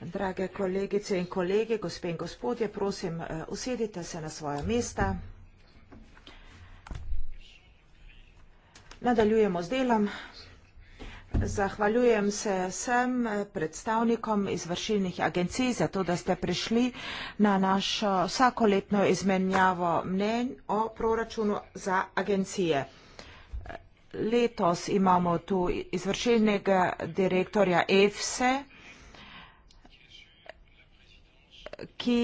Drage kolegice in kolegi, gospe in gospodje, prosim, eh, usedite se na svoja mesta. Nadaljujemo z delom. Zahvaljujem se vsem eh, predstavnikom izvršilnih agencij za to, da ste prišli na našo vsakoletno izmenjavo mnen o proračunu za agencije letos imamo tu izvršilnega direktorja EFSE, ki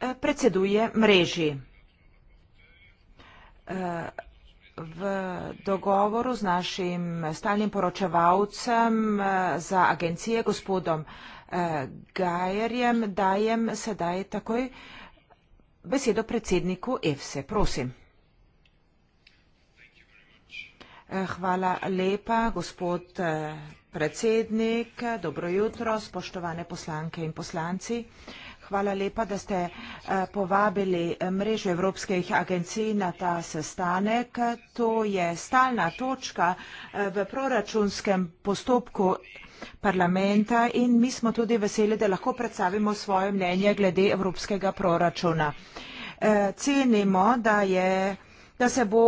eh, predseduje mreži. Eh, v dogovoru z našim stalnim poročevalcem eh, za agencije gospodom Gajerjem dajem sedaj takoj besedo predsedniku EFSE. Prosim. Eh, hvala lepa, gospod eh, predsednik. Dobro jutro, spoštovane poslanke in poslanci. Hvala lepa, da ste eh, povabili mrežo Evropskih agencij na ta sestanek. To je stalna točka v proračunskem postopku parlamenta in mi smo tudi veseli, da lahko predstavimo svoje mnenje glede evropskega proračuna. Cenimo, da, je, da se bo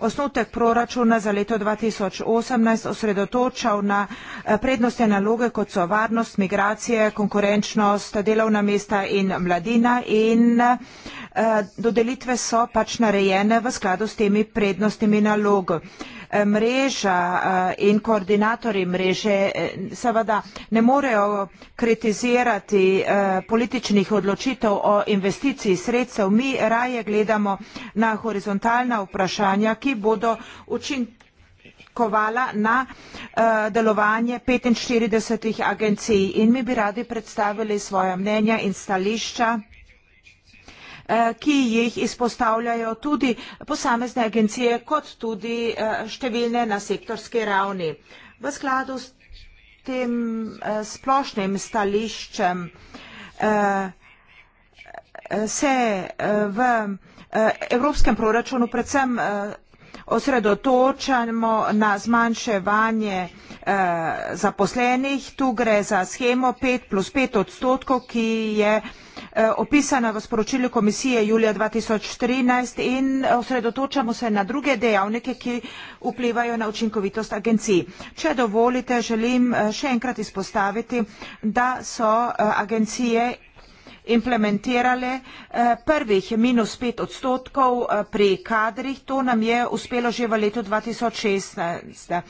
osnutek proračuna za leto 2018 osredotočal na eh, prednostne naloge, kot so varnost, migracije, konkurenčnost, delovna mesta in mladina in eh, dodelitve so pač narejene v skladu s temi prednostnimi nalogami mreža eh, in koordinatorji mreže eh, seveda ne morejo kritizirati eh, političnih odločitev o investiciji sredstev, mi raje gledamo na horizontalna vprašanja, ki bodo učinkovali kovala na uh, delovanje 45 agencij in mi bi radi predstavili svoja mnenja in stališča Eh, ki jih izpostavljajo tudi posamezne agencije, kot tudi eh, številne na sektorske ravni. V skladu s tem eh, splošnim stališčem se v evropskem proračunu predvsem osredotočamo na zmanjševanje eh, zaposlenih. Tu gre za schemo 5 plus 5 odstotkov, ki je eh, opisana v sporočilju komisije julija 2013 in osredotočamo se na druge dejavnike, ki vplivajo na učinkovitost agencij. Če dovolite, želim eh, še enkrat izpostaviti, da so agencije implementirali. Eh, prvih je minus pet odstotkov eh, pri kadrih, to nam je uspelo že v letu 2016.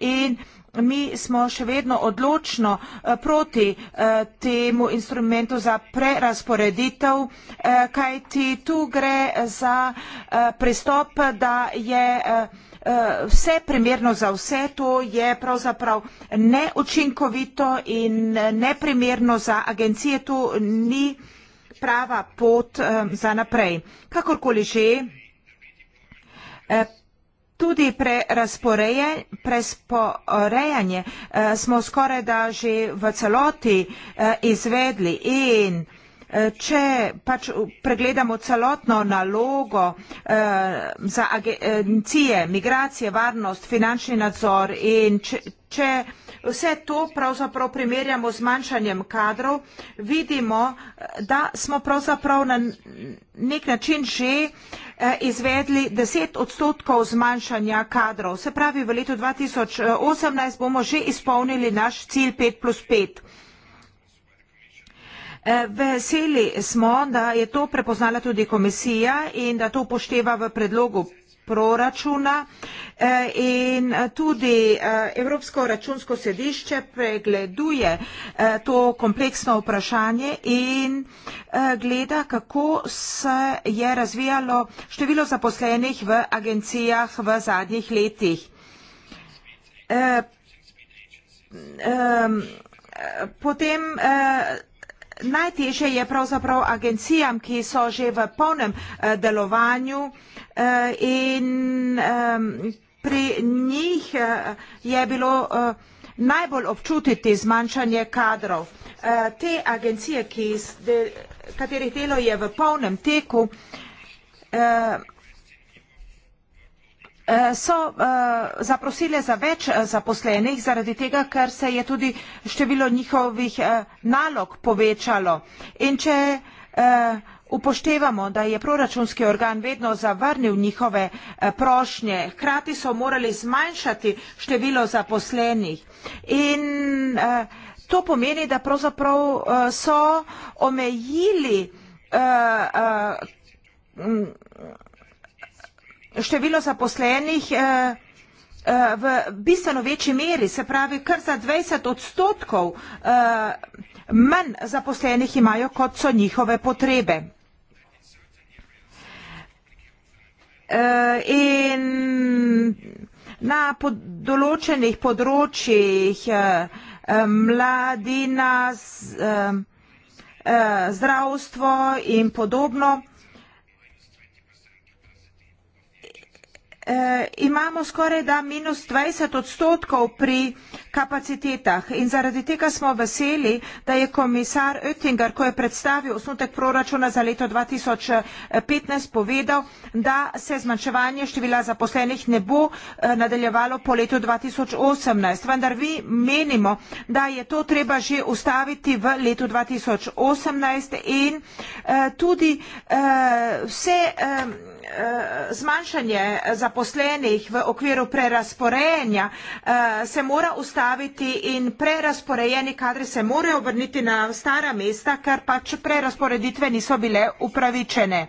In Mi smo še vedno odločno eh, proti temu instrumentu za prerasporeditev, kajti tu gre za pristop, da je vse primerno za vse, to je pravzaprav neučinkovito in neprimerno za agencije, to ni prava pot za naprej. Kakorkoli že, eh, tudi prerasporejanje eh, smo skoraj da že v celoti eh, izvedli in če pač pregledamo celotno nalogo eh, za agencije, migracije, varnost, finančni nadzor in če, če vse to pravzaprav primerjamo z manjšanjem kadrov, vidimo, da smo pravzaprav na nek način že eh, izvedli 10 odstotkov zmanjšanja kadrov. Se pravi, v letu 2018 eh, bomo že izpolnili naš cilj 5 plus 5. Eh, veseli smo, da je to prepoznala tudi komisija in da to upošteva v predlogu proračuna eh, in tudi eh, Evropsko računsko sedišče pregleduje to kompleksno vprašanje in gleda, kako se je razvijalo število zaposlenih v agencijah v zadnjih letih. Potem najtežje je pravzaprav agencijam, ki so že v polnem eh, delovanju eh, in pri njih eh, je bilo najbolj občutiti zmanjšanje kadrov. Te agencije, katerih delo je v polnem teku, Eh, so eh, zaprosile za več eh, zaposlenih, zaradi tega, ker se je tudi število njihovih nalog povečalo. In če upoštevamo, da je proračunski organ vedno zavrnil njihove prošnje, hkrati so morali zmanjšati število zaposlenih. In to pomeni, da pravzaprav so omejili število zaposlenih eh, eh, v bistveno večji meri, se pravi, kar za 20 odstotkov eh, manj zaposlenih imajo, kot so njihove potrebe. In na določenih področjih mladina, zdravstvo in podobno, eh, imamo skoraj da minus 20 odstotkov pri kapacitetah in zaradi tega smo veseli, da je komisar Oettinger, ko je predstavil osnutek proračuna za leto 2015, povedal, da se zmanjševanje števila zaposlenih ne bo eh, nadaljevalo po letu 2018. Vendar vi menimo, da je to treba že ustaviti v letu 2018 in eh, tudi eh, vse. Eh, Eh, zmanjšanje zaposlenih v okviru prerasporejanja eh, se mora ustaviti in prerasporejeni kadri se morajo vrniti na stara mesta, ker pač prerasporeditve niso bile upravičene.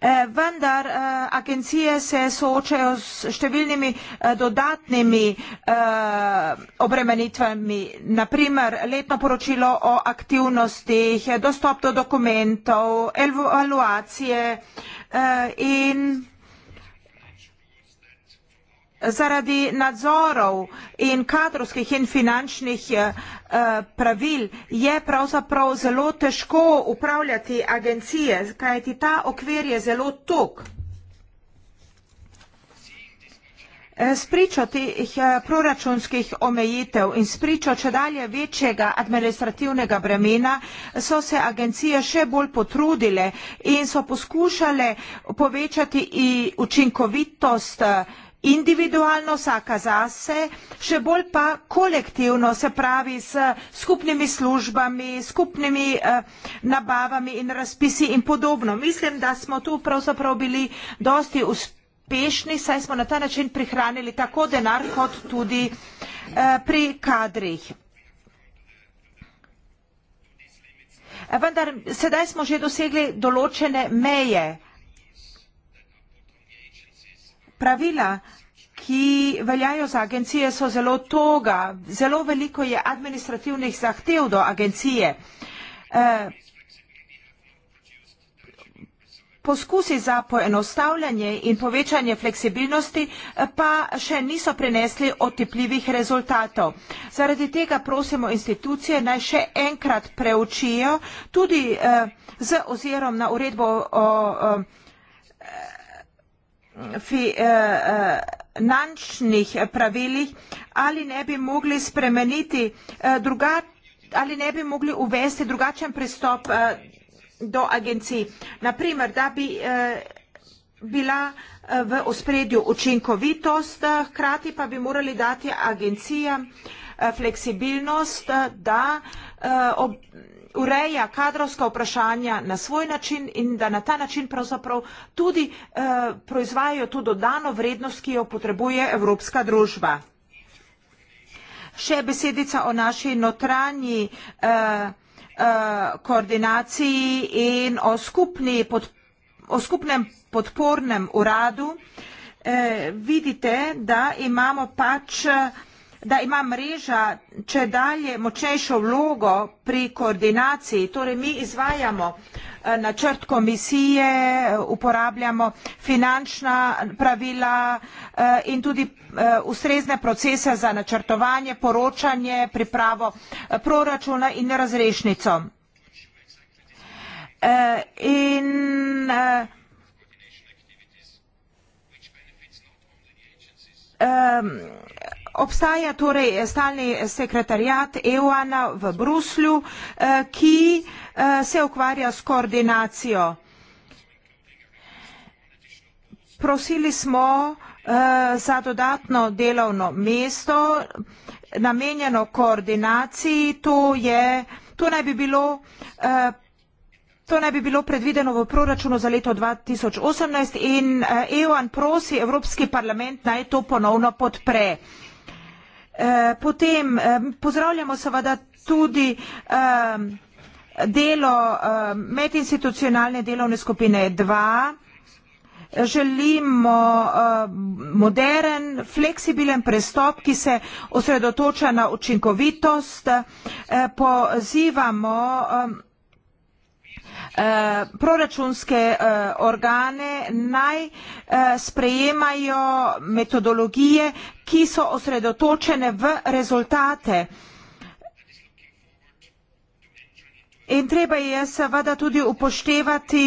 Eh, vendar eh, agencije se soočajo s številnimi eh, dodatnimi obremenitvami, naprimer letno poročilo o aktivnostih, dostop do dokumentov, evaluacije in Zaradi nadzorov in kadrovskih in finančnih eh, pravil je pravzaprav zelo težko upravljati agencije, kajti ta okvir je zelo tuk. Eh, spričo teh eh, proračunskih omejitev in spričo če dalje večjega administrativnega bremena so se agencije še bolj potrudile in so poskušale povečati učinkovitost agencije individualno vsaka zase, še bolj pa kolektivno, se pravi s skupnimi službami, skupnimi eh, nabavami in razpisi in podobno. Mislim, da smo tu pravzaprav bili dosti uspešni, saj smo na ta način prihranili tako denar kot tudi eh, pri kadrih. Vendar sedaj smo že dosegli določene meje. Pravila, ki veljajo za agencije, so zelo toga. Zelo veliko je administrativnih zahtev do agencije. Eh, poskusi za poenostavljanje in povečanje fleksibilnosti eh, pa še niso prinesli otipljivih rezultatov. Zaradi tega prosimo institucije naj še enkrat preučijo tudi eh, z ozirom na uredbo o agencije, finančnih eh, eh, eh, pravilih ali ne bi mogli spremeniti ali ne bi mogli uvesti drugačen pristop do agencij. Naprimer, da bi bila v ospredju učinkovitost, hkrati pa bi morali dati agencijam fleksibilnost, da obdobljajo ureja kadrovska vprašanja na svoj način in da na ta način pravzaprav tudi eh, proizvajajo to dodano vrednost, ki jo potrebuje evropska družba. Še besedica o naši notranji eh, eh, koordinaciji in o, skupni pod, o skupnem podpornem uradu. Eh, vidite, da imamo pač eh, da ima mreža če dalje močnejšo vlogo pri koordinaciji. Torej, mi izvajamo eh, načrt komisije, eh, uporabljamo finančna pravila eh, in tudi ustrezne procese za načrtovanje, poročanje, pripravo proračuna in razrešnico. In Um, obstaja torej stalni sekretarjat EUANA v Bruslju, eh, ki eh, se ukvarja s koordinacijo. Prosili smo eh, za dodatno delovno mesto, namenjeno koordinaciji, to je, to naj bi bilo To naj bi bilo predvideno v proračunu za leto 2018 in EUAN prosi Evropski parlament naj to ponovno podpre. Eh, potem eh, pozdravljamo seveda tudi eh, delo medinstitucionalne delovne skupine 2. Želimo modern, fleksibilen prestop, ki se osredotoča na učinkovitost. Pozivamo Eh, proračunske eh, organe naj eh, sprejemajo metodologije, ki so osredotočene v rezultate. In treba je seveda tudi upoštevati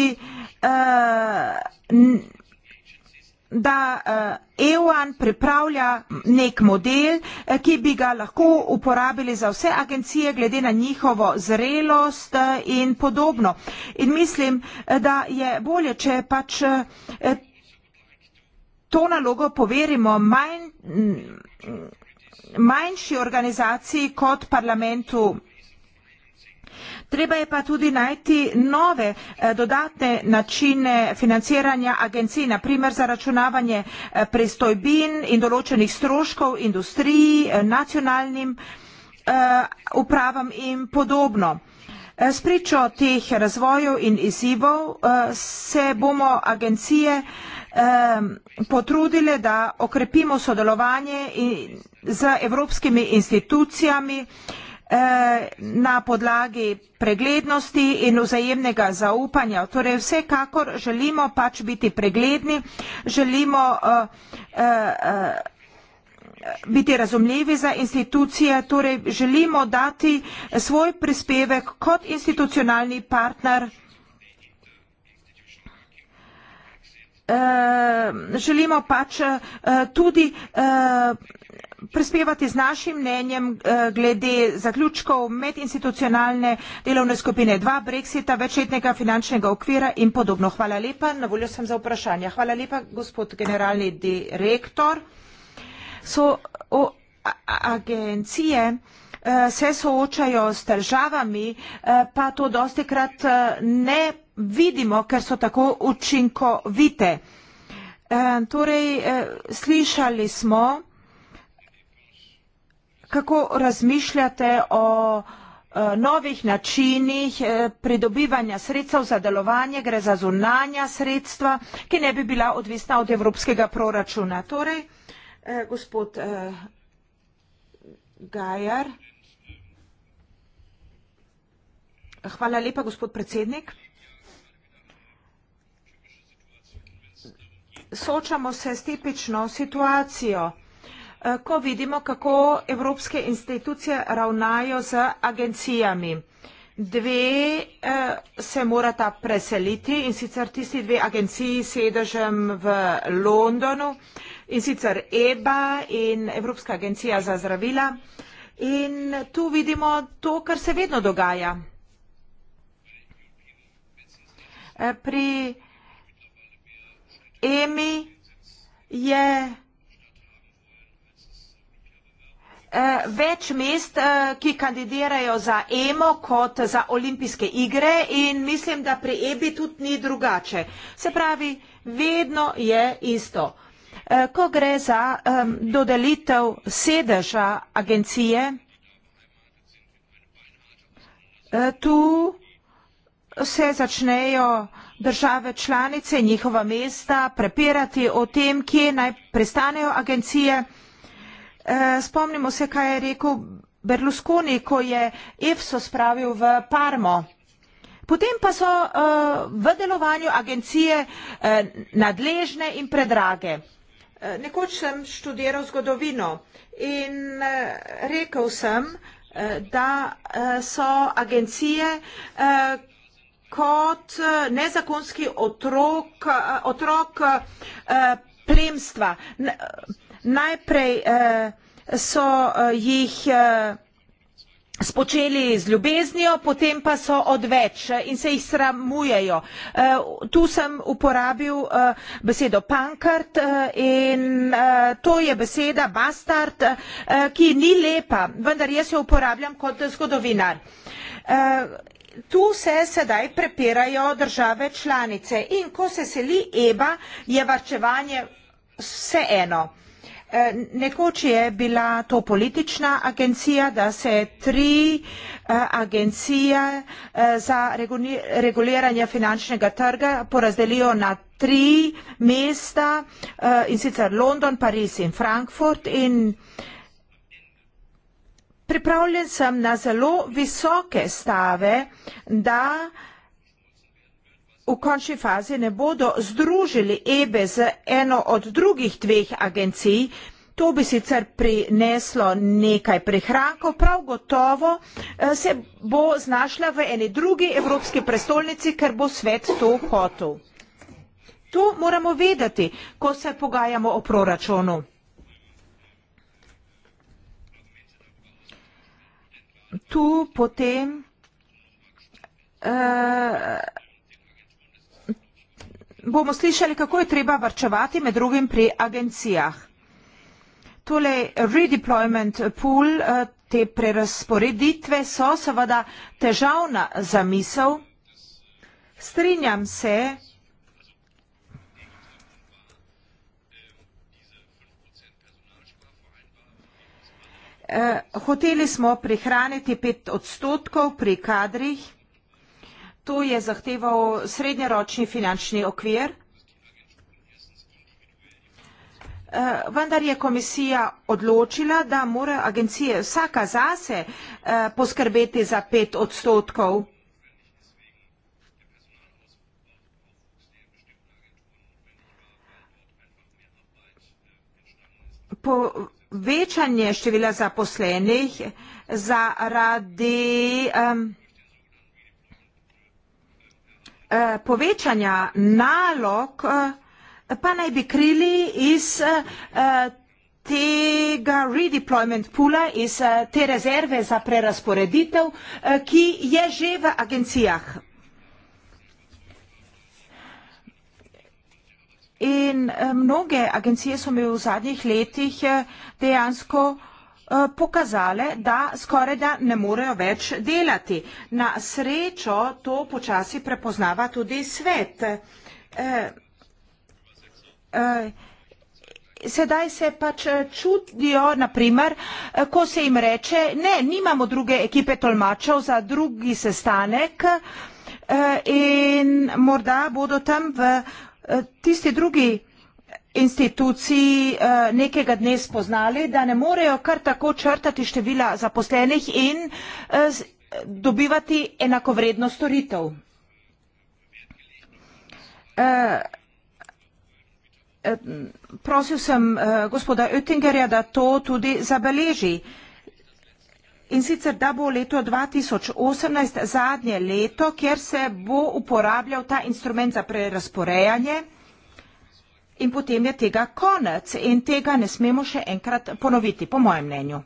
da EUAN eh, e pripravlja nek model, eh, ki bi ga lahko uporabili za vse agencije glede na njihovo zrelost eh, in podobno. In mislim, da je bolje, če pač to nalogo poverimo manj, manjši organizaciji kot parlamentu Treba je pa tudi najti nove eh, dodatne načine financiranja agencij, naprimer za računavanje eh, prestojbin in določenih stroškov industriji, eh, nacionalnim upravam in podobno. Spričo teh razvojev in izzivov se bomo agencije potrudile, da okrepimo sodelovanje z evropskimi institucijami, na podlagi preglednosti in vzajemnega zaupanja. Torej vsekakor želimo pač biti pregledni, želimo uh, uh, biti razumljivi za institucije, torej želimo dati svoj prispevek kot institucionalni partner. Uh, želimo pač uh, tudi uh, prispevati z našim mnenjem eh, glede zaključkov medinstitucionalne delovne skupine 2, Brexita, večletnega finančnega okvira in podobno. Hvala lepa, na voljo sem za vprašanje. Hvala lepa, gospod generalni direktor. So o, a, agencije eh, se soočajo s težavami, eh, pa to dosti krat ne vidimo, ker so tako učinkovite. Torej, slišali smo, kako razmišljate o eh, novih načinih eh, pridobivanja sredstev za delovanje, gre za zunanja sredstva, ki ne bi bila odvisna od evropskega proračuna. Torej, eh, gospod Gajar. Hvala lepa, gospod predsednik. Sočamo se s tipično situacijo, Eh, ko vidimo, kako evropske institucije ravnajo z agencijami. Dve eh, se morata preseliti in sicer tisti dve agenciji s sedežem v Londonu in sicer EBA in Evropska agencija za zdravila. In tu vidimo to, kar se vedno dogaja. Eh, pri EMI je vsega, Eh, več mest, eh, ki kandidirajo za EMO kot za olimpijske igre in mislim, da pri EBI tudi ni drugače. Se pravi, vedno je isto. Eh, ko gre za dodelitev sedeža agencije, tu se začnejo države članice, njihova mesta, prepirati o tem, kje naj pristanejo agencije, Eh, spomnimo se, kaj je rekel Berlusconi, ko je EFSO spravil v Parmo. Potem pa so eh, v delovanju agencije eh, nadležne in predrage. Nekoč sem študiral zgodovino in rekel sem, da so agencije kot nezakonski otrok, otrok plemstva najprej eh, so eh, jih eh, spočeli z ljubeznijo, potem pa so odveč in se jih sramujejo. Tu sem uporabil besedo pankart in to je beseda bastard, ki ni lepa, vendar jaz jo uporabljam kot zgodovinar. Tu se sedaj prepirajo države članice in ko se seli EBA, je varčevanje vse eno. Eh, nekoč je bila to politična agencija, da se tri eh, agencije eh, za reguliranje finančnega trga porazdelijo na tri mesta in sicer London, Pariz in Frankfurt in pripravljen sem na zelo visoke stave, da v končni fazi ne bodo združili EBE e z eno od drugih dveh agencij, to bi sicer prineslo nekaj prihrankov, prav gotovo eh, se bo znašla v eni drugi evropski prestolnici, ker bo svet to hotel. To moramo vedeti, ko se pogajamo o proračunu. Tu potem eh, bomo slišali, kako je treba varčevati med drugim pri agencijah. Tole redeployment pool, eh, te prerasporeditve so seveda težavna zamisel. Strinjam se, eh, hoteli smo prihraniti pet odstotkov pri kadrih, To je zahteval srednjeročni finančni okvir, eh, vendar je komisija odločila, da mora agencija vsaka zase eh, poskrbeti za pet odstotkov. Povečanje števila zaposlenih zaradi Eh, povečanja nalog eh, pa naj bi krili iz eh, tega redeployment pula, iz te rezerve za prerasporeditev, ki je že v agencijah. In mnoge agencije so mi v zadnjih letih dejansko povedali, Eh, pokazale, da skoraj da ne morejo več delati. Na srečo to počasi prepoznava tudi svet. Eh, eh, sedaj se pač čudijo, naprimer, ko se jim reče, ne, nimamo druge ekipe tolmačev za drugi sestanek in morda bodo tam v tisti drugi instituciji eh, nekega dne spoznali, da ne morejo kar tako črtati števila zaposlenih in eh, dobivati enakovredno storitev. Eh, prosil sem gospoda Oettingerja, da to tudi zabeleži. In sicer, da bo leto 2018 zadnje leto, kjer se bo uporabljal ta instrument za prerasporejanje in potem je tega konec in tega ne smemo še enkrat ponoviti, po mojem mnenju.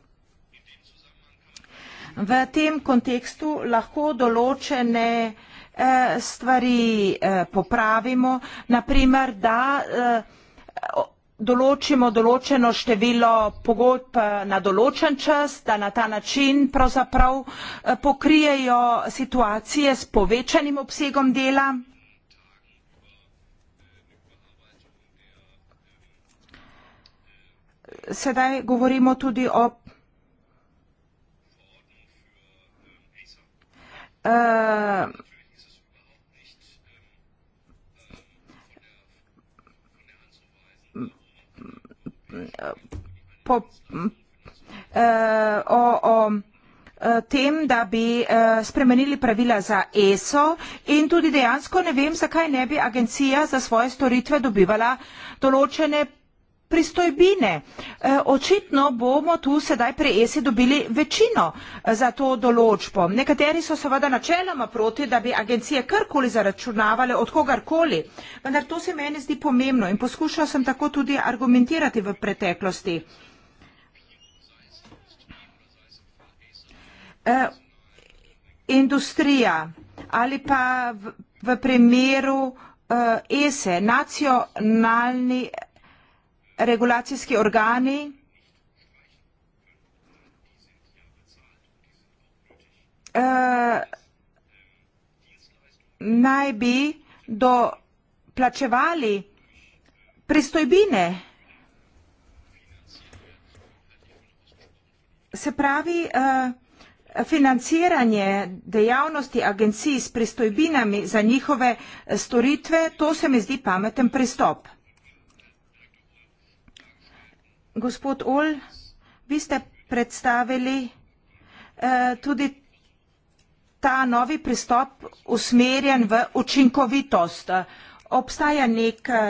V tem kontekstu lahko določene eh, stvari eh, popravimo, naprimer, da eh, določimo določeno število pogodb na določen čas, da na ta način pravzaprav pokrijejo situacije s povečanim obsegom dela. sedaj govorimo tudi o eh, po, eh, o, o eh, tem, da bi spremenili pravila za ESO in tudi dejansko ne vem, zakaj ne bi agencija za svoje storitve dobivala določene pristojbine. E, očitno bomo tu sedaj pri ESI dobili večino e, za to določbo. Nekateri so seveda načeloma proti, da bi agencije karkoli zaračunavale od kogarkoli, vendar to se meni zdi pomembno in poskušal sem tako tudi argumentirati v preteklosti. E, industrija ali pa v primeru ESE, nacionalni regulacijski organi uh, naj bi doplačevali pristojbine. Se pravi, uh, financiranje dejavnosti agencij s pristojbinami za njihove storitve, to se mi zdi pameten pristop gospod Ol, vi ste predstavili eh, tudi ta novi pristop usmerjen v učinkovitost. Obstaja nek eh,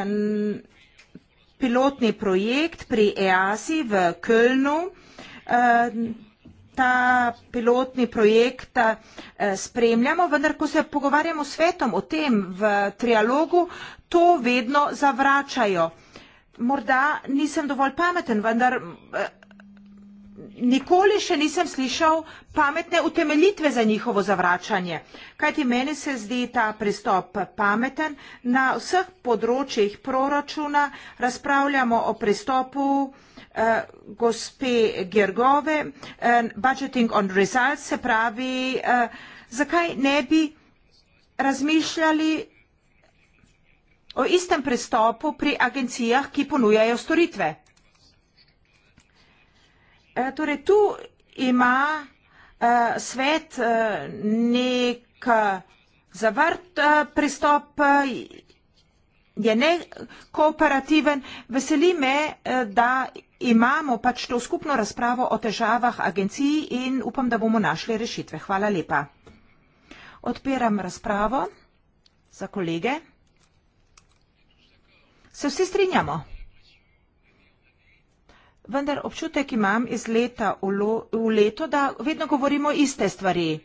pilotni projekt pri EASI v Kölnu. Eh, ta pilotni projekt eh, spremljamo, vendar ko se pogovarjamo s svetom o tem v trialogu, to vedno zavračajo morda nisem dovolj pameten, vendar eh, nikoli še nisem slišal pametne utemeljitve za njihovo zavračanje. Kajti meni se zdi ta pristop pameten. Na vseh področjih proračuna razpravljamo o pristopu eh, gospe Gergove, eh, budgeting on results, se pravi, eh, zakaj ne bi razmišljali o istem pristopu pri agencijah, ki ponujajo storitve. E, torej, tu ima e, svet e, nek zavrt pristop, je nekooperativen. Veseli me, da imamo pač to skupno razpravo o težavah agencij in upam, da bomo našli rešitve. Hvala lepa. Odpiram razpravo za kolege. Se vsi strinjamo? Vendar občutek imam iz leta v, lo, v leto, da vedno govorimo iste stvari.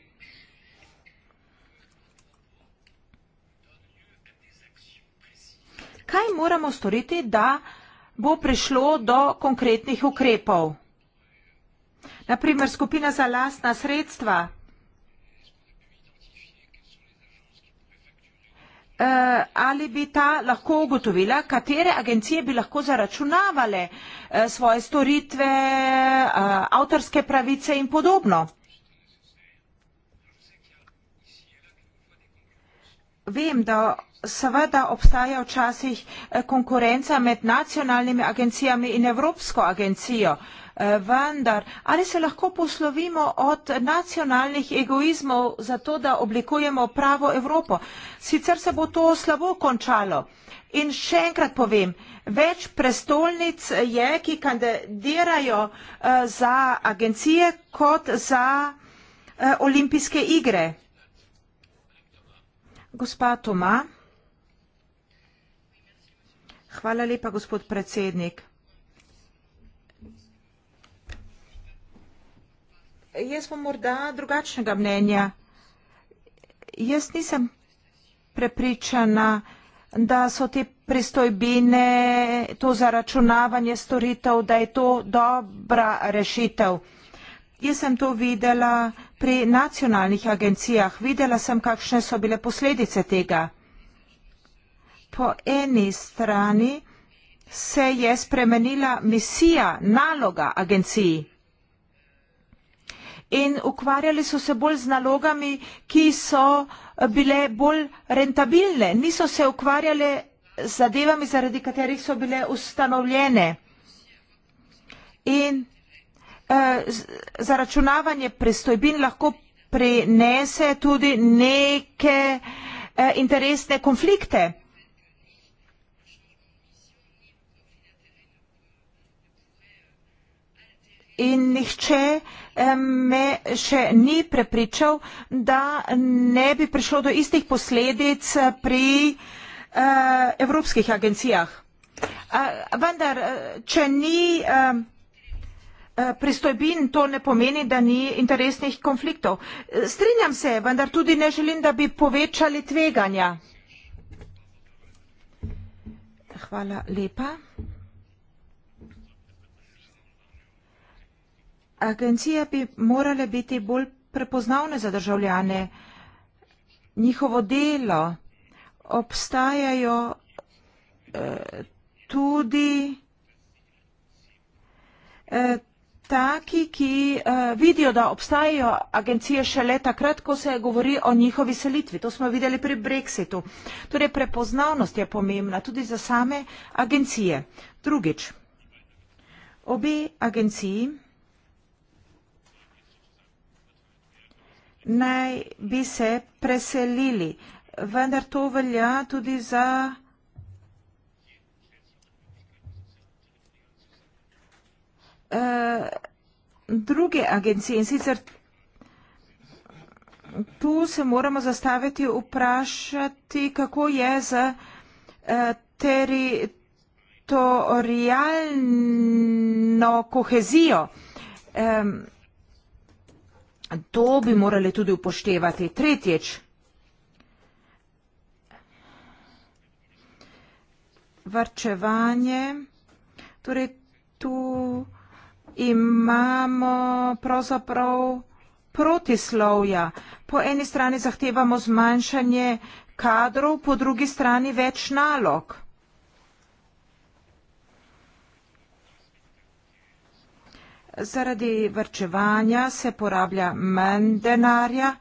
Kaj moramo storiti, da bo prišlo do konkretnih ukrepov? Naprimer, skupina za lastna sredstva. Eh, ali bi ta lahko ugotovila, katere agencije bi lahko zaračunavale eh, svoje storitve, eh, avtorske pravice in podobno. Vem, da seveda obstaja včasih konkurenca med nacionalnimi agencijami in Evropsko agencijo. Eh, vendar ali se lahko poslovimo od nacionalnih egoizmov za to, da oblikujemo pravo Evropo. Sicer se bo to slabo končalo. In še enkrat povem, več prestolnic je, ki kandidirajo eh, za agencije kot za eh, olimpijske igre. Gospa Toma. Hvala lepa, gospod predsednik. Jaz bom morda drugačnega mnenja. Jaz nisem prepričana, da so te pristojbine, to zaračunavanje storitev, da je to dobra rešitev. Jaz sem to videla pri nacionalnih agencijah, videla sem, kakšne so bile posledice tega. Po eni strani se je spremenila misija, naloga agenciji in ukvarjali so se bolj z nalogami, ki so eh, bile bolj rentabilne, niso se ukvarjali z zadevami, zaradi katerih so bile ustanovljene. In eh, zaračunavanje prestojbin lahko prinese tudi neke eh, interesne konflikte. in nihče me še ni prepričal, da ne bi prišlo do istih posledic pri eh, evropskih agencijah. Vendar, eh, če ni eh, pristojbin, to ne pomeni, da ni interesnih konfliktov. Strinjam se, vendar tudi ne želim, da bi povečali tveganja. Hvala lepa. agencije bi morale biti bolj prepoznavne za državljane. Njihovo delo obstajajo eh, tudi eh, taki, ki eh, vidijo, da obstajajo agencije še leta krat, ko se govori o njihovi selitvi. To smo videli pri Brexitu. Torej prepoznavnost je pomembna tudi za same agencije. Drugič, obi agenciji naj bi se preselili. Vendar to velja tudi za uh, druge agencije. In sicer tu se moramo zastaviti vprašati, kako je z uh, teritorijalno kohezijo. Um, To bi morali tudi upoštevati. Tretjič, varčevanje. Torej, tu imamo pravzaprav protislovja. Po eni strani zahtevamo zmanjšanje kadrov, po drugi strani več nalog. zaradi vrčevanja se porablja manj denarja,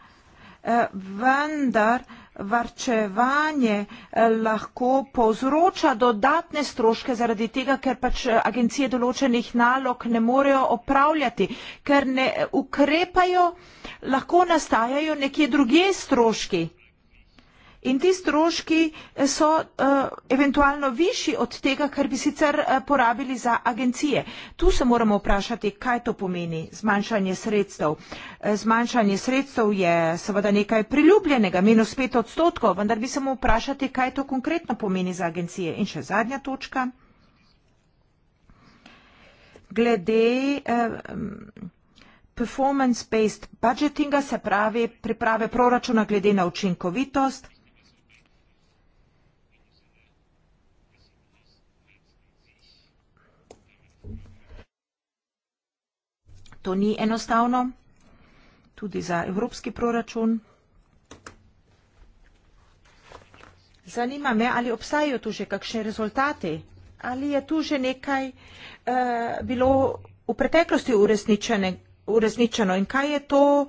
eh, vendar varčevanje eh, lahko povzroča dodatne stroške zaradi tega, ker pač eh, agencije določenih nalog ne morejo opravljati, ker ne ukrepajo, lahko nastajajo nekje druge stroški in ti stroški eh, so uh, eventualno višji od tega, kar bi sicer uh, porabili za agencije. Tu se moramo vprašati, kaj to pomeni zmanjšanje sredstev. Zmanjšanje sredstev je seveda nekaj priljubljenega, minus pet odstotkov, vendar bi se moramo vprašati, kaj to konkretno pomeni za agencije. In še zadnja točka. Glede. Uh, performance-based budgetinga, se pravi priprave proračuna glede na učinkovitost. to ni enostavno, tudi za evropski proračun. Zanima me, ali obstajajo tu že kakšne rezultati, ali je tu že nekaj uh, bilo v preteklosti uresničeno in kaj je to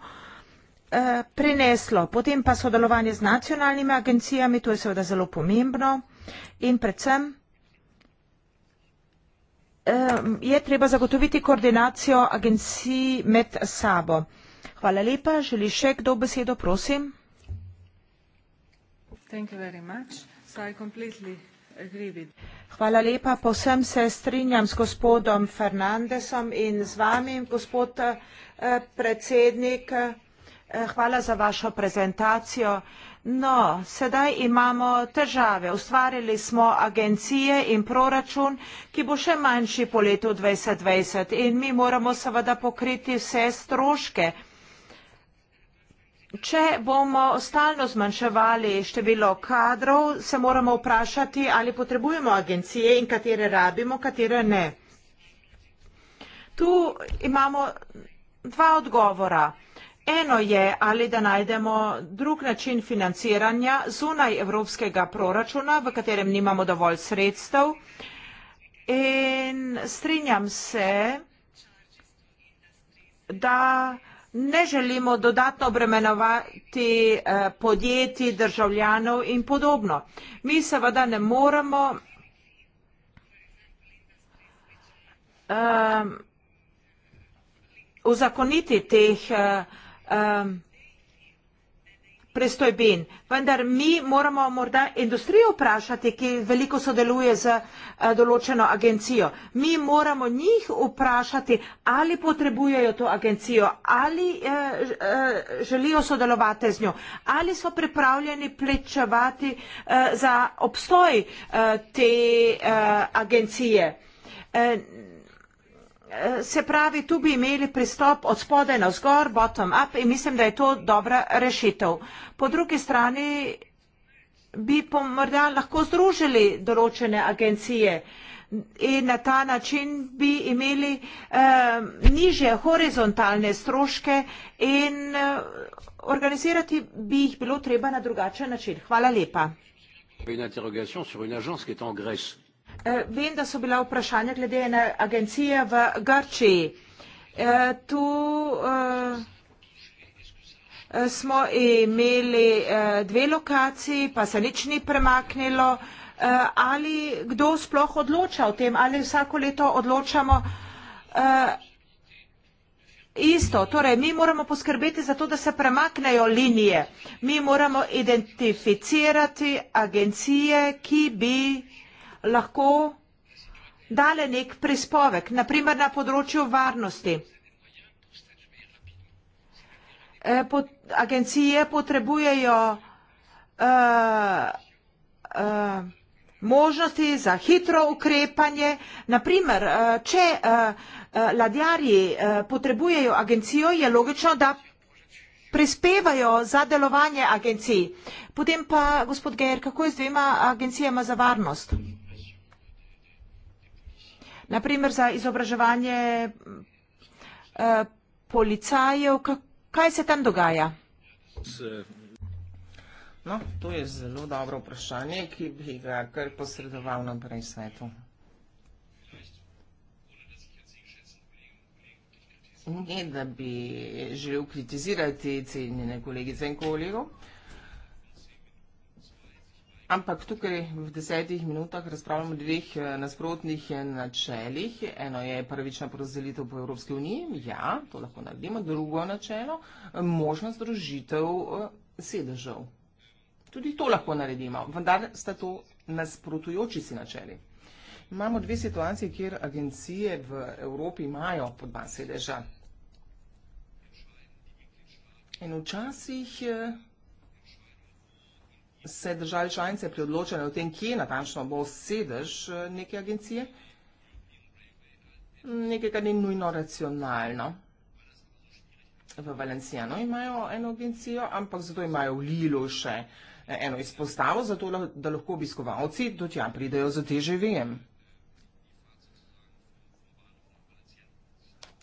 eh, preneslo. Potem pa sodelovanje z nacionalnimi agencijami, to je seveda zelo pomembno in predvsem je treba zagotoviti koordinacijo agencij med sabo. Hvala lepa. Želi še kdo besedo? Prosim. Hvala lepa. Povsem se strinjam s gospodom Fernandesom in z vami, gospod eh, predsednik. Eh, hvala za vašo prezentacijo. No, sedaj imamo težave. Ustvarili smo agencije in proračun, ki bo še manjši po letu 2020 in mi moramo seveda pokriti vse stroške. Če bomo stalno zmanjševali število kadrov, se moramo vprašati, ali potrebujemo agencije in katere rabimo, katere ne. Tu imamo dva odgovora. Eno je, ali da najdemo drug način financiranja zunaj evropskega proračuna, v katerem nimamo dovolj sredstev. In strinjam se, da ne želimo dodatno obremenovati eh, podjetij, državljanov in podobno. Mi seveda ne moremo um, uzakoniti teh uh, um, prestojben. Vendar mi moramo morda industrijo vprašati, ki veliko sodeluje z eh, določeno agencijo. Mi moramo njih vprašati, ali potrebujejo to agencijo, ali eh, eh želijo sodelovati z njo, ali so pripravljeni plečevati eh, za obstoj eh, te eh, agencije. Eh, se pravi, tu bi imeli pristop od spode na zgor, bottom up in mislim, da je to dobra rešitev. Po drugi strani bi morda lahko združili določene agencije in na ta način bi imeli eh, nižje horizontalne stroške in eh, organizirati bi jih bilo treba na drugačen način. Hvala lepa. Une interrogation sur une agence qui est en Grèce. Eh, vem, da so bila vprašanja glede ene agencije v Grčiji. Eh, tu eh, smo imeli dve lokaciji, pa se nič ni premaknilo. Ali kdo sploh odloča o tem, ali vsako leto odločamo isto? Torej, mi moramo poskrbeti za to, da se premaknejo linije. Mi moramo identificirati agencije, ki bi lahko dale nek prispovek, naprimer na področju varnosti. Eh, agencije potrebujejo eh, eh, možnosti za hitro ukrepanje. Naprimer, če ladjarji potrebujejo agencijo, je logično, da prispevajo za delovanje agencij. Potem pa, gospod Gejer, kako je z dvema agencijama za varnost? Hvala na primer za izobraževanje eh, policajev, kaj se tam dogaja? No, to je zelo dobro vprašanje, ki bi ga kar posredoval naprej svetu. Ne, da bi želel kritizirati cenjene kolegice in kolegov, Ampak tukaj v desetih minutah razpravljamo o dveh eh, nasprotnih eh, načelih. Eno je pravična porazdelitev po Evropski uniji, ja, to lahko naredimo. Drugo načelo, eh, možnost združitev sedežev. Tudi to lahko naredimo, vendar sta to nasprotujoči si načeli. Imamo dve situacije, kjer agencije v Evropi imajo po dva sedeža. In včasih se države članice pri odločanju o tem, kje natančno bo sedež eh, neke agencije, nekaj, kar ni nujno racionalno. V Valencijano imajo eno agencijo, ampak zato imajo v Lilu še eh, eno izpostavo, zato da lahko obiskovalci do tja pridejo za teže vijem.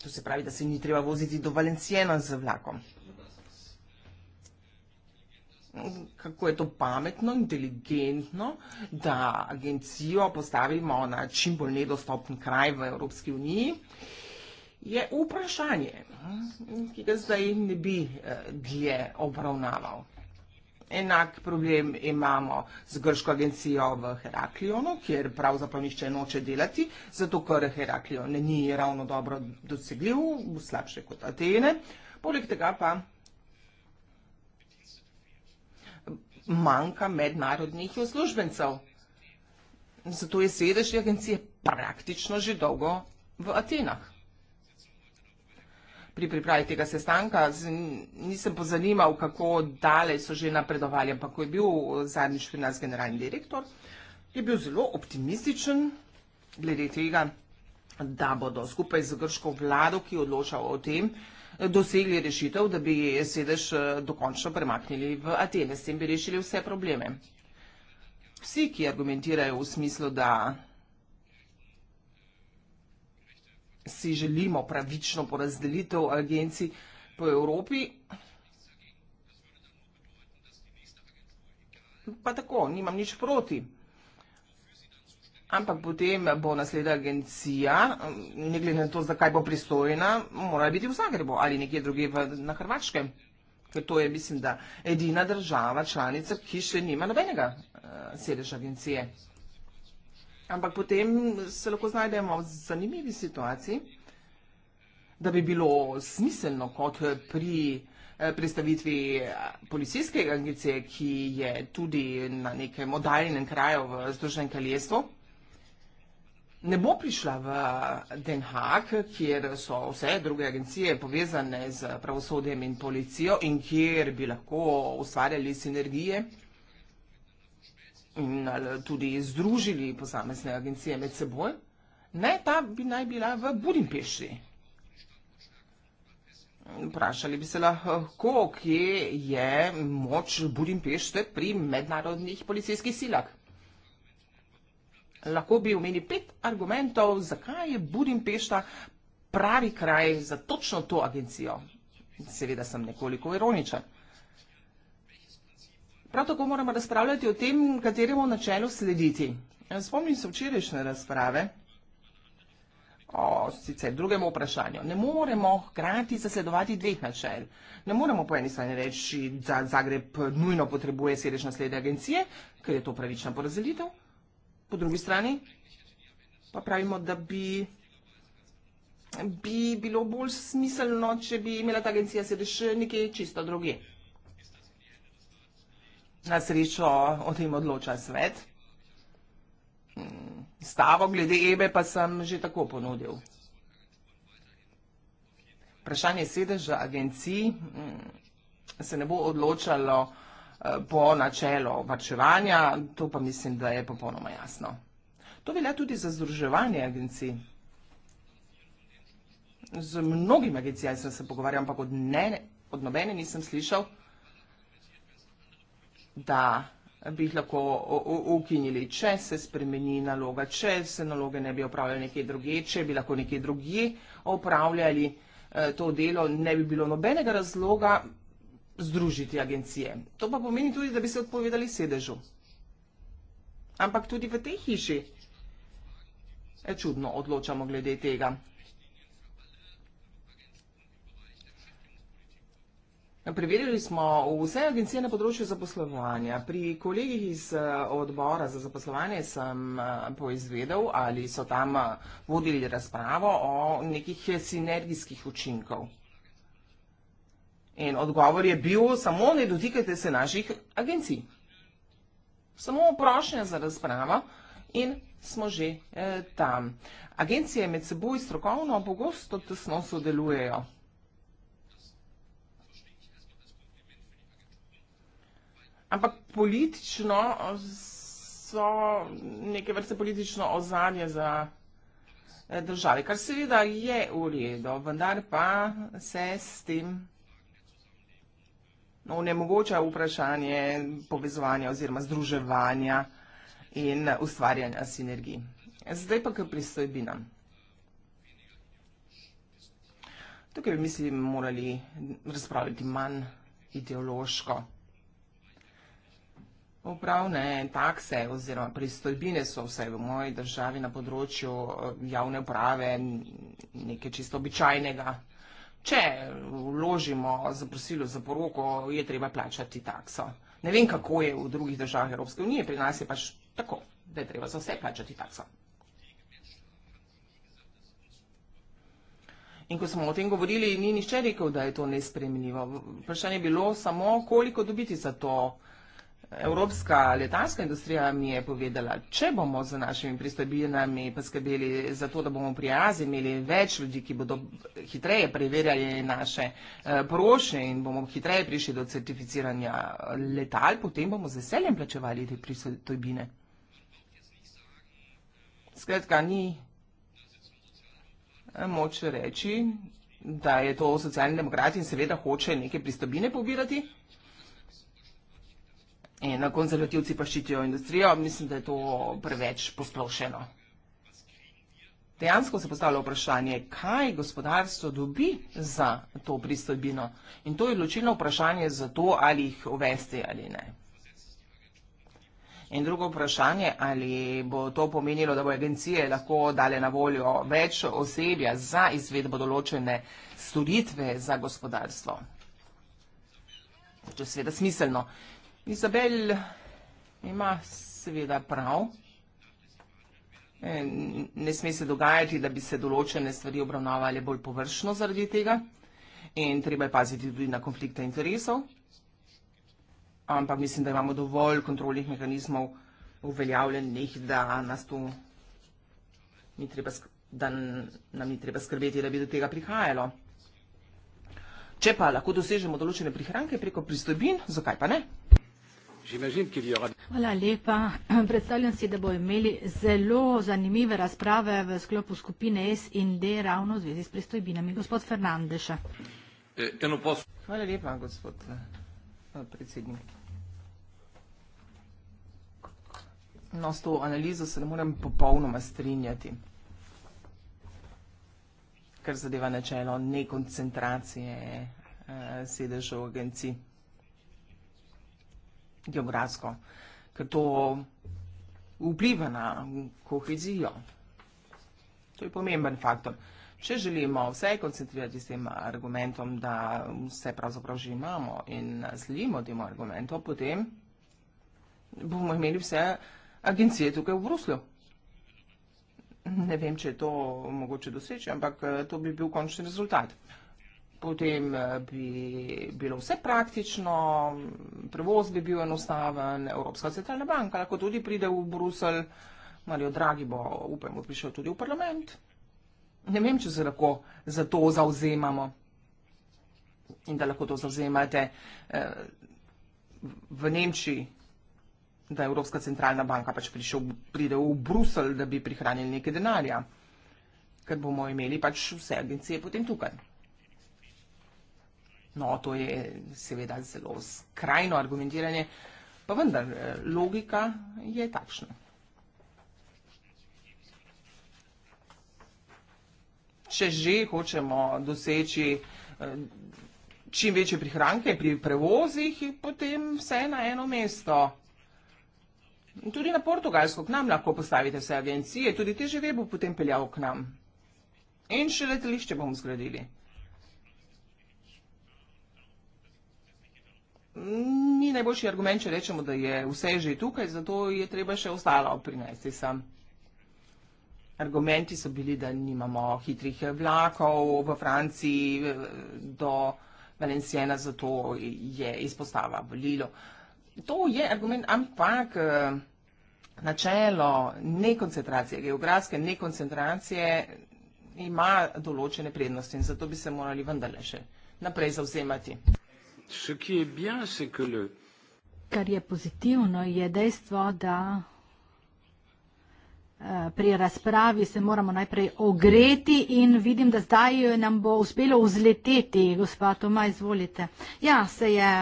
To se pravi, da se ni treba voziti do Valencijena z vlakom kako je to pametno, inteligentno, da agencijo postavimo na čim bolj nedostopen kraj v Evropski uniji, je vprašanje, ki ga zdaj ne bi eh, dlje obravnaval. Enak problem imamo z grško agencijo v Heraklionu, kjer pravzaprav nišče noče delati, zato ker Heraklion ni ravno dobro dosegljiv, slabše kot Atene. Poleg tega pa manjka mednarodnih uslužbencev. Zato je sedež agencije praktično že dolgo v Atenah. Pri pripravi tega sestanka nisem pozanimal, kako daleč so že napredovali, ampak ko je bil zadnjič pri nas generalni direktor, je bil zelo optimističen glede tega, da bodo skupaj z grško vlado, ki odloča o tem, dosegli rešitev, da bi sedež eh, dokončno premaknili v Atene. S tem bi rešili vse probleme. Vsi, ki argumentirajo v smislu, da si želimo pravično porazdelitev agencij po Evropi, pa tako, nimam nič proti. Ampak potem bo naslednja agencija, ne glede na to, zakaj bo pristojna, mora biti v Zagrebu ali nekje druge v, na Hrvaškem. Ker to je, mislim, da edina država članica, ki še nima nobenega uh, sedeža agencije. Ampak potem se lahko znajdemo v zanimivi situaciji, da bi bilo smiselno kot pri eh, predstavitvi eh, policijske agencije, ki je tudi na nekem oddaljenem kraju v Združenem kraljestvu ne bo prišla v Den Haag, kjer so vse druge agencije povezane z pravosodjem in policijo in kjer bi lahko ustvarjali sinergije in eh, tudi združili posamezne agencije med seboj. Ne, ta bi naj bila v Budimpešti. Vprašali bi se lahko, kje je moč Budimpešte pri mednarodnih policijskih silah lahko bi omenili pet argumentov, zakaj je Budimpešta pravi kraj za točno to agencijo. Seveda sem nekoliko ironičen. Prav tako moramo razpravljati o tem, kateremu načelu slediti. Spomnim se včerajšnje razprave o sicer drugemu vprašanju. Ne moremo hkrati zasledovati dveh načel. Ne moremo po eni strani reči, da Zagreb nujno potrebuje sedež naslednje agencije, ker je to pravična porazdelitev. Po drugi strani pa pravimo, da bi, bi bilo bolj smiselno, če bi imela ta agencija sedež nekje čisto druge. Na srečo o tem odloča svet. Stavo glede Ebe pa sem že tako ponudil. Vprašanje sedeža agencij mm, se ne bo odločalo. Eh, po načelo varčevanja, to pa mislim, da je popolnoma jasno. To velja tudi za združevanje agencij. Z mnogimi agencijami sem se pogovarjal, ampak od, ne, od nobene nisem slišal, da bi jih lahko ukinili, če se spremeni naloga, če se naloge ne bi opravljali nekje druge, če bi lahko nekje drugi opravljali eh, to delo, ne bi bilo nobenega razloga, združiti agencije. To pa pomeni tudi, da bi se odpovedali sedežu. Ampak tudi v tej hiši je eh, čudno, odločamo glede tega. Preverili smo vse agencije na področju zaposlovanja. Pri kolegih iz eh, odbora za zaposlovanje sem eh, poizvedel, ali so tam vodili razpravo o nekih sinergijskih učinkov. In odgovor je bil, samo ne dotikajte se naših agencij. Samo vprašanje za razpravo in smo že eh, tam. Agencije med seboj strokovno pogosto tesno sodelujejo. Ampak politično eh, so neke vrste politično ozadje za eh, države, kar seveda je v redu, vendar pa se s tem onemogoča no, vprašanje povezovanja oziroma združevanja in ustvarjanja sinergij. Zdaj pa k pristojbinam. Tukaj bi mislim morali razpravljati manj ideološko. Upravne takse oziroma pristojbine so vse v moji državi na področju eh, javne uprave nekaj čisto običajnega, če vložimo zaprosilo za poroko, je treba plačati takso. Ne vem, kako je v drugih državah Evropske unije, pri nas je pač tako, da je treba za vse plačati takso. In ko smo o tem govorili, ni nišče rekel, da je to nespremljivo. Vprašanje je bilo samo, koliko dobiti za to. Evropska letalska industrija mi je povedala, če bomo z našimi pristojbinami poskrbeli za to, da bomo pri Aziji imeli več ljudi, ki bodo hitreje preverjali naše eh, prošnje in bomo hitreje prišli do certificiranja eh, letal, potem bomo z veseljem plačevali te pristojbine. Skratka, ni eh, moč reči, da je to socialni demokrat in seveda hoče neke pristojbine pobirati eno, konzervativci pa ščitijo industrijo, mislim, da je to preveč posplošeno. Dejansko se postavlja vprašanje, kaj gospodarstvo dobi za to pristojbino. In to je ločilno vprašanje za to, ali jih uvesti ali ne. In drugo vprašanje, ali bo to pomenilo, da bo agencije lahko dale na voljo več osebja za izvedbo določene storitve za gospodarstvo. To je sveda smiselno. Izabel ima seveda prav. E, ne sme se dogajati, da bi se določene stvari obravnavali bolj površno zaradi tega in treba je paziti tudi na konflikte interesov. Ampak mislim, da imamo dovolj kontrolnih mehanizmov uveljavljenih, da nas tu ni treba skrbeti da nam ni treba skrbeti, da bi do tega prihajalo. Če pa lahko dosežemo določene prihranke preko pristojbin, zakaj pa ne? Hvala lepa. Predstavljam si, da bo imeli zelo zanimive razprave v sklopu skupine S in D ravno v zvezi s pristojbinami. Gospod Fernandeša. Eh, Hvala lepa, gospod eh, predsednik. No, s to analizo se ne morem popolnoma strinjati, kar zadeva načelo nekoncentracije eh, sedežev agencij geografsko, ker to vpliva na kohezijo. To je pomemben faktor. Če želimo vse koncentrirati s tem argumentom, da vse pravzaprav že imamo in sledimo temu argumentu, potem bomo imeli vse agencije tukaj v Bruslju. Ne vem, če je to mogoče doseči, ampak eh, to bi bil končni rezultat potem eh, bi bilo vse praktično, prevoz bi bil enostaven, Evropska centralna banka lahko tudi pride v Bruselj, Mario Draghi bo, upajmo, prišel tudi v parlament. Ne vem, če se lahko za to zauzemamo in da lahko to zauzemate eh, v Nemčiji, da Evropska centralna banka pač prišel, pride v Bruselj, da bi prihranili nekaj denarja, ker bomo imeli pač vse agencije potem tukaj. No, to je seveda zelo skrajno argumentiranje, pa vendar eh, logika je takšna. Če že hočemo doseči eh, čim večje prihranke pri prevozih, potem vse na eno mesto. Tudi na Portugalsko k nam lahko postavite vse agencije, tudi te že ve bo potem peljal k nam. In še letališče bomo zgradili. ni najboljši argument, če rečemo, da je vse že tukaj, zato je treba še ostalo prinesti sem. Argumenti so bili, da nimamo hitrih vlakov v Franciji do Valenciana, zato je izpostava v Lilo. To je argument, ampak eh, načelo nekoncentracije, geografske nekoncentracije ima določene prednosti in zato bi se morali vendarle še naprej zauzemati. Kar je pozitivno, je dejstvo, da eh, pri razpravi se moramo najprej ogreti in vidim, da zdaj nam bo uspelo vzleteti. Gospa Toma, izvolite. Ja, se je,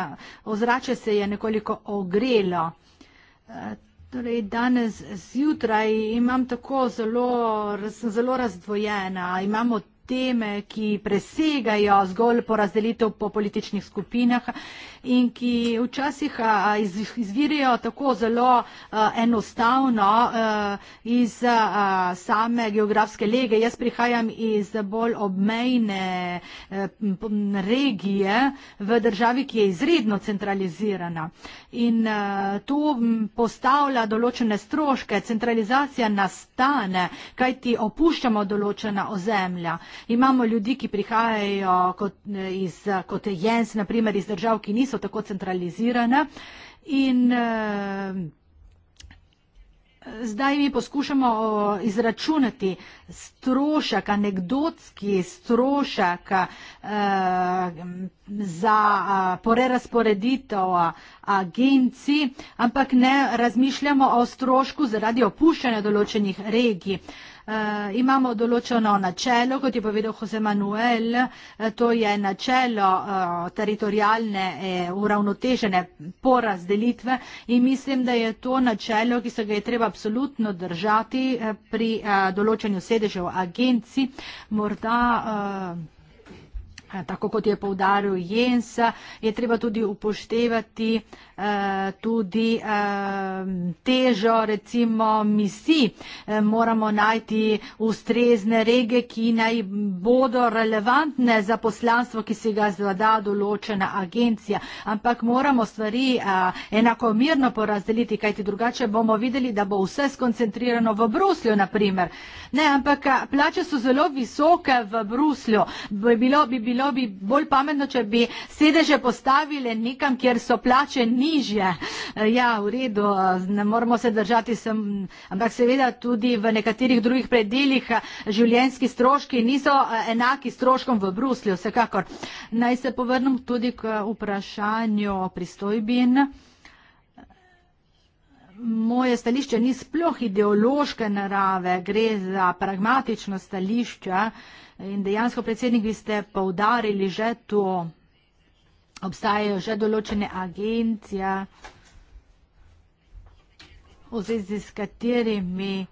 ozrače se je nekoliko ogrelo. Eh, torej, danes zjutraj imam tako zelo, sem zelo razdvojena, imamo teme, ki presegajo zgolj porazdelitev po političnih skupinah, in ki včasih izvirijo tako zelo enostavno iz same geografske lege. Jaz prihajam iz bolj obmejne e, regije v državi, ki je izredno centralizirana. In to postavlja določene stroške, centralizacija nastane, kaj ti opuščamo določena ozemlja. Imamo ljudi, ki prihajajo kot, e, iz, kot jens, naprimer iz držav, ki niso niso tako centralizirana. In, eh, Zdaj mi poskušamo izračunati strošek, anegdotski strošek eh, za eh, prerasporeditev agencij, ampak ne razmišljamo o strošku zaradi opuščanja določenih regij. Uh, imamo določeno načelo, kot je povedal Jose Manuel, uh, to je načelo uh, eh, teritorijalne uh, uravnotežene porazdelitve in mislim, da je to načelo, ki se ga je treba absolutno držati uh, pri uh, določanju sedežev agencij. Morda, uh, Tako kot je povdaril Jens, je treba tudi upoštevati uh, Eh, tudi eh, težo recimo misij. Eh, moramo najti ustrezne rege, ki naj bodo relevantne za poslanstvo, ki se ga zvada določena agencija. Ampak moramo stvari enakomirno porazdeliti, kajti drugače bomo videli, da bo vse skoncentrirano v Bruslju, naprimer. Ne, ampak plače so zelo visoke v Bruslju. Bilo bi, bilo bi bolj pametno, če bi sedeže postavili nekam, kjer so plače ni nižje. E, ja, v redu, ne moramo se držati sem, ampak seveda tudi v nekaterih drugih predeljih e, življenjski stroški niso e, enaki stroškom v Bruslju, vsekakor. Naj se povrnem tudi k vprašanju pristojbin. Moje stališče ni sploh ideološke narave, gre za pragmatično stališče in dejansko predsednik, vi ste poudarili že to obstajajo že določene agencije, v zvezi s katerimi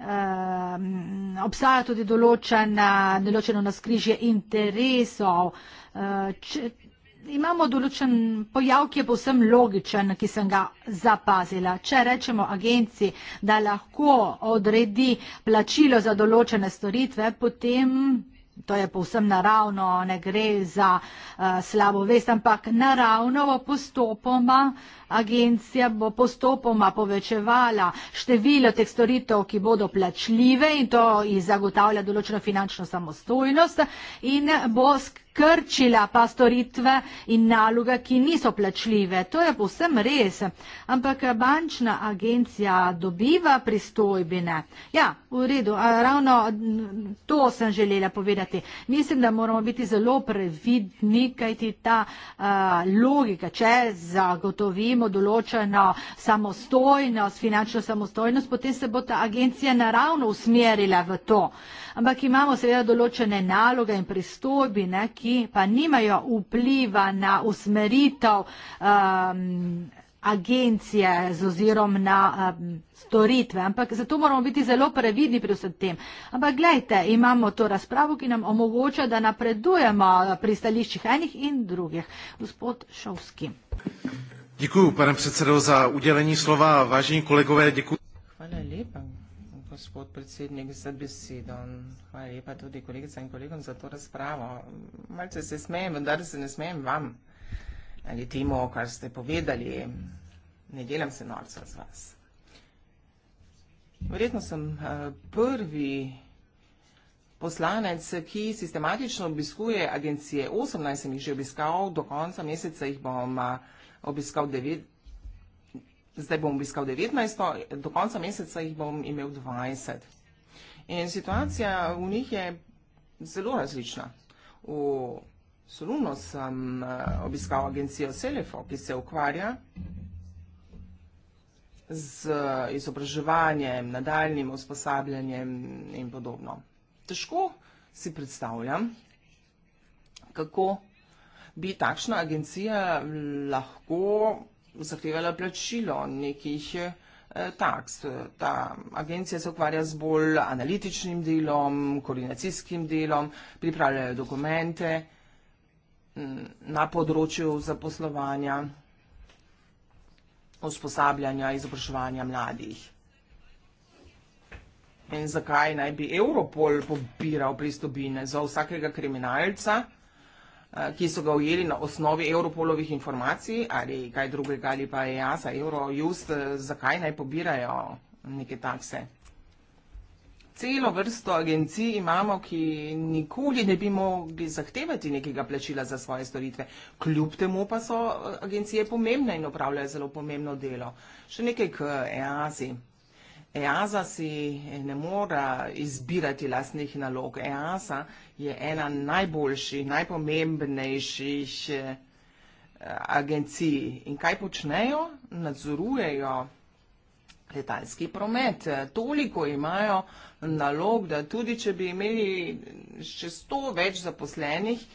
ehm, obstaja tudi določena, določeno naskrižje interesov. Eh, če, imamo določen pojav, ki je povsem logičen, ki sem ga zapazila. Če rečemo agenciji, da lahko odredi plačilo za določene storitve, potem To je povsem naravno, ne gre za uh, slabo vest, ampak naravno bo postopoma agencija bo postopoma povečevala število teh storitev, ki bodo plačljive in to ji zagotavlja določeno finančno samostojnost in bo skrbela krčila pastoritve in naloge, ki niso plačljive. To je povsem res. Ampak bančna agencija dobiva pristojbine. Ja, v redu, ravno to sem želela povedati. Mislim, da moramo biti zelo previdni, kajti ta uh, logika, če zagotovimo določeno samostojnost, finančno samostojnost, potem se bo ta agencija naravno usmerila v to. Ampak imamo seveda določene naloge in pristojbine, ki ljudje pa nimajo vpliva na usmeritev um, agencije z ozirom na um, storitve. Ampak zato moramo biti zelo previdni pri vsem tem. Ampak gledajte, imamo to razpravo, ki nam omogoča, da napredujemo pri stališčih enih in drugih. Gospod Šovski. Děkuji, pane předsedo, za udělení slova. Vážení kolegové, děkuji. Hvala lepa gospod predsednik, za besedo. Hvala lepa tudi kolegicam in kolegom za to razpravo. Malce se smejem, vendar se ne smejem vam ali temu, kar ste povedali. Ne delam se norca z vas. Verjetno sem eh, prvi poslanec, ki sistematično obiskuje agencije. 18 sem jih že obiskal, do konca meseca jih bom eh, obiskal 9 zdaj bom obiskal 19, do konca meseca jih bom imel 20. In situacija v njih je zelo različna. V Solunu sem eh, obiskal agencijo Selefo, ki se ukvarja z izobraževanjem, nadaljnim usposabljanjem in podobno. Težko si predstavljam, kako bi takšna agencija lahko zahtevala plačilo nekih eh, taks. Ta agencija se ukvarja z bolj analitičnim delom, koordinacijskim delom, pripravljajo dokumente mm, na področju zaposlovanja, usposabljanja, izobraževanja mladih. In zakaj naj bi Europol pobiral pristobine za vsakega kriminalca? Eh, ki so ga ujeli na osnovi Europolovih informacij ali kaj drugega, ali pa je jaz, Eurojust, eh, zakaj naj pobirajo neke takse. Celo vrsto agencij imamo, ki nikoli ne bi mogli zahtevati nekega plačila za svoje storitve. Kljub temu pa so eh, agencije pomembne in opravljajo zelo pomembno delo. Še nekaj k EASI. EASA si ne mora izbirati lastnih nalog. EASA je ena najboljših, najpomembnejših eh, agencij. In kaj počnejo? Nadzorujejo letalski promet. Toliko imajo nalog, da tudi, če bi imeli še sto več zaposlenih,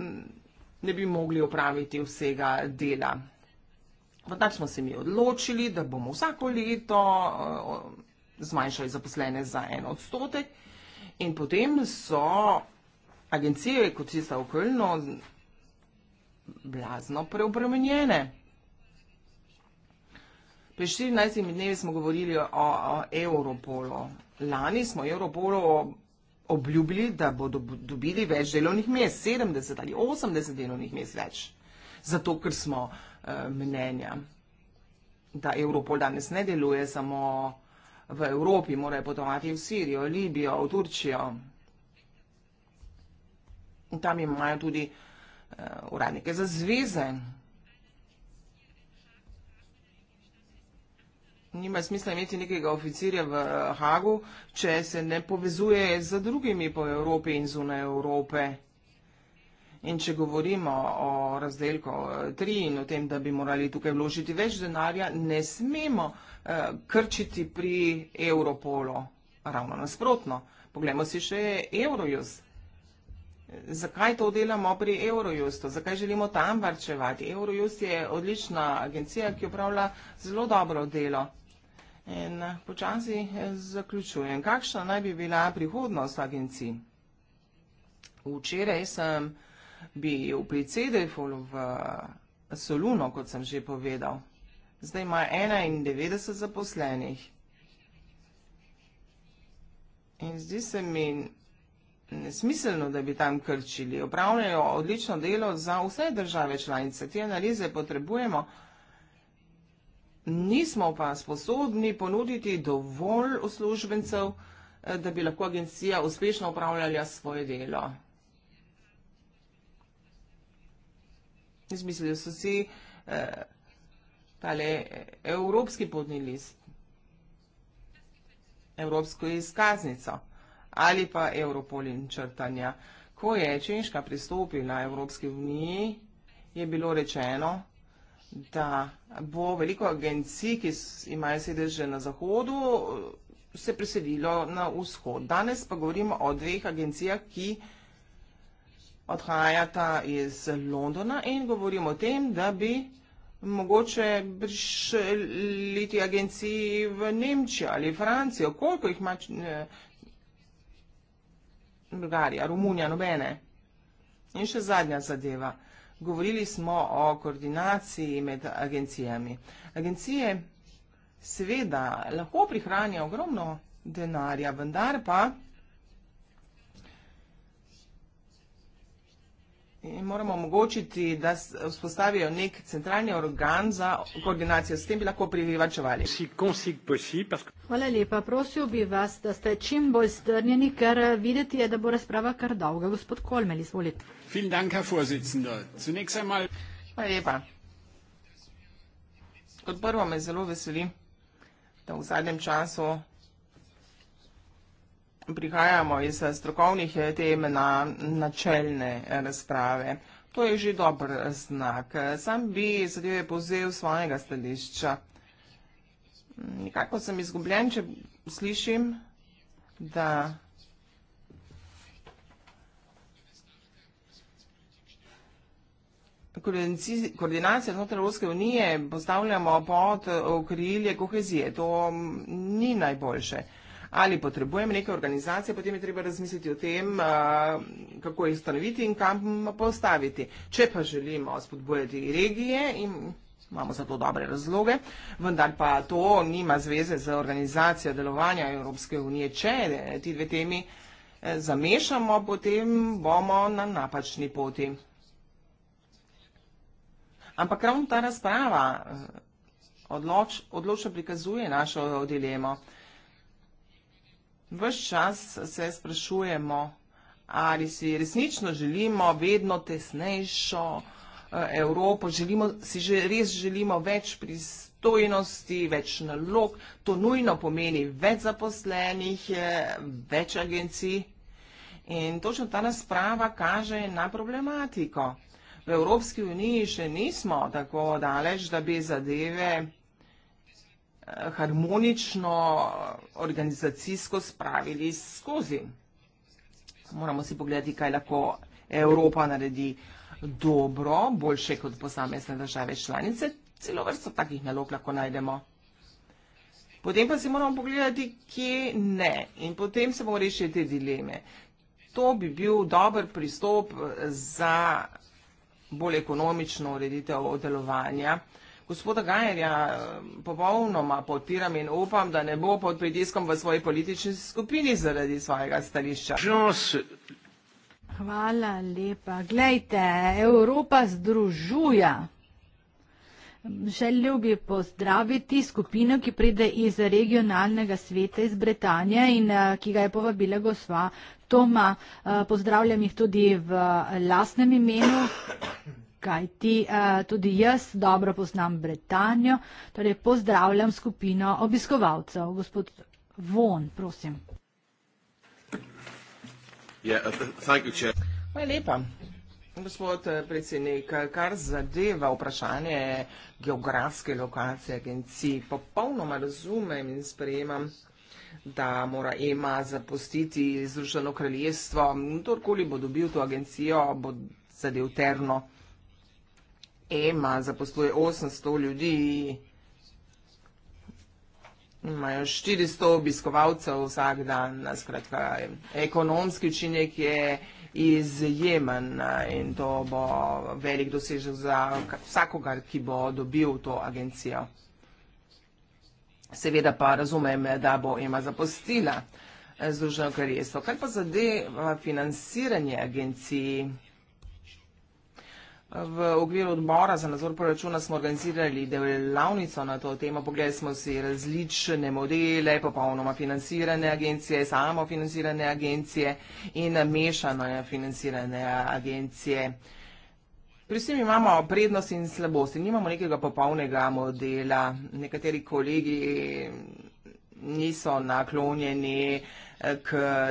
ne bi mogli opraviti vsega dela. Pa tako smo se mi odločili, da bomo vsako leto eh, zmanjšali zaposlene za en odstotek. In potem so agencije, kot si sta okoljno, blazno preobremenjene. Pri 14 dnevi smo govorili o, o Europolu. Lani smo Europolu obljubili, da bodo dobili več delovnih mest, 70 ali 80 delovnih mest več. Zato, ker smo Eh, mnenja, da Evropol danes ne deluje samo v Evropi, morajo potovati v Sirijo, Libijo, v Turčijo. In tam imajo tudi eh, uradnike za zveze. Nima smisla imeti nekega oficirja v eh, Hagu, če se ne povezuje z drugimi po Evropi in zunaj Evrope. In če govorimo o razdelku 3 in o tem, da bi morali tukaj vložiti več denarja, ne smemo uh, krčiti pri Europolu. Ravno nasprotno. Poglejmo si še Eurojust. Zakaj to delamo pri Eurojustu? Zakaj želimo tam varčevati? Eurojust je odlična agencija, ki upravlja zelo dobro delo. In eh, počasi eh, zaključujem. Kakšna naj bi bila prihodnost agencij? Včeraj sem bi v Pricedefolu v eh, Soluno, kot sem že povedal, zdaj ima 91 zaposlenih. In zdi se mi nesmiselno, da bi tam krčili. Opravljajo odlično delo za vse države članice. Te analize potrebujemo. Nismo pa sposobni ponuditi dovolj uslužbencev, eh, da bi lahko agencija uspešno upravljala svoje delo. Jaz mislim, da so vsi eh, eh, evropski podni list, evropsko izkaznico ali pa Evropolin črtanja. Ko je Češka pristopila Evropski uniji, je bilo rečeno, da bo veliko agencij, ki imajo sedeže na zahodu, se preselilo na vzhod. Danes pa govorimo o dveh agencijah, ki odhajata iz Londona in govorimo o tem, da bi mogoče prišli ti agenciji v Nemčijo ali Francijo. Koliko jih ima eh, Bulgarija, Romunija, nobene? In še zadnja zadeva. Govorili smo o koordinaciji med agencijami. Agencije seveda lahko prihranijo ogromno denarja, vendar pa In moramo omogočiti, da vzpostavijo nek centralni organ za koordinacijo. S tem bi lahko privivačevali. Hvala lepa. Prosil bi vas, da ste čim bolj strnjeni, ker eh, videti je, da bo razprava kar dolga. Gospod Kolmel, izvolite. Hvala lepa. Kot prvo me zelo veseli, da v zadnjem času prihajamo iz eh, strokovnih eh, tem na načeljne eh, razprave. To je že dober znak. Sam bi zadeve povzel svojega stališča. Nekako sem izgubljen, če slišim, da koordinacija znotraj Evropske unije postavljamo pod okrilje kohezije. To mm, ni najboljše ali potrebujem neke organizacije, potem je treba razmisliti o tem, kako jih ustanoviti in kam postaviti. Če pa želimo spodbujati regije in imamo za to dobre razloge, vendar pa to nima zveze z organizacijo delovanja Evropske unije, če e, ti dve temi e, zamešamo, potem bomo na napačni poti. Ampak ravno ta razprava e, odloč, odločno prikazuje našo dilemo. Ves čas se sprašujemo, ali si resnično želimo vedno tesnejšo eh, Evropo, želimo, si že, res želimo več pristojnosti, več nalog, to nujno pomeni več zaposlenih, eh, več agencij. In točno ta razprava kaže na problematiko. V Evropski uniji še nismo tako daleč, da bi zadeve harmonično, organizacijsko spravili skozi. Moramo si pogledati, kaj lahko Evropa naredi dobro, boljše kot posamezne države članice. Celo vrsto takih nalog lahko najdemo. Potem pa si moramo pogledati, kje ne. In potem se bomo rešili te dileme. To bi bil dober pristop za bolj ekonomično ureditev oddelovanja gospoda Gajerja eh, popolnoma podpiram in upam, da ne bo pod pritiskom v svoji politični skupini zaradi svojega stališča. Hvala lepa. Glejte, Evropa združuje. Želel bi pozdraviti skupino, ki pride iz regionalnega sveta iz Britanije in eh, ki ga je povabila gospa Toma. Eh, pozdravljam jih tudi v lasnem imenu kajti eh, tudi jaz dobro poznam Britanijo, torej pozdravljam skupino obiskovalcev. Gospod Von, prosim. Uh, Hvala lepa. Gospod eh, predsednik, kar zadeva vprašanje geografske lokacije agencij, popolnoma razumem in sprejemam, da mora EMA zapustiti Združeno kraljestvo. Kdorkoli bo dobil to agencijo, bo zadev terno. EMA zaposluje 800 ljudi, imajo 400 obiskovalcev vsak dan, skratka, ekonomski učinek je izjemen in to bo velik dosežek za vsakogar, ki bo dobil to agencijo. Seveda pa razumem, da bo EMA zapustila Združeno kraljestvo. Kaj pa zadeva financiranje agencij? V okviru odbora za nadzor proračuna smo organizirali delavnico na to temo. Pogledali smo si različne modele, popolnoma financirane agencije, samofinancirane agencije in mešano je financirane agencije. Pri vsem imamo prednosti in slabosti. Nimamo nekega popolnega modela. Nekateri kolegi niso naklonjeni eh, k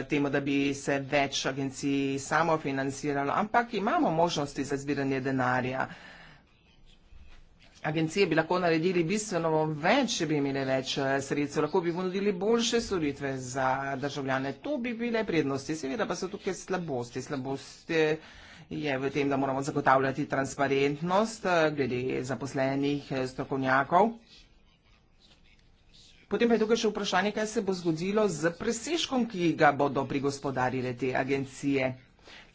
temu, da bi se več agencij samo financiralo, ampak imamo možnosti za zbiranje denarja. Agencije bi lahko naredili bistveno več, če bi imeli več eh, sredstev, lahko bi ponudili boljše storitve za državljane. To bi bile prednosti. Seveda pa so tukaj slabosti. Slabosti je v tem, da moramo zagotavljati transparentnost eh, glede zaposlenih strokovnjakov. Potem pa je tukaj še vprašanje, kaj se bo zgodilo z presežkom, ki ga bodo prigospodarile te agencije.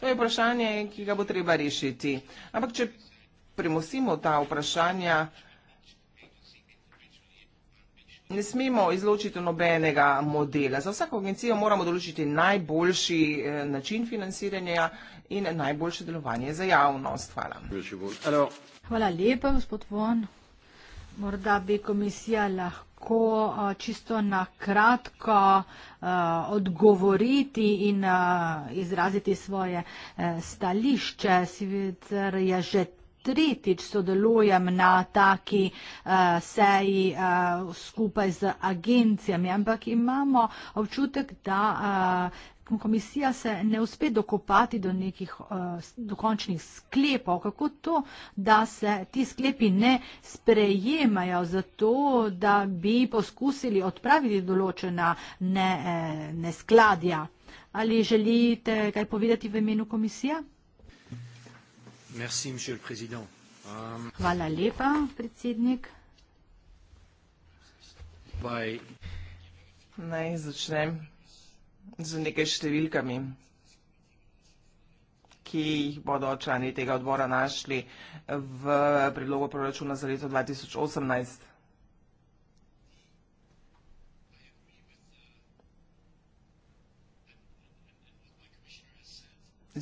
To je vprašanje, ki ga bo treba rešiti. Ampak če premosimo ta vprašanja, ne smemo izločiti nobenega modela. Za vsako agencijo moramo določiti najboljši eh, način financiranja in najboljše delovanje za javnost. Hvala. Hvala lepa, gospod Von. Morda bi komisija lahko lahko eh, čisto na kratko eh, odgovoriti in eh, izraziti svoje stališče. Sicer je že tretjič sodelujem na taki seji skupaj z agencijami, ampak imamo občutek, da komisija se ne uspe dokopati do nekih uh, eh, dokončnih sklepov. Kako to, da se ti sklepi ne sprejemajo zato, da bi poskusili odpraviti določena ne, eh, neskladja? Ali želite kaj povedati v imenu komisije? Merci, um... Hvala lepa, predsednik. Bye. Naj začnem z nekaj številkami, ki jih bodo člani tega odbora našli v predlogu proračuna za leto 2018.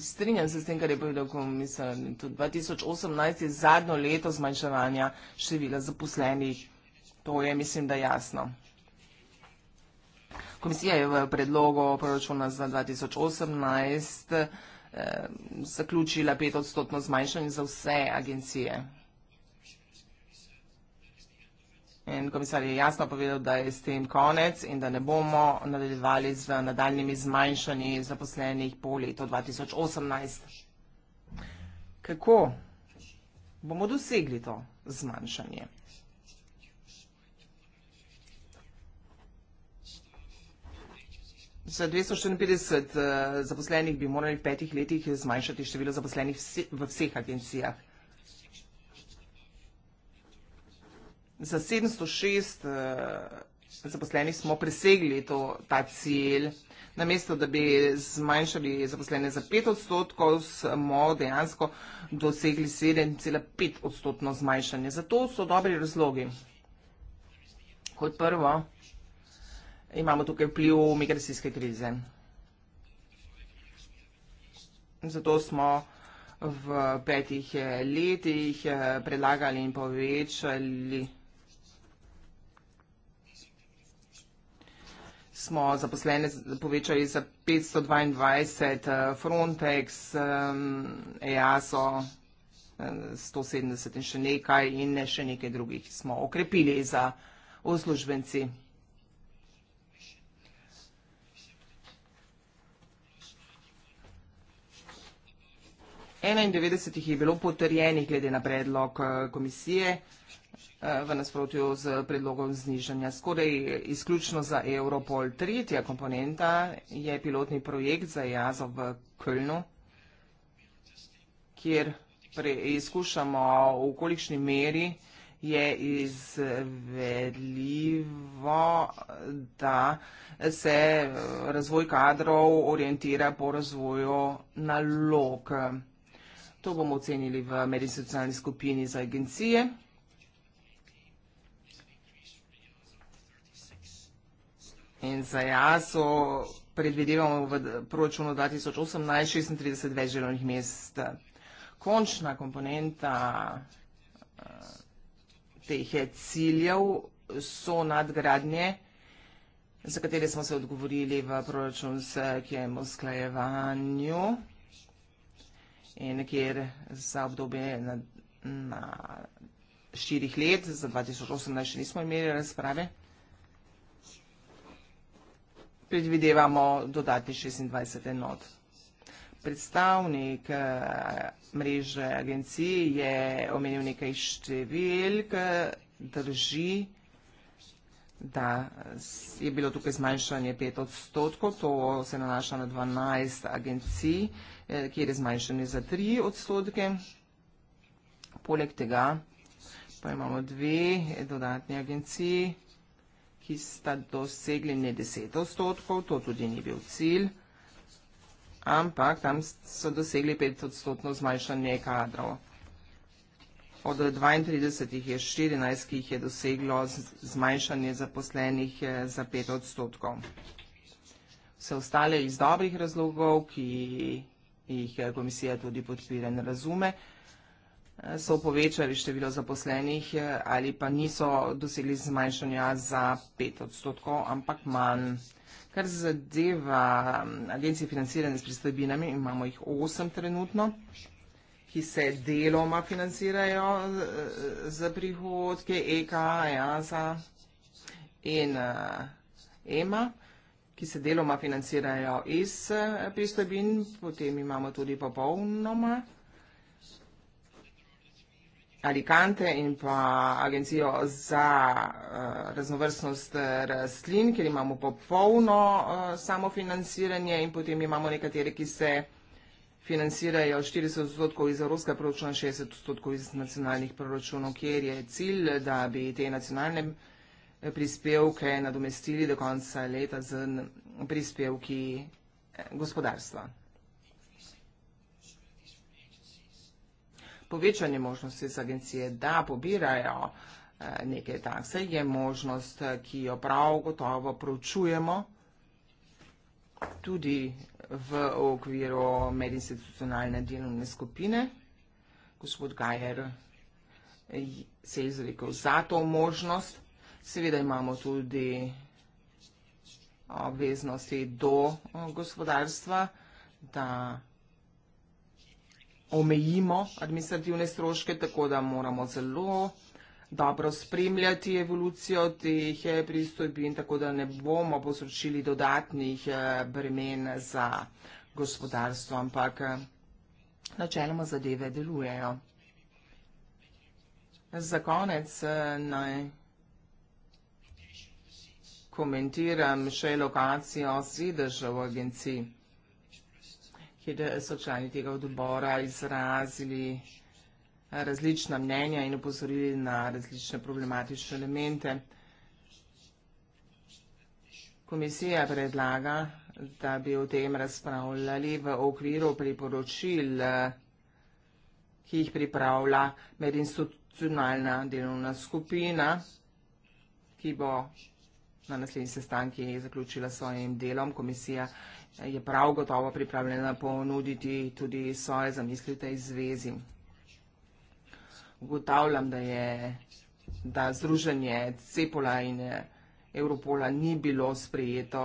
Strinjam se s tem, kar je povedal komisar. 2018 je zadnjo leto zmanjševanja števila zaposlenih. To je, mislim, da jasno. Komisija je v predlogu proračuna za 2018 eh, zaključila pet odstotno zmanjšanje za vse agencije. In komisar je jasno povedal, da je s tem konec in da ne bomo nadaljevali z nadaljnimi zmanjšanji zaposlenih po letu 2018. Kako bomo dosegli to zmanjšanje? Za 254 uh, eh, zaposlenih bi morali v petih letih zmanjšati število zaposlenih vse, v vseh agencijah. Za 706 uh, eh, zaposlenih smo presegli to, ta cilj. Namesto, da bi zmanjšali zaposlene za 5 odstotkov, smo dejansko dosegli 7,5 odstotno zmanjšanje. Zato so dobri razlogi. Kot prvo, imamo tukaj vpliv migracijske krize. Zato smo v petih eh, letih eh, predlagali in povečali smo zaposlene povečali za 522 eh, Frontex, EASO, 170 in še nekaj in še nekaj drugih smo okrepili za uslužbenci. 91 jih je bilo potrjenih glede na predlog eh, komisije eh, v nasprotju z predlogom znižanja. Skoraj izključno za Europol tretja komponenta je pilotni projekt za EASO v Kölnu, kjer preizkušamo v kolikšni meri je izvedljivo, da se eh, razvoj kadrov orientira po razvoju nalog. To bomo ocenili v medinstitucionalni skupini za agencije. In za jaso predvidevamo v proračunu 2018 36 več delovnih mest. Končna komponenta eh, teh ciljev so nadgradnje, za katere smo se odgovorili v proračunskem usklajevanju in kjer za obdobje na, na štirih let, za 2018 še nismo imeli razprave, predvidevamo dodati 26 enot. Predstavnik eh, mreže agencije je omenil nekaj številk, drži, da je bilo tukaj zmanjšanje 5 odstotkov, to se nanaša na 12 agencij. Eh, kjer je zmanjšanje za 3 odstotke. Poleg tega pa imamo dve dodatne agencije, ki sta dosegli ne 10 odstotkov, to tudi ni bil cilj, ampak tam so dosegli 5 odstotno zmanjšanje kadrov. Od 32 je 14, ki jih je doseglo zmanjšanje zaposlenih eh, za 5 odstotkov. Vse ostale iz dobrih razlogov, ki jih eh, komisija tudi podpira in razume. Eh, so povečali število zaposlenih eh, ali pa niso dosegli zmanjšanja za 5 odstotkov, ampak manj. Kar zadeva mm, agencije financirane s pristojbinami, imamo jih 8 trenutno, ki se deloma financirajo za prihodke EK, EASA in EMA. E ki se deloma financirajo iz eh, pristojbin, potem imamo tudi popolnoma Alicante in pa Agencijo za eh, raznovrstnost eh, rastlin, kjer imamo popolno samofinanciranje in potem imamo nekatere, ki se financirajo 40 odstotkov iz evropska proračuna, 60 odstotkov iz nacionalnih proračunov, kjer je cilj, da bi te nacionalne proračune prispevke nadomestili do konca leta z prispevki eh, gospodarstva. Povečanje možnosti z agencije, da pobirajo eh, neke takse, je možnost, eh, ki jo prav gotovo pročujemo tudi v okviru medinstitucionalne delovne skupine. Gospod Gajer se je izrekel za to možnost, Seveda imamo tudi obveznosti do gospodarstva, da omejimo administrativne stroške, tako da moramo zelo dobro spremljati evolucijo teh eh, pristojb in tako da ne bomo posročili dodatnih eh, bremen za gospodarstvo, ampak eh, načeloma zadeve delujejo. Za konec naj povedam, komentiram še lokacijo sedeža v agenciji, kjer so člani tega odbora izrazili različna mnenja in upozorili na različne problematične elemente. Komisija predlaga, da bi o tem razpravljali v okviru priporočil, ki jih pripravlja medinstitucionalna delovna skupina, ki bo na naslednji sestanki zaključila svojim delom. Komisija je prav gotovo pripravljena ponuditi tudi svoje zamislite iz zvezi. Ugotavljam, da je da združenje Cepola in Evropola eh, ni bilo sprejeto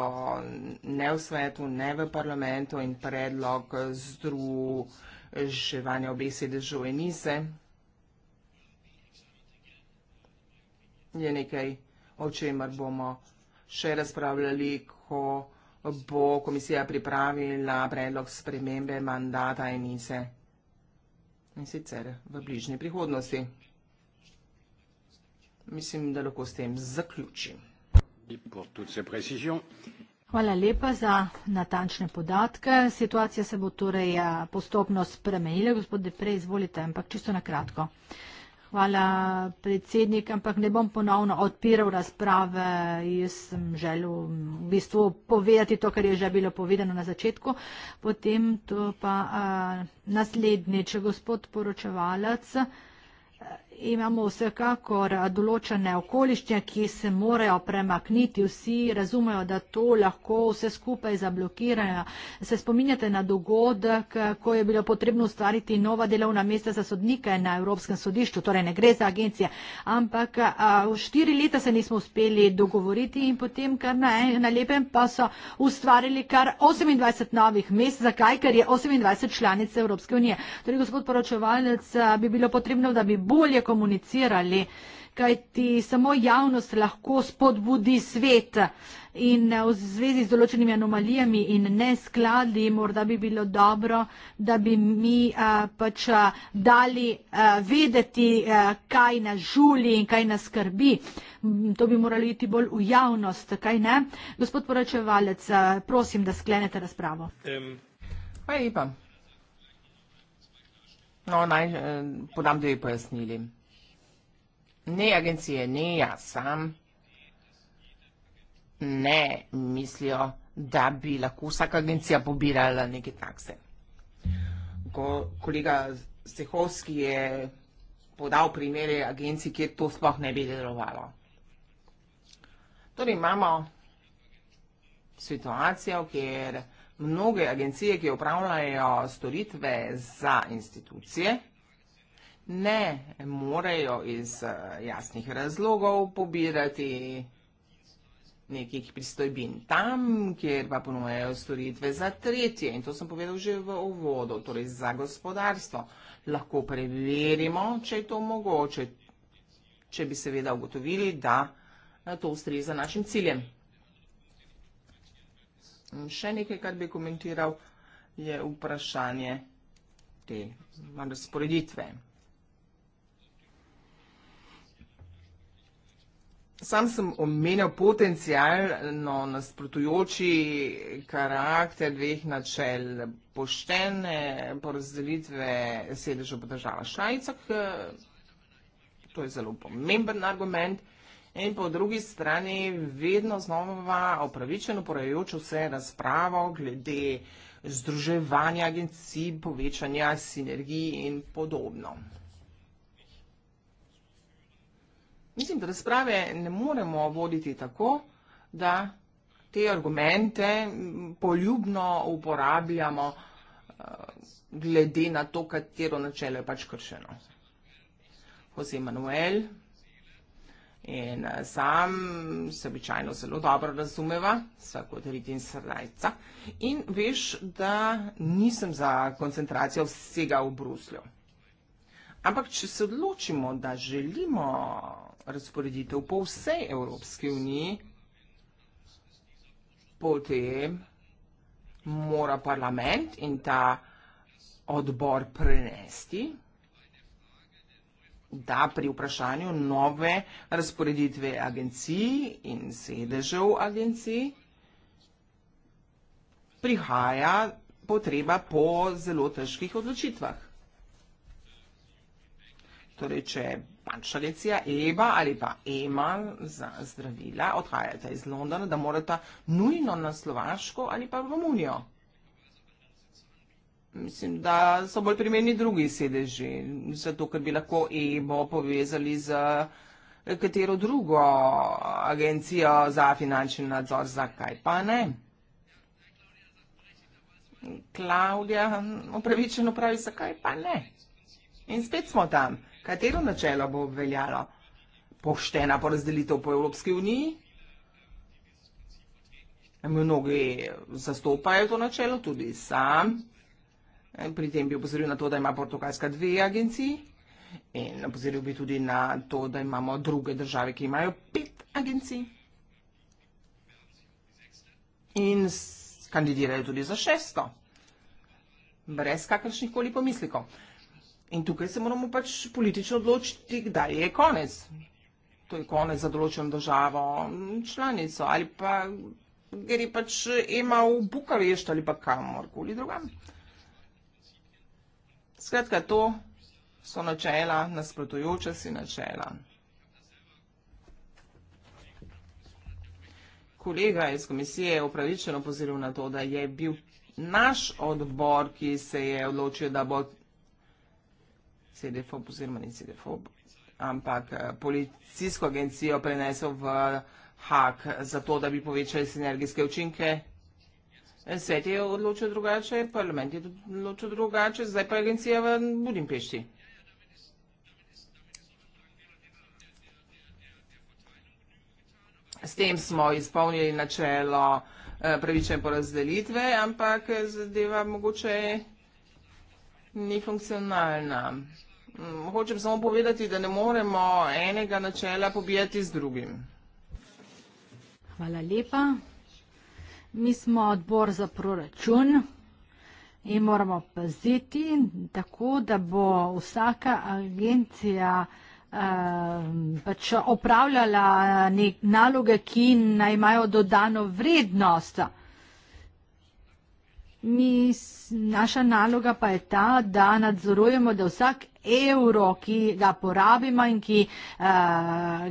ne v svetu, ne v parlamentu in predlog združevanja obeh sedežev enise je nekaj o čemer bomo še razpravljali, ko bo komisija pripravila predlog spremembe mandata emise in sicer v bližnji prihodnosti. Mislim, da lahko s tem zaključim. Hvala lepa za natančne podatke. Situacija se bo torej eh, postopno spremenila, gospod Deprej, izvolite, ampak čisto na kratko. Hvala, predsednik, ampak ne bom ponovno odpiral razprave. Jaz sem želel v bistvu povedati to, kar je že bilo povedano na začetku. Potem to pa a, naslednje, če gospod poročevalec imamo vsekakor eh, določene okoliščine, ki se morajo premakniti. Vsi razumejo, da to lahko vse skupaj zablokirajo. Se spominjate na dogodek, eh, ko je bilo potrebno ustvariti nova delovna mesta za sodnike na Evropskem sodišču, torej ne gre za agencije, ampak eh, v štiri leta se nismo uspeli dogovoriti in potem kar na, na lepem pa so ustvarili kar 28 novih mest. Zakaj? Ker je 28 članic Evropske unije. Torej, gospod poročevalec, bi bilo potrebno, da bi bolje komunicirali, kajti samo javnost lahko spodbudi svet in v zvezi z določenimi anomalijami in neskladi morda bi bilo dobro, da bi mi a, pač a, dali a, vedeti, a, kaj nas žuli in kaj nas skrbi. To bi moralo iti bolj v javnost, kaj ne? Gospod poročevalec, a, prosim, da sklenete razpravo. Hvala lepa. No, naj eh, podam dve pojasnili. Ne agencije, ne ja sam. Ne mislijo, da bi lahko vsaka agencija pobirala neke takse. Ko kolega Sehovski je podal primere agencij, kjer to sploh ne bi delovalo. Torej imamo situacijo, kjer mnoge agencije, ki upravljajo storitve za institucije, ne morejo iz eh, jasnih razlogov pobirati nekih pristojbin tam, kjer pa ponujejo storitve za tretje. In to sem povedal že v uvodu, torej za gospodarstvo. Lahko preverimo, če je to mogoče, če bi seveda ugotovili, da eh, to ustreza našim ciljem. In še nekaj, kar bi komentiral, je vprašanje te razporeditve. Sam sem omenjal potencijalno nasprotujoči karakter dveh načel poštene porazdelitve sedeža po državah šajicah. To je zelo pomemben argument. In po drugi strani vedno znova opravičeno porajajoč vse razpravo glede združevanja agencij, povečanja sinergij in podobno. Mislim, da razprave ne moremo voditi tako, da te argumente poljubno uporabljamo eh, glede na to, katero načelo je pač kršeno. Jose Manuel in eh, sam se običajno zelo dobro razumeva, sva kot riti in srdajca, in veš, da nisem za koncentracijo vsega v Bruslju. Ampak, če se odločimo, da želimo razporeditev po vsej Evropski uniji, potem mora parlament in ta odbor prenesti, da pri vprašanju nove razporeditve agencij in sedežev agencij prihaja potreba po zelo težkih odločitvah. Torej, če pač agencija EBA ali pa EMA za zdravila odhajate iz Londona, da morate nujno na Slovaško ali pa v Romunijo. Mislim, da so bolj primerni drugi sedeži, zato ker bi lahko EBO povezali z eh, katero drugo agencijo za finančni nadzor, zakaj pa ne. Klaudija hm, upravičeno pravi, zakaj pa ne. In spet smo tam. Katero načelo bo obveljalo? Poštena porazdelitev po Evropski uniji? Mnogi zastopajo to načelo, tudi sam. Pri tem bi opozoril na to, da ima Portugalska dve agenciji in opozoril bi tudi na to, da imamo druge države, ki imajo pet agencij in kandidirajo tudi za šesto, brez kakršnih koli pomislikov. In tukaj se moramo pač politično odločiti, kdaj je konec. To je konec za določeno državo, članico ali pa gre pač ima v Bukarešt ali pa kamorkoli drugam. Skratka, to so načela, nasprotujoča si načela. Kolega iz komisije je upravičeno pozoril na to, da je bil naš odbor, ki se je odločil, da bo CD-fob oziroma ni CD-fob, ampak eh, policijsko agencijo prenesel v hak zato, da bi povečali sinergijske učinke. Svet je odločil drugače, parlament je odločil drugače, zdaj pa je agencija v Budimpešti. S tem smo izpolnili načelo eh, pravične porazdelitve, ampak zadeva mogoče ni funkcionalna. Mm, hočem samo povedati, da ne moremo enega načela pobijati z drugim. Hvala lepa. Mi smo odbor za proračun in moramo paziti tako, da bo vsaka agencija eh, pač opravljala nek naloge, ki naj imajo dodano vrednost. Mi, naša naloga pa je ta, da nadzorujemo, da vsak evro, ki ga porabimo in ki eh,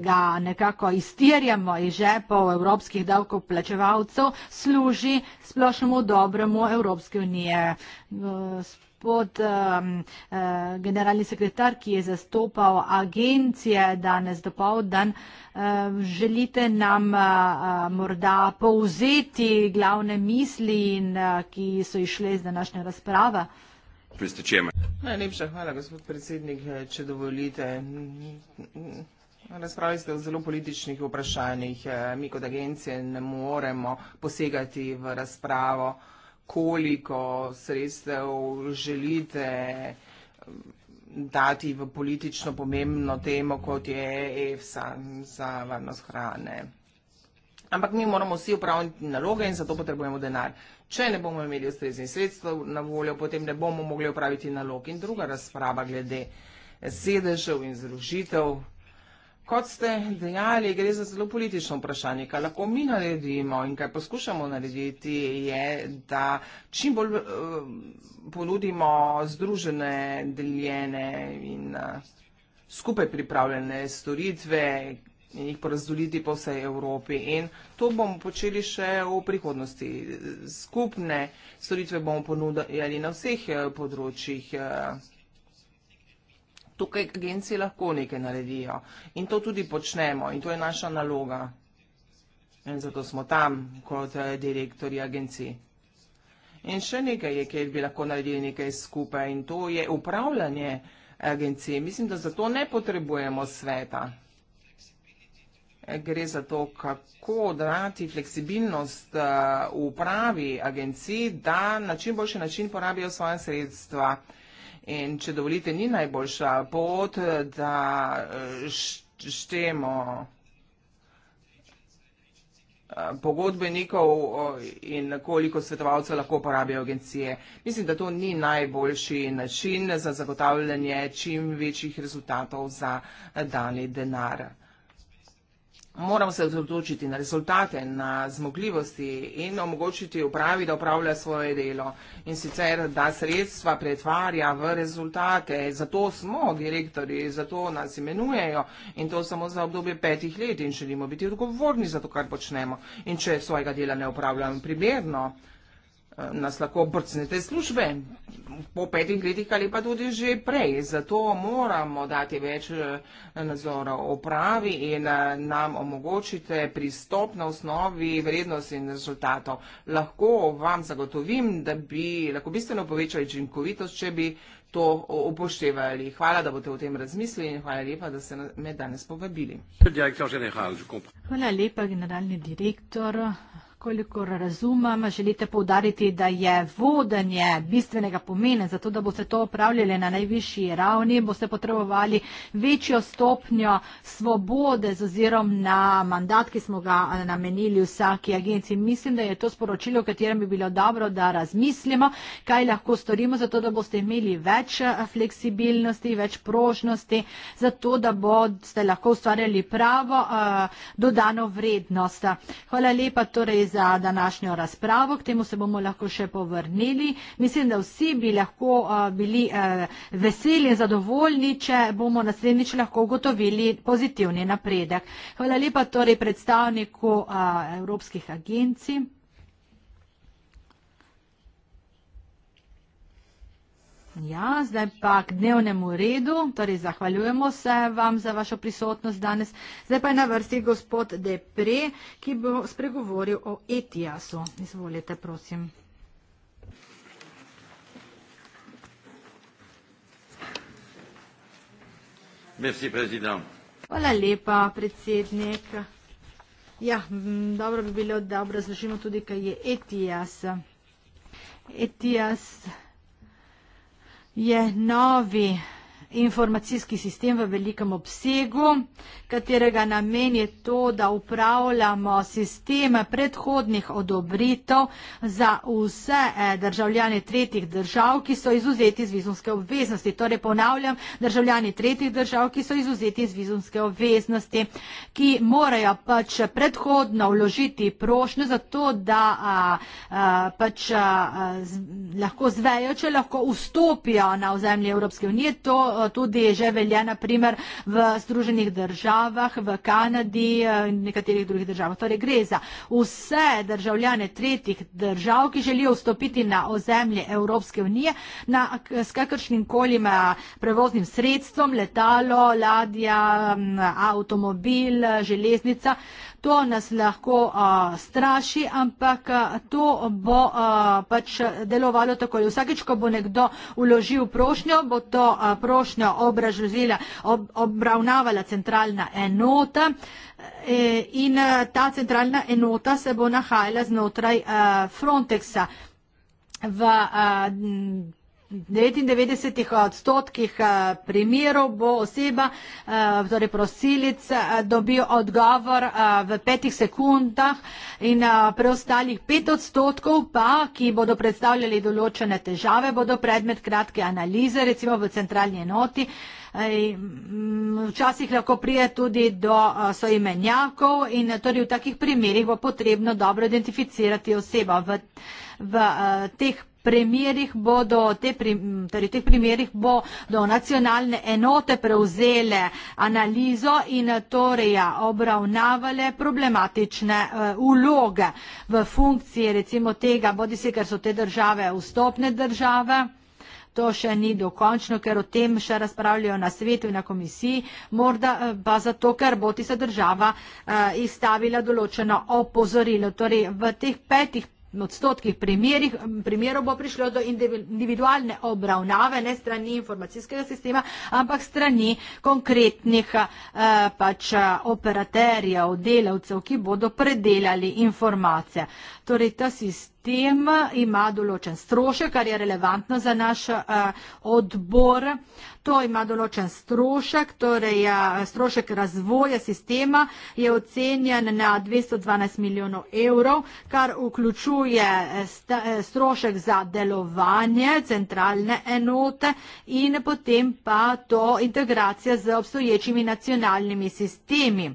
ga nekako iztirjamo iz žepov evropskih davkov plačevalcev, služi splošnemu dobremu Evropske unije. Eh, Pod um, uh, eh, generalni sekretar, ki je zastopal agencije danes do povdan, uh, želite nam uh, uh, morda povzeti glavne misli, in, uh, ki so išle iz današnje razprave? Uh, pristečemo. Najlepša hvala, gospod predsednik, če dovolite. Razpravljali ste o zelo političnih vprašanjih. Mi kot agencije ne moremo posegati v razpravo, koliko sredstev želite dati v politično pomembno temo, kot je EFSA za varnost hrane. Ampak mi moramo vsi upravljati naloge in zato potrebujemo denar. Če ne bomo imeli ustreznih sredstev na voljo, potem ne bomo mogli upraviti nalog in druga razprava glede sedežev in zružitev. Kot ste dejali, gre za zelo politično vprašanje. Kaj lahko mi naredimo in kaj poskušamo narediti, je, da čim bolj uh, ponudimo združene, deljene in uh, skupaj pripravljene storitve, in jih porazdoliti po vsej Evropi. In to bomo počeli še v prihodnosti. Skupne storitve bomo ponudili na vseh eh, področjih. Eh. Tukaj agencije lahko nekaj naredijo in to tudi počnemo in to je naša naloga. In zato smo tam kot eh, direktori agencij. In še nekaj je, kjer bi lahko naredili nekaj skupaj in to je upravljanje agencije. Mislim, da zato ne potrebujemo sveta gre za to, kako dati fleksibilnost eh, v pravi agenciji, da na čim boljši način porabijo svoje sredstva. In če dovolite, ni najboljša pot, da eh, štemo eh, pogodbenikov in koliko svetovalcev lahko porabijo agencije. Mislim, da to ni najboljši način za zagotavljanje čim večjih rezultatov za dani denar moramo se odločiti na rezultate, na zmogljivosti in omogočiti upravi, da upravlja svoje delo in sicer, da sredstva pretvarja v rezultate. Zato smo direktori, zato nas imenujejo in to samo za obdobje petih let in želimo biti odgovorni za to, kar počnemo in če svojega dela ne upravljamo primerno nas lahko brcnete službe po petih letih ali pa tudi že prej. Zato moramo dati več eh, nadzora opravi in eh, nam omogočite pristop na osnovi vrednosti in rezultatov. Lahko vam zagotovim, da bi lahko bistveno povečali činkovitost, če bi to upoštevali. Hvala, da boste o tem razmislili in hvala lepa, da ste me danes povabili. Hvala lepa, generalni direktor kolikor razumem, želite povdariti, da je vodenje bistvenega pomena, zato da boste to upravljali na najvišji ravni, boste potrebovali večjo stopnjo svobode z ozirom na mandat, ki smo ga namenili vsaki agenciji. Mislim, da je to sporočilo, v katerem bi bilo dobro, da razmislimo, kaj lahko storimo, zato da boste imeli več eh, fleksibilnosti, več prožnosti, zato da boste lahko ustvarjali pravo uh, dodano vrednost. Hvala lepa torej za današnjo razpravo, k temu se bomo lahko še povrnili. Mislim, da vsi bi lahko eh, bili eh, veseli in zadovoljni, če bomo naslednjič lahko ugotovili pozitivni napredek. Hvala lepa torej predstavniku eh, evropskih agencij. Ja, zdaj pa k dnevnemu redu, torej zahvaljujemo se vam za vašo prisotnost danes. Zdaj pa je na vrsti gospod Depre, ki bo spregovoril o Etiasu. Izvolite, prosim. Merci, president. Hvala lepa, predsednik. Ja, dobro bi bilo, da obrazložimo tudi, kaj je Etias. Etias je novi informacijski sistem v velikem obsegu, katerega namen je to, da upravljamo sisteme predhodnih odobritev za vse eh, državljane tretjih držav, ki so izuzeti iz vizumske obveznosti. Torej ponavljam, državljani tretjih držav, ki so izuzeti iz vizumske obveznosti, ki morajo pač predhodno vložiti prošnjo za to, da a, a, pač a, z, lahko zvejo, če lahko vstopijo na ozemlje Evropske unije. To, Eh, tudi že velja naprimer v Združenih državah, v Kanadi eh, in nekaterih drugih državah. Torej gre za vse državljane tretjih držav, ki želijo vstopiti na ozemlje Evropske unije na, s kakršnim koli eh, prevoznim sredstvom, letalo, ladja, mm, avtomobil, železnica. To nas lahko a, straši, ampak a, to bo a, pač delovalo takoj. Vsakič, ko bo nekdo uložil prošnjo, bo to a, prošnjo obražuzila, ob, obravnavala centralna enota. E, in ta centralna enota se bo nahajala znotraj Frontexa. V 99 odstotkih eh, primerov bo oseba, eh, torej prosilic, eh, dobil odgovor v petih sekundah in preostalih pet odstotkov pa, ki bodo predstavljali določene težave, bodo predmet kratke analize, recimo v centralni enoti. Mm, včasih lahko prije tudi do soimenjakov in torej v takih primerih bo potrebno dobro identificirati osebo. V, v teh primerih bodo, te prim, torej teh primerih bodo nacionalne enote prevzele analizo in torej ja, obravnavale problematične uh, eh, uloge v funkciji recimo tega, bodi se, ker so te države vstopne države. To še ni dokončno, ker o tem še razpravljajo na svetu in na komisiji, morda eh, pa zato, ker bo tista država uh, izstavila določeno opozorilo. Torej, v teh petih odstotkih primerih, primerov bo prišlo do individualne obravnave, ne strani informacijskega sistema, ampak strani konkretnih eh, pač operaterjev, delavcev, ki bodo predelali informacije. Torej, ta sistem tem eh, ima določen strošek, kar je relevantno za naš eh, odbor. To ima določen strošek, torej eh, strošek razvoja sistema je ocenjen na 212 milijonov evrov, kar vključuje strošek za delovanje centralne enote in potem pa to integracija z obstoječimi nacionalnimi sistemi.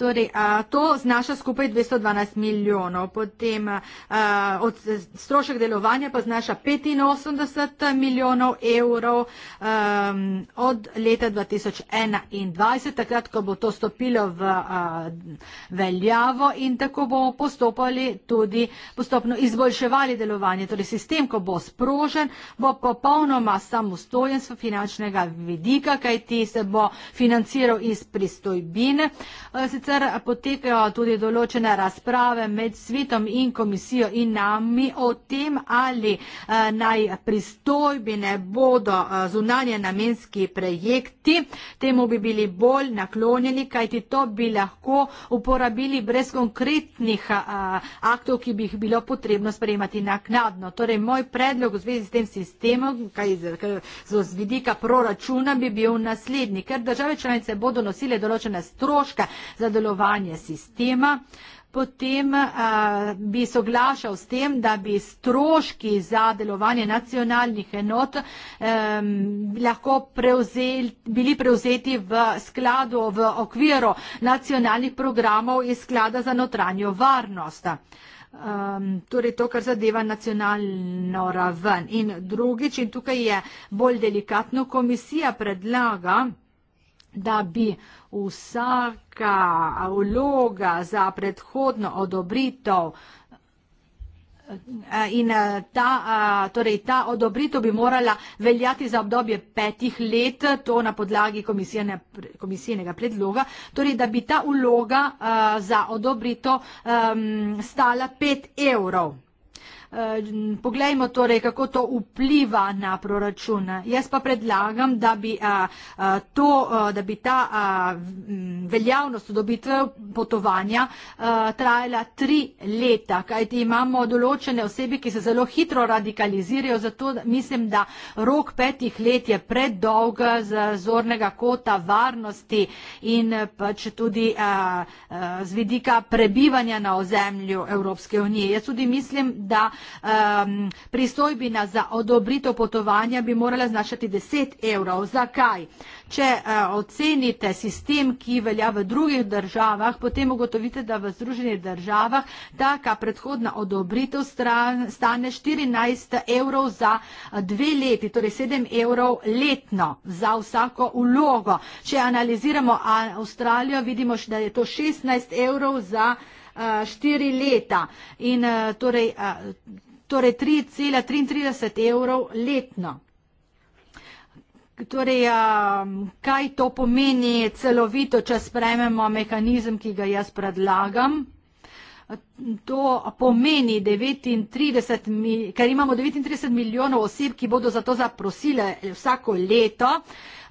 Torej, to znaša skupaj 212 milijonov, potem strošek delovanja pa znaša 85 milijonov evrov od leta 2021, takrat, ko bo to stopilo v veljavo in tako bo postopali tudi postopno izboljševali delovanje. Torej, sistem, ko bo sprožen, bo popolnoma samostojen s finančnega vidika, kaj ti se bo financiral iz pristojbine. Sicer sicer potekajo tudi določene razprave med svetom in komisijo in nami o tem, ali eh, naj pristojbine bodo eh, zunanje namenski projekti. Temu bi bili bolj naklonjeni, kajti to bi lahko uporabili brez konkretnih eh, aktov, ki bi jih bilo potrebno sprejemati naknadno. Torej, moj predlog v zvezi s tem sistemom, kaj z vidika proračuna bi bil naslednji, ker države članice bodo nosile določene stroške za določene delovanje sistema, potem eh, bi soglašal s tem, da bi stroški za delovanje nacionalnih enot lahko bili prevzeti v skladu v okviru nacionalnih programov iz sklada za notranjo varnost. Um, torej to, kar zadeva nacionalno raven. In drugič, in tukaj je bolj delikatno, komisija predlaga, da bi uh, vsaka vloga za predhodno odobritev eh, in eh, ta, eh, torej ta odobritev bi morala veljati za obdobje petih let, to na podlagi komisijene, komisijenega predloga, torej da bi ta vloga za odobritev ehm, stala pet evrov. Eh, poglejmo torej, kako to vpliva na proračun. Jaz pa predlagam, da bi, eh, eh, to, da bi ta veljavnost odobitve potovanja trajala tri leta, kajti imamo določene osebi, ki se zelo hitro radikalizirajo, zato mislim, da rok petih let je predolg z zornega kota varnosti in pač tudi z vidika prebivanja na ozemlju Evropske unije. Jaz tudi mislim, da um, pristojbina za odobritev potovanja bi morala znašati 10 evrov. Zakaj? Če uh, ocenite sistem, ki velja v drugih državah, potem ugotovite, da v združenih državah taka predhodna odobritev stran, stane 14 evrov za eh, dve leti, torej 7 evrov letno za vsako vlogo. Če analiziramo Avstralijo, vidimo, da je to 16 evrov za Eh, štiri leta in eh, torej, eh, torej 3,33 evrov letno. Torej, kaj to pomeni celovito, če sprememo mehanizem, ki ga jaz predlagam? to pomeni 39, ker imamo 39 milijonov oseb, ki bodo za to zaprosile vsako leto,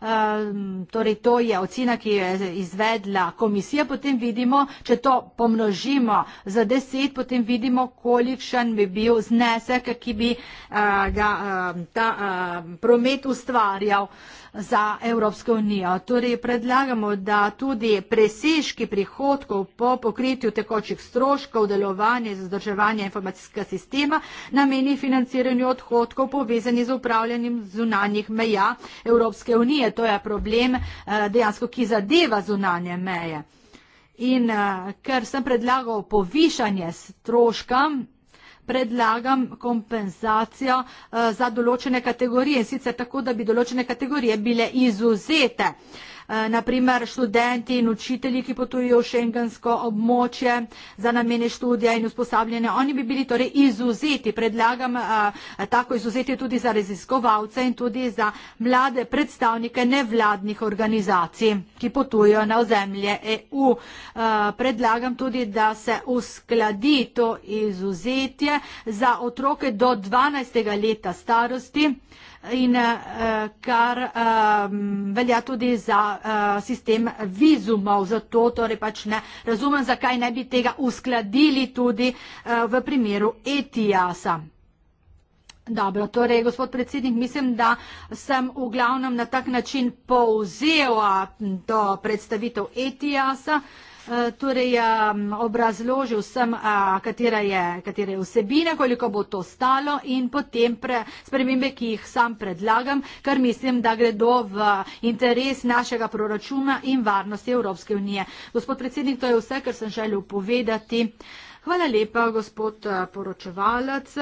ehm, torej to je ocena, ki je izvedla komisija, potem vidimo, če to pomnožimo za 10, potem vidimo, kolikšen bi bil znesek, ki bi eh, ga eh, ta eh, promet ustvarjal za Evropsko unijo. Torej predlagamo, da tudi presežki prihodkov po pokritju tekočih stroškov, delovanje in zdrževanje informacijskega sistema nameni financiranju odhodkov povezani z upravljanjem zunanjih meja Evropske unije. To je problem eh, dejansko, ki zadeva zunanje meje. In eh, ker sem predlagal povišanje stroškam, predlagam kompenzacijo eh, za določene kategorije, sicer tako, da bi določene kategorije bile izuzete. Eh, naprimer študenti in učitelji, ki potujejo v šengensko območje za namene študija in usposabljanja, oni bi bili torej izuzeti, predlagam eh, tako izuzeti tudi za raziskovalce in tudi za mlade predstavnike nevladnih organizacij, ki potujejo na ozemlje EU. Eh, predlagam tudi, da se uskladi to izuzetje za otroke do 12. leta starosti, in eh, kar eh, velja tudi za eh, sistem vizumov, zato torej pač ne razumem, zakaj ne bi tega uskladili tudi v primeru ETIAS-a. Dobro, torej, gospod predsednik, mislim, da sem v glavnem na tak način povzel to predstavitev ETIAS-a. Eh, torej, ja, obrazložil sem, katera je, katera je vsebina, koliko bo to stalo in potem pre, spremembe, ki jih sam predlagam, kar mislim, da gredo v interes našega proračuna in varnosti Evropske unije. Gospod predsednik, to je vse, kar sem želel povedati. Hvala lepa, gospod eh, poročevalec.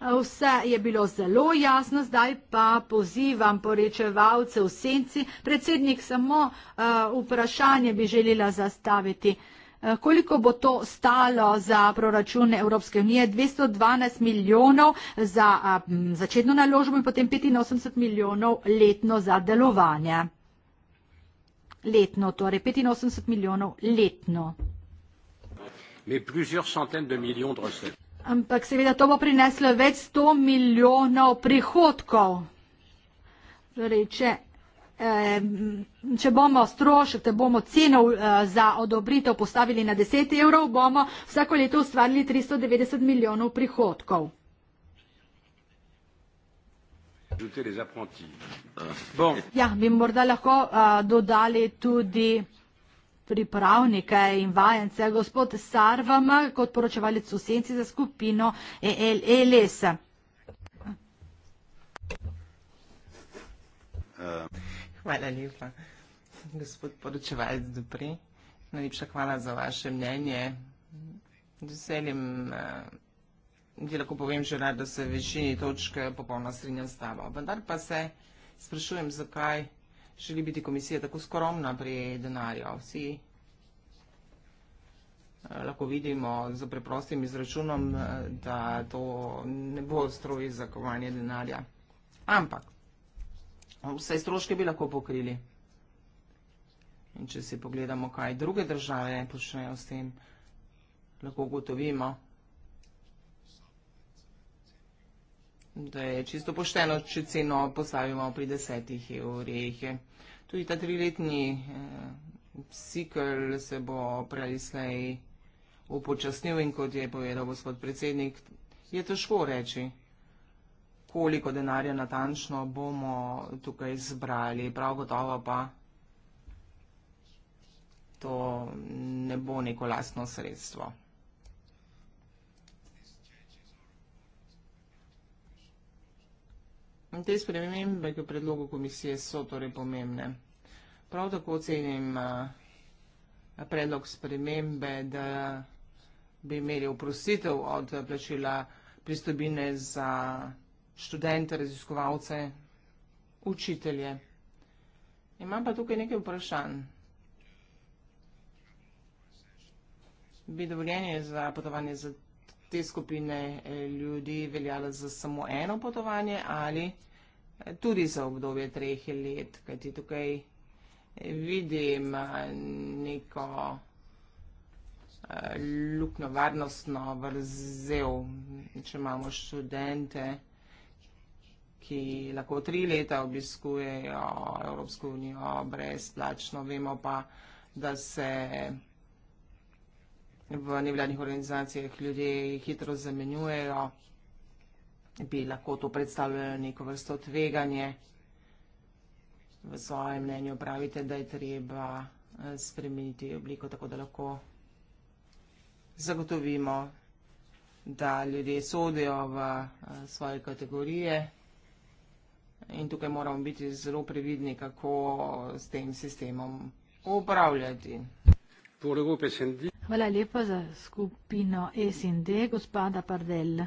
Vse je bilo zelo jasno, zdaj pa pozivam porečevalce v senci. Predsednik, samo uh, vprašanje bi želela zastaviti. Eh, koliko bo to stalo za proračune Evropske unije? 212 milijonov za eh, začetno naložbo in potem 85 milijonov letno za delovanje. Letno, torej 85 milijonov letno. Ampak seveda to bo prineslo več sto milijonov prihodkov. Torej, če, eh, če bomo strošek, če bomo ceno eh, za odobritev postavili na 10 evrov, bomo vsako leto ustvarili 390 milijonov prihodkov. Bon. Ja, bi morda lahko eh, dodali tudi pripravnike in vajence, gospod Sarvam, kot poročevalec v senci za skupino ELLS. E e hvala lepa, gospod poročevalec Dupri. Najlepša hvala za vaše mnenje. Z veseljem, ki eh, lahko povem že rad, da se v večini točke popolno strinjam s tabo. Vendar pa se sprašujem, zakaj želi biti komisija tako skromna pri denarju. Vsi eh, lahko vidimo za preprostim izračunom, eh, da to ne bo stroj za kovanje denarja. Ampak vse stroške bi lahko pokrili. In če si pogledamo, kaj druge države počnejo s tem, lahko ugotovimo, da je čisto pošteno, če ceno postavimo pri desetih evrih. Tudi ta triletni cikl eh, se bo prelislej upočasnil in kot je povedal gospod predsednik, je težko reči, koliko denarja natančno bomo tukaj zbrali. Prav gotovo pa to ne bo neko lastno sredstvo. Te spremembe k predlogu komisije so torej pomembne. Prav tako ocenim predlog spremembe, da bi imeli oprostitev od plačila pristobine za študente, raziskovalce, učitelje. Imam pa tukaj nekaj vprašanj. Bi dovoljenje za potovanje za te skupine eh, ljudi veljalo za samo eno potovanje ali eh, tudi za obdobje treh let, kajti tukaj eh, vidim neko lukno varnostno vrzel, če imamo študente, ki lahko tri leta obiskujejo Evropsko unijo brezplačno, vemo pa, da se vsega, v nevladnih organizacijah ljudje hitro zamenjujejo, bi lahko to predstavljalo neko vrsto tveganje. V svojem mnenju pravite, da je treba eh, spremeniti obliko, tako da lahko zagotovimo, da ljudje sodijo v eh, svoje kategorije. In tukaj moramo biti zelo previdni, kako s tem sistemom upravljati. Hvala lepa za skupino SND, gospoda Pardel.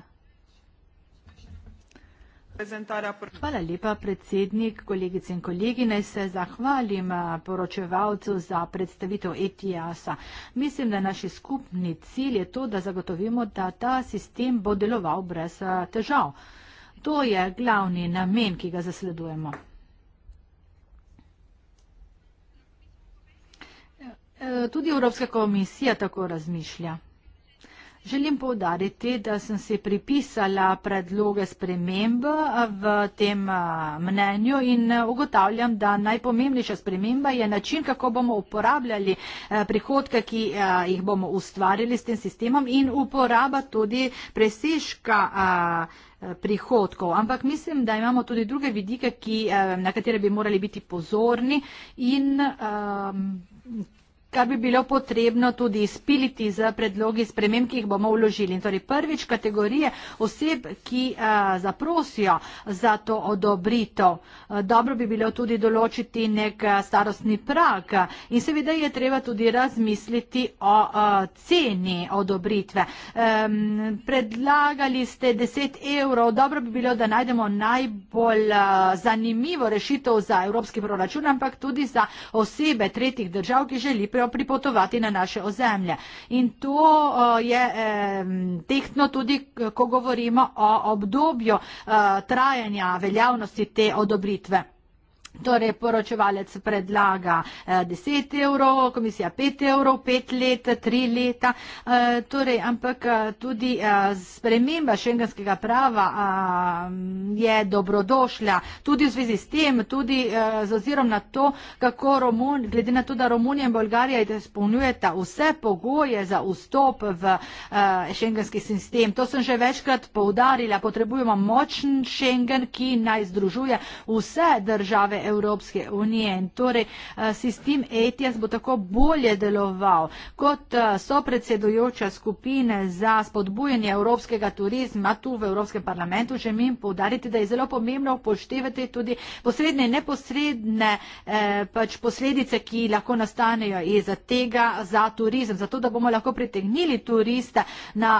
Hvala lepa, predsednik, kolegice in kolegi. Naj se zahvalim poročevalcu za predstavitev ETIAS-a. Mislim, da naš skupni cilj je to, da zagotovimo, da ta sistem bo deloval brez težav. To je glavni namen, ki ga zasledujemo. Eh, tudi Evropska komisija tako razmišlja. Želim povdariti, da sem si pripisala predloge sprememb eh, v tem eh, mnenju in ugotavljam, da najpomembnejša sprememba je način, kako bomo uporabljali prihodke, ki jih bomo ustvarili s tem sistemom in uporaba tudi presežka prihodkov. Ampak mislim, da imamo tudi druge vidike, ki, na katere bi morali biti pozorni in. Um, kar bi bilo potrebno tudi izpiliti z predlogi sprememb, ki jih bomo vložili. In torej prvič kategorije oseb, ki a, eh, zaprosijo za to odobrito. A, eh, dobro bi bilo tudi določiti nek eh, starostni prag in seveda je treba tudi razmisliti o a, ceni odobritve. A, predlagali ste 10 evrov, dobro bi bilo, da najdemo najbolj a, zanimivo rešitev za evropski proračun, ampak tudi za osebe tretjih držav, ki želi preobrati morajo pripotovati na naše ozemlje. In to eh, je tehtno tudi, ko govorimo o obdobju eh, trajanja veljavnosti te odobritve. Torej, poročevalec predlaga 10 eh, evrov, komisija 5 evrov, 5 let, 3 leta. Eh, torej, ampak eh, tudi sprememba šengenskega prava je dobrodošla. Tudi v zvezi s tem, tudi z ozirom na to, kako Romun, glede na to, da Romunija in Bolgarija izpolnjujeta vse pogoje za vstop v šengenski sistem. To sem že večkrat poudarila. Potrebujemo močen šengen, ki naj združuje vse države. Evropske unije in torej eh, sistem ETIAS bo tako bolje deloval. Kot eh, sopredsedujoča skupine za spodbujanje evropskega turizma tu v Evropskem parlamentu želim povdariti, da je zelo pomembno upoštevati tudi posredne in neposredne eh, pač posledice, ki lahko nastanejo iz tega za turizem, zato da bomo lahko pritegnili turista na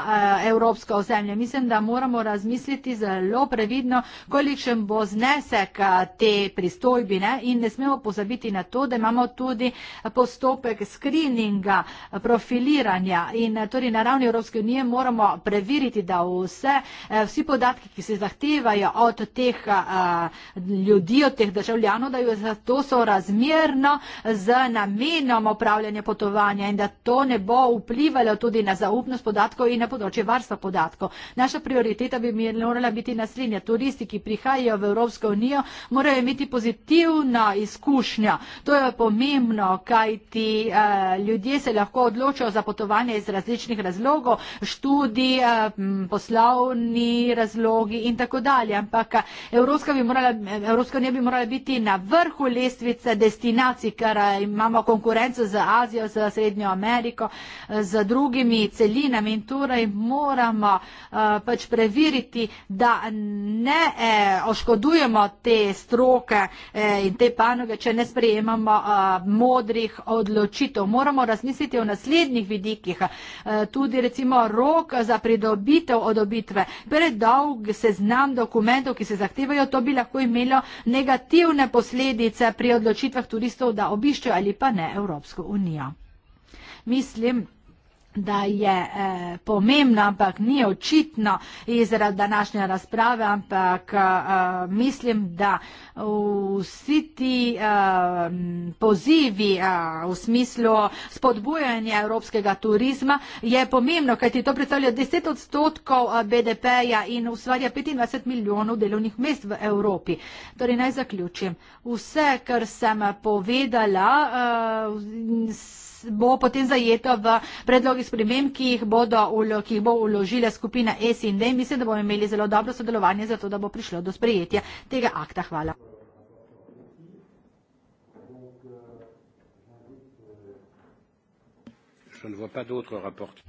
evropsko ozemlje. Mislim, da moramo razmisliti zelo previdno, kolikšen bo znesek te pristojnosti dvojbi ne? in ne smemo pozabiti na to, da imamo tudi postopek skrininga, profiliranja in torej na ravni Evropske unije moramo preveriti, da vse, eh, vsi podatki, ki se zahtevajo od teh eh, ljudi, od teh državljanov, da to so razmerno z namenom upravljanja potovanja in da to ne bo vplivalo tudi na zaupnost podatkov in na področje varstva podatkov. Naša prioriteta bi morala biti naslednja. Turisti, ki prihajajo v Evropsko unijo, morajo imeti pozitivno pozitivna izkušnja. To je pomembno, kajti eh, ljudje se lahko odločajo za potovanje iz različnih razlogov, študij, eh, poslovni razlogi in tako dalje. Ampak eh, Evropska, bi morala, Evropska unija bi morala biti na vrhu lestvice destinacij, ker imamo konkurenco z Azijo, z Srednjo Ameriko, z drugimi celinami in torej moramo pač preveriti, da ne oškodujemo te stroke Eh, in te panoge, če ne sprejemamo eh, modrih odločitev. Moramo razmisliti o naslednjih vidikih, eh, tudi recimo rok za pridobitev odobitve. Predolg se znam dokumentov, ki se zahtevajo, to bi lahko imelo negativne posledice pri odločitvah turistov, da obiščejo ali pa ne Evropsko unijo. Mislim, da je eh, pomembno, ampak ni očitno iz današnje razprave, ampak eh, mislim, da vsi ti eh, pozivi eh, v smislu spodbujanja evropskega turizma je pomembno, kajti to predstavlja 10 odstotkov eh, BDP-ja in ustvarja 25 milijonov delovnih mest v Evropi. Torej, naj zaključim. Vse, kar sem povedala, eh, bo potem zajeto v predlogih sprememb, ki jih bodo, ki jih bo uložila skupina SND. Mislim, da bomo imeli zelo dobro sodelovanje za to, da bo prišlo do sprejetja tega akta. Hvala.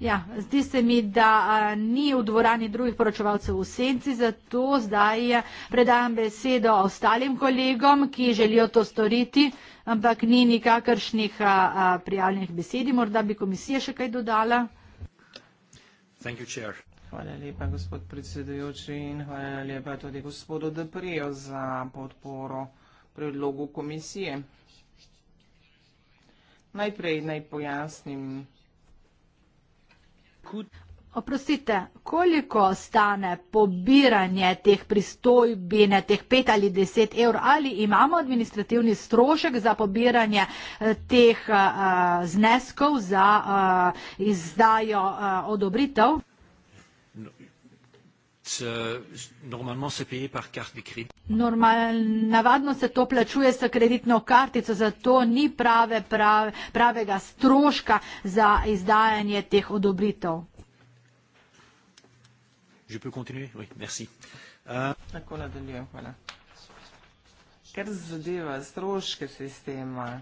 Ja, zdi se mi, da ni v dvorani drugih poročevalcev v senci, zato zdaj predajam besedo ostalim kolegom, ki želijo to storiti, ampak ni nikakršnih prijavljenih besedi. Morda bi komisija še kaj dodala. Hvala lepa, gospod predsedujoči, in hvala lepa tudi gospodu Deprijo za podporo predlogu komisije. Najprej naj pojasnim, Oprostite, koliko stane pobiranje teh pristojbine, teh pet ali deset evrov, ali imamo administrativni strošek za pobiranje eh, teh uh, zneskov za uh, izdajo uh, odobritev? Uh, normalno se pije par karti kredit. Normalno se to plačuje s kreditno kartico, zato ni prave, prav, pravega stroška za izdajanje teh odobritev. Je peux continuer? Oui, merci. Uh, Tako nadaljujem, hvala. Ker zadeva stroške sistema,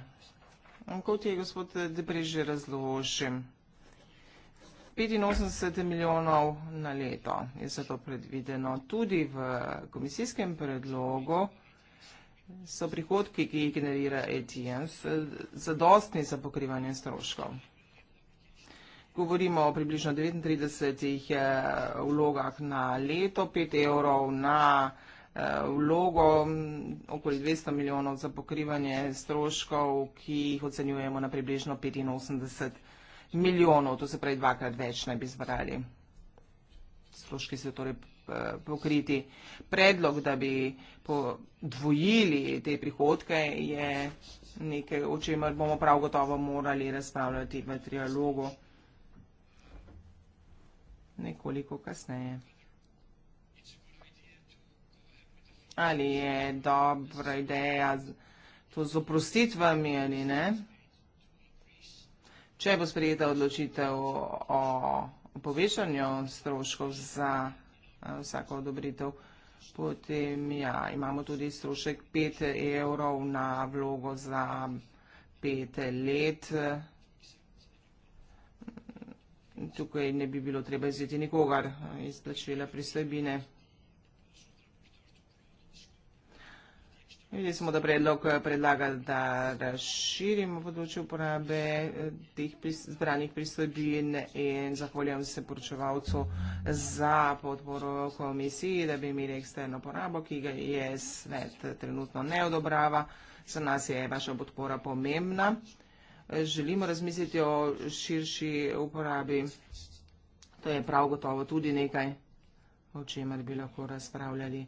kot je gospod Debrež razložil, 85 milijonov na leto je za to predvideno. Tudi v komisijskem predlogu so prihodki, ki jih generira ATMs, zadostni za pokrivanje stroškov. Govorimo o približno 39 eh, vlogah na leto, 5 evrov na eh, vlogo, okoli 200 milijonov za pokrivanje stroškov, ki jih ocenjujemo na približno 85 milijonov milijonov, to se pravi dvakrat več naj bi zbrali. Stroški se torej eh, pokriti. Predlog, da bi podvojili te prihodke, je nekaj, o čemer bomo prav gotovo morali razpravljati v trialogu nekoliko kasneje. Ali je dobra ideja to z oprostitvami ali ne? če bo sprejeta odločitev o povešanju stroškov za eh, vsako odobritev, potem ja, imamo tudi strošek 5 evrov na vlogo za 5 let. Tukaj ne bi bilo treba izjeti nikogar iz plačila pristojbine. Videli smo, da predlog eh, predlaga, da razširimo področje uporabe eh, teh zbranih pristojbin in zahvaljujem se poročevalcu za podporo komisiji, da bi imeli eksterno porabo, ki ga je svet trenutno ne odobrava. Za nas je vaša podpora pomembna. Želimo razmisliti o širši uporabi. To je prav gotovo tudi nekaj, o čemer bi lahko razpravljali.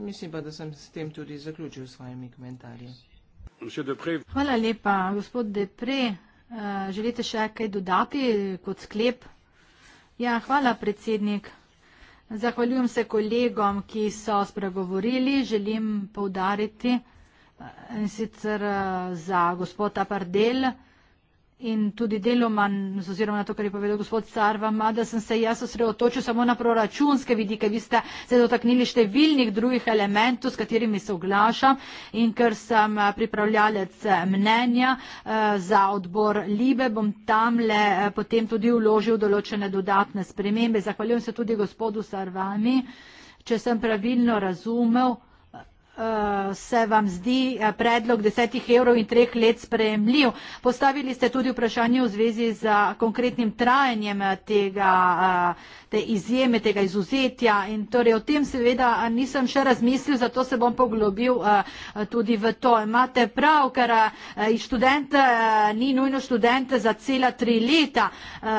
Mislim pa, da sem s tem tudi zaključil svojimi komentarji. Hvala lepa, gospod Depre. Eh, želite še kaj dodati kot sklep? Ja, hvala, predsednik. Zahvaljujem se kolegom, ki so spregovorili. Želim povdariti eh, in sicer eh, za gospoda Pardel in tudi deloma, z oziroma na to, kar je povedal gospod Sarvama, da sem se jaz osredotočil samo na proračunske vidike. Vi ste se dotaknili številnih drugih elementov, s katerimi se oglašam in ker sem eh, pripravljalec eh, mnenja eh, za odbor Libe, bom tamle potem tudi uložil določene dodatne spremembe. Zahvaljujem se tudi gospodu Sarvami, če sem pravilno razumel. Eh, se vam zdi eh, predlog desetih evrov in treh let sprejemljiv. Postavili ste tudi vprašanje v zvezi z eh, konkretnim trajanjem tega uh, te izjeme, tega izuzetja. In torej o tem seveda nisem še razmislil, zato se bom poglobil eh, eh, tudi v to. Imate prav, ker eh, študent ni nujno študent za cela tri leta.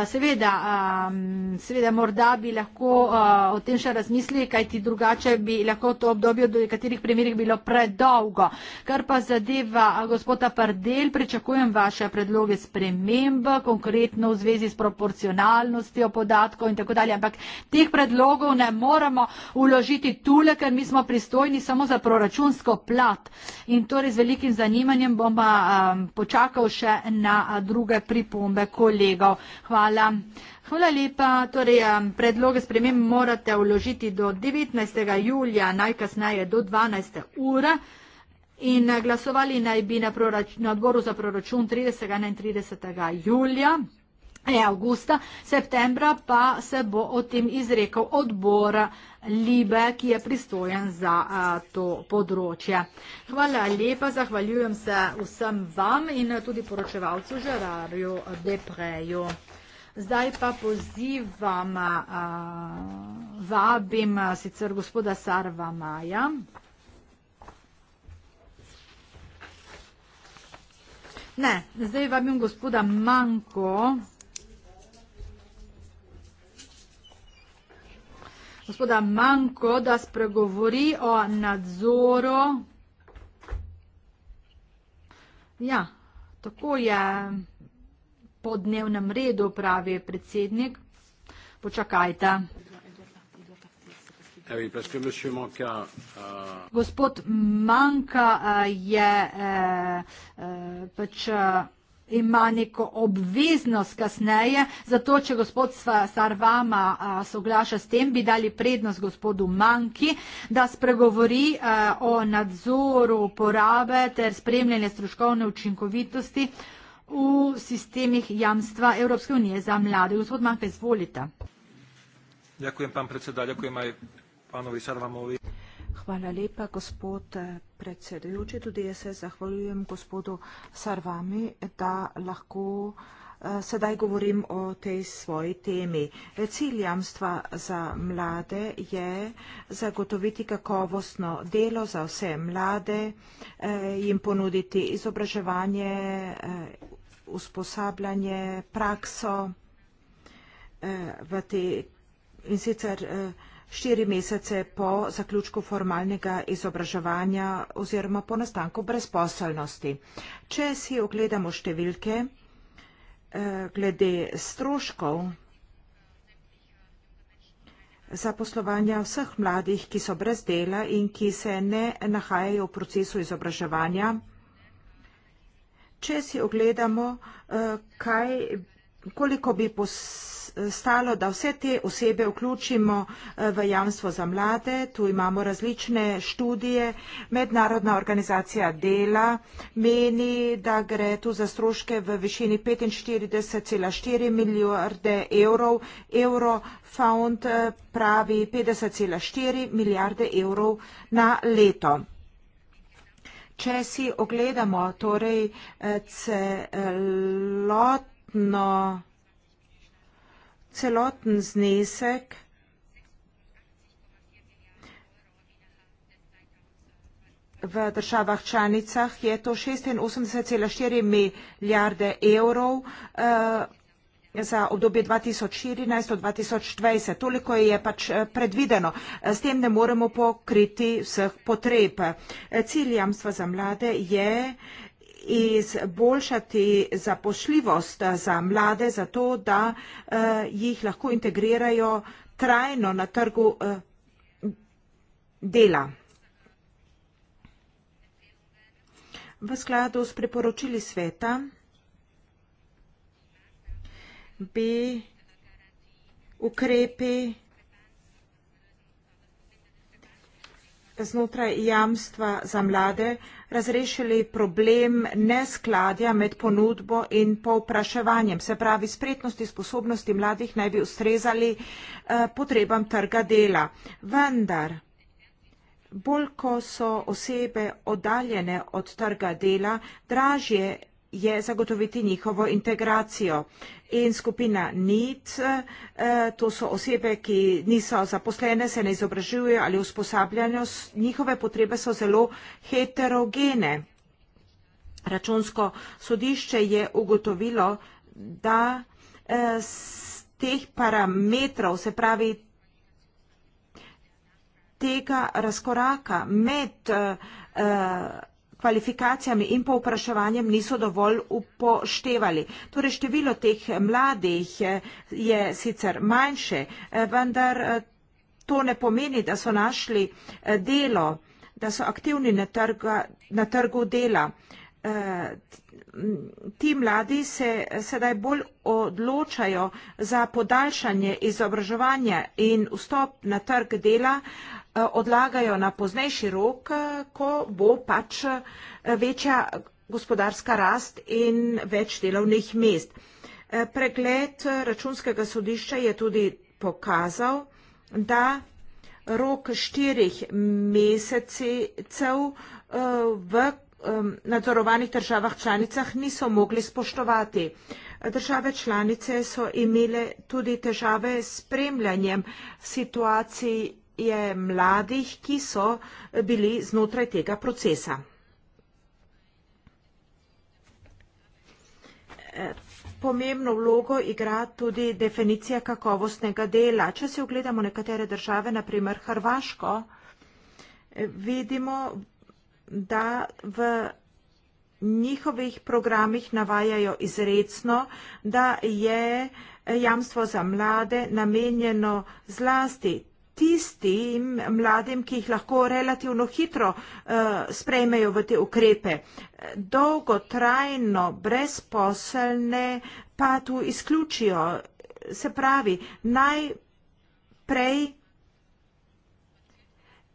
Seveda, ehm, seveda morda bi lahko o tem še razmislili, kajti drugače bi lahko to obdobje do nekaterih primerih bilo predolgo. Kar pa zadeva gospoda Pardel, pričakujem vaše predloge sprememb, konkretno v zvezi s proporcionalnostjo podatkov in tako dalje ampak teh predlogov ne moremo uložiti tule, ker mi smo pristojni samo za proračunsko plat. In torej z velikim zanimanjem bom pa um, počakal še na druge pripombe kolegov. Hvala. Hvala lepa. Torej, um, predloge spremem morate uložiti do 19. julija, najkasneje do 12. ura. In glasovali naj bi na, na odboru za proračun 30. in 31. julija. E avgusta, septembra pa se bo o tem izrekel odbor Libe, ki je pristojen za a, to področje. Hvala lepa, zahvaljujem se vsem vam in tudi poročevalcu Žerarju Depreju. Zdaj pa pozivam, a, vabim a, sicer gospoda Sarva Maja. Ne, zdaj vabim gospoda Manko. gospoda Manko, da spregovori o nadzoru. Ja, tako je po dnevnem redu, pravi predsednik. Počakajte. Eh euh, Gospod Manka eh, je eh, pač ima neko obveznost kasneje, zato če gospod Sarvama soglaša s tem, bi dali prednost gospodu Manki, da spregovori o nadzoru uporabe ter spremljanje stroškovne učinkovitosti v sistemih jamstva Evropske unije za mlade. Gospod Manke, izvolite. Ďakujem, pán predseda, ďakujem aj pánovi Sarvamovi. Hvala lepa, gospod eh, predsedujoči. Tudi jaz se zahvaljujem gospodu Sarvami, da lahko eh, sedaj govorim o tej svoji temi. Cilj jamstva za mlade je zagotoviti kakovostno delo za vse mlade, eh, jim ponuditi izobraževanje, usposabljanje, prakso v te in sicer štiri mesece po zaključku formalnega izobraževanja oziroma po nastanku brezposelnosti. Če si ogledamo številke eh, glede stroškov zaposlovanja vseh mladih, ki so brez dela in ki se ne nahajajo v procesu izobraževanja, če si ogledamo, eh, kaj, koliko bi posebej stalo, da vse te osebe vključimo eh, v jamstvo za mlade. Tu imamo različne študije. Mednarodna organizacija dela meni, da gre tu za stroške v višini 45,4 milijarde evrov. Euro Fund eh, pravi 50,4 milijarde evrov na leto. Če si ogledamo torej eh, celotno celoten znesek v državah članicah je to 86,4 milijarde evrov eh, za obdobje 2014 do 2020. Toliko je pač eh, predvideno. S tem ne moremo pokriti vseh potreb. Eh, cilj jamstva za mlade je izboljšati zapošljivost za mlade, zato da eh, jih lahko integrirajo trajno na trgu eh, dela. V skladu s priporočili sveta bi ukrepi znotraj jamstva za mlade razrešili problem neskladja med ponudbo in povpraševanjem. Se pravi, spretnosti, sposobnosti mladih naj bi ustrezali eh, potrebam trga dela. Vendar, bolj ko so osebe oddaljene od trga dela, dražje je zagotoviti njihovo integracijo. In skupina NIT, eh, to so osebe, ki niso zaposlene, se ne izobražujejo ali usposabljajo, njihove potrebe so zelo heterogene. Računsko sodišče je ugotovilo, da z eh, teh parametrov, se pravi tega razkoraka med vsega, eh, kvalifikacijami in povpraševanjem niso dovolj upoštevali. Torej število teh mladih eh, je sicer manjše, eh, vendar eh, to ne pomeni, da so našli delo, da so aktivni na, trga, na trgu dela. Ti mladi se sedaj bolj odločajo za podaljšanje izobraževanja in vstop na trg dela, odlagajo na poznejši rok, ko bo pač eh, večja gospodarska rast in več delovnih mest. Eh, pregled eh, računskega sodišča je tudi pokazal, da rok štirih mesecev v nadzorovanih državah članicah niso mogli spoštovati. Države članice so imele tudi težave s spremljanjem situacij je mladih, ki so bili znotraj tega procesa. E, pomembno vlogo igra tudi definicija kakovostnega dela. Če se ogledamo nekatere države, naprimer Hrvaško, e, vidimo, da v njihovih programih navajajo izredno, da je e, jamstvo za mlade namenjeno zlasti tistim mladim, ki jih lahko relativno hitro uh, sprejmejo v te ukrepe. Dolgotrajno brezposelne pa tu izključijo. Se pravi, najprej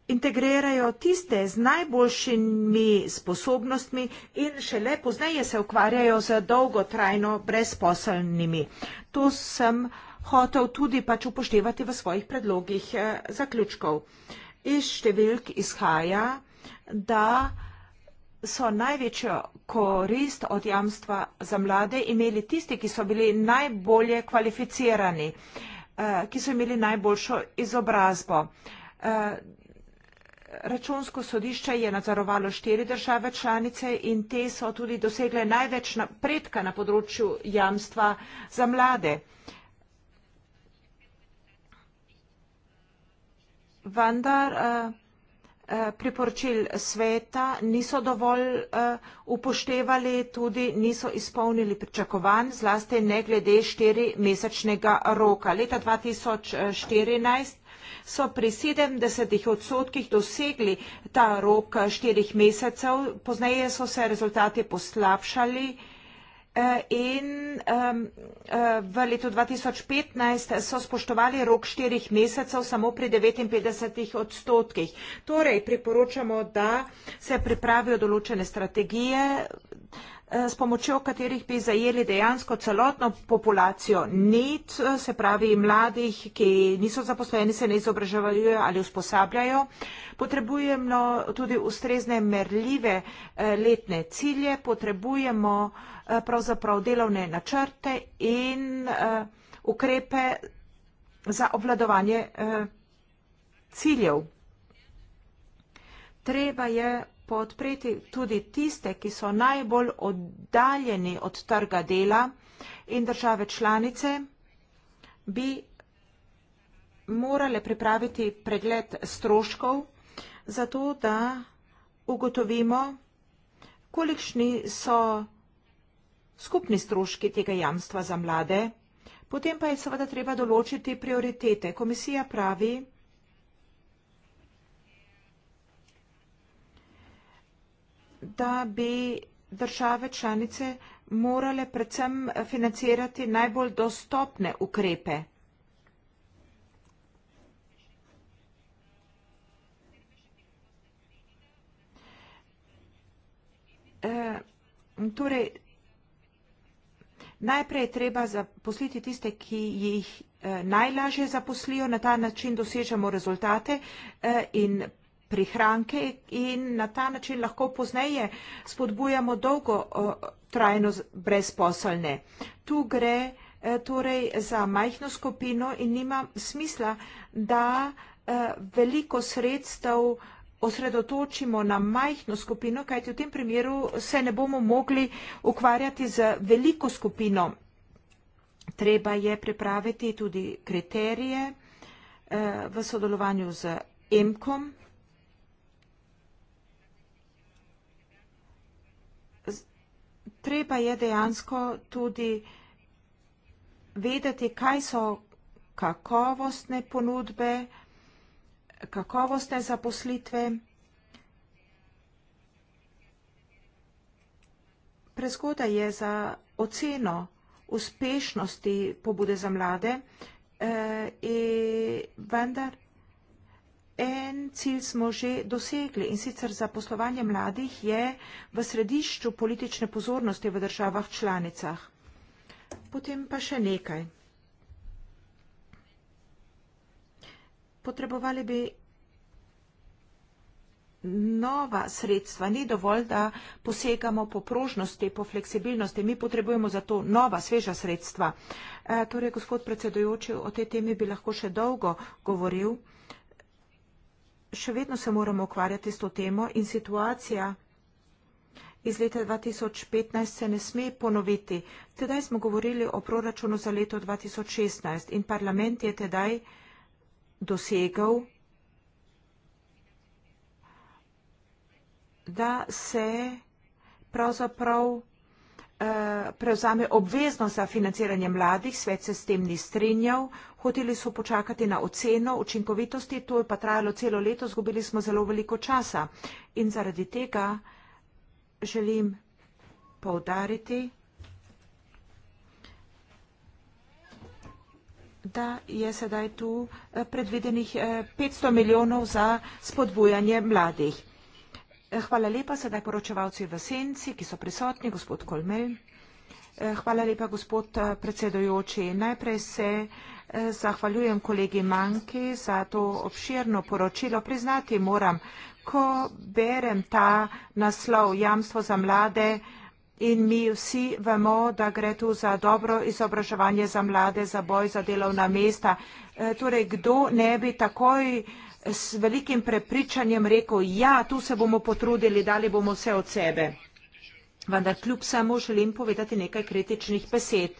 integrirajo tiste z najboljšimi sposobnostmi in šele pozneje se ukvarjajo z dolgotrajno brezposelnimi. To sem uh, hotel tudi pač upoštevati v svojih predlogih eh, zaključkov. Iz številk izhaja, da so največjo korist od jamstva za mlade imeli tisti, ki so bili najbolje kvalificirani, eh, ki so imeli najboljšo izobrazbo. Eh, računsko sodišče je nadzorovalo štiri države članice in te so tudi dosegle največ napredka na področju jamstva za mlade. vendar eh, eh, priporočil sveta niso dovolj eh, upoštevali, tudi niso izpolnili pričakovanj, zlasti ne glede štirimesečnega roka. Leta 2014 so pri 70 odstotkih dosegli ta rok štirih mesecev, pozneje so se rezultati poslabšali in v letu 2015 so spoštovali rok štirih mesecev samo pri 59 odstotkih. Torej, priporočamo, da se pripravijo določene strategije Eh, s pomočjo katerih bi zajeli dejansko celotno populacijo NIT, eh, se pravi mladih, ki niso zaposleni, se ne izobraževajo ali usposabljajo. Potrebujemo tudi ustrezne merljive eh, letne cilje, potrebujemo pravzaprav delovne načrte in ukrepe za obvladovanje ciljev. Treba je podpreti tudi tiste, ki so najbolj oddaljeni od trga dela in države članice bi morale pripraviti pregled stroškov, zato da ugotovimo, kolikšni so skupni stroški tega jamstva za mlade. Potem pa je seveda treba določiti prioritete. Komisija pravi, da da bi države članice morale predvsem financirati najbolj dostopne ukrepe. E, torej, najprej je treba zaposliti tiste, ki jih e, najlažje zaposlijo, na ta način dosežemo rezultate e, in predvsem prihranke in na ta način lahko pozneje spodbujamo dolgo trajno brezposelne. Tu gre e, torej za majhno skupino in nima smisla, da e, veliko sredstev osredotočimo na majhno skupino, kajti v tem primeru se ne bomo mogli ukvarjati z veliko skupino. Treba je pripraviti tudi kriterije e, v sodelovanju z EMKOM. treba je dejansko tudi vedeti, kaj so kakovostne ponudbe, kakovostne zaposlitve. Prezgoda je za oceno uspešnosti pobude za mlade, e, vendar En cilj smo že dosegli in sicer zaposlovanje mladih je v središču politične pozornosti v državah članicah. Potem pa še nekaj. Potrebovali bi nova sredstva. Ni dovolj, da posegamo po prožnosti, po fleksibilnosti. Mi potrebujemo za to nova, sveža sredstva. E, torej, gospod predsedujoči, o tej temi bi lahko še dolgo govoril še vedno se moramo ukvarjati s to temo in situacija iz leta 2015 se ne sme ponoviti. Tedaj smo govorili o proračunu za leto 2016 in parlament je tedaj dosegal, da se pravzaprav prevzame obvezno za financiranje mladih, svet se s tem ni strinjal, hoteli so počakati na oceno učinkovitosti, to je pa trajalo celo leto, zgubili smo zelo veliko časa in zaradi tega želim povdariti, da je sedaj tu eh, predvidenih 500 eh, milijonov za spodbujanje mladih. Eh, hvala lepa, sedaj poročevalci v senci, ki so prisotni, gospod Kolmel. Eh, hvala lepa, gospod eh, predsedojoči. Najprej se zahvaljujem kolegi Manki za to obširno poročilo. Priznati moram, ko berem ta naslov Jamstvo za mlade in mi vsi vemo, da gre tu za dobro izobraževanje za mlade, za boj za delovna mesta. Torej, kdo ne bi takoj s velikim prepričanjem rekel, ja, tu se bomo potrudili, dali bomo vse od sebe. Vendar kljub samo želim povedati nekaj kritičnih besed.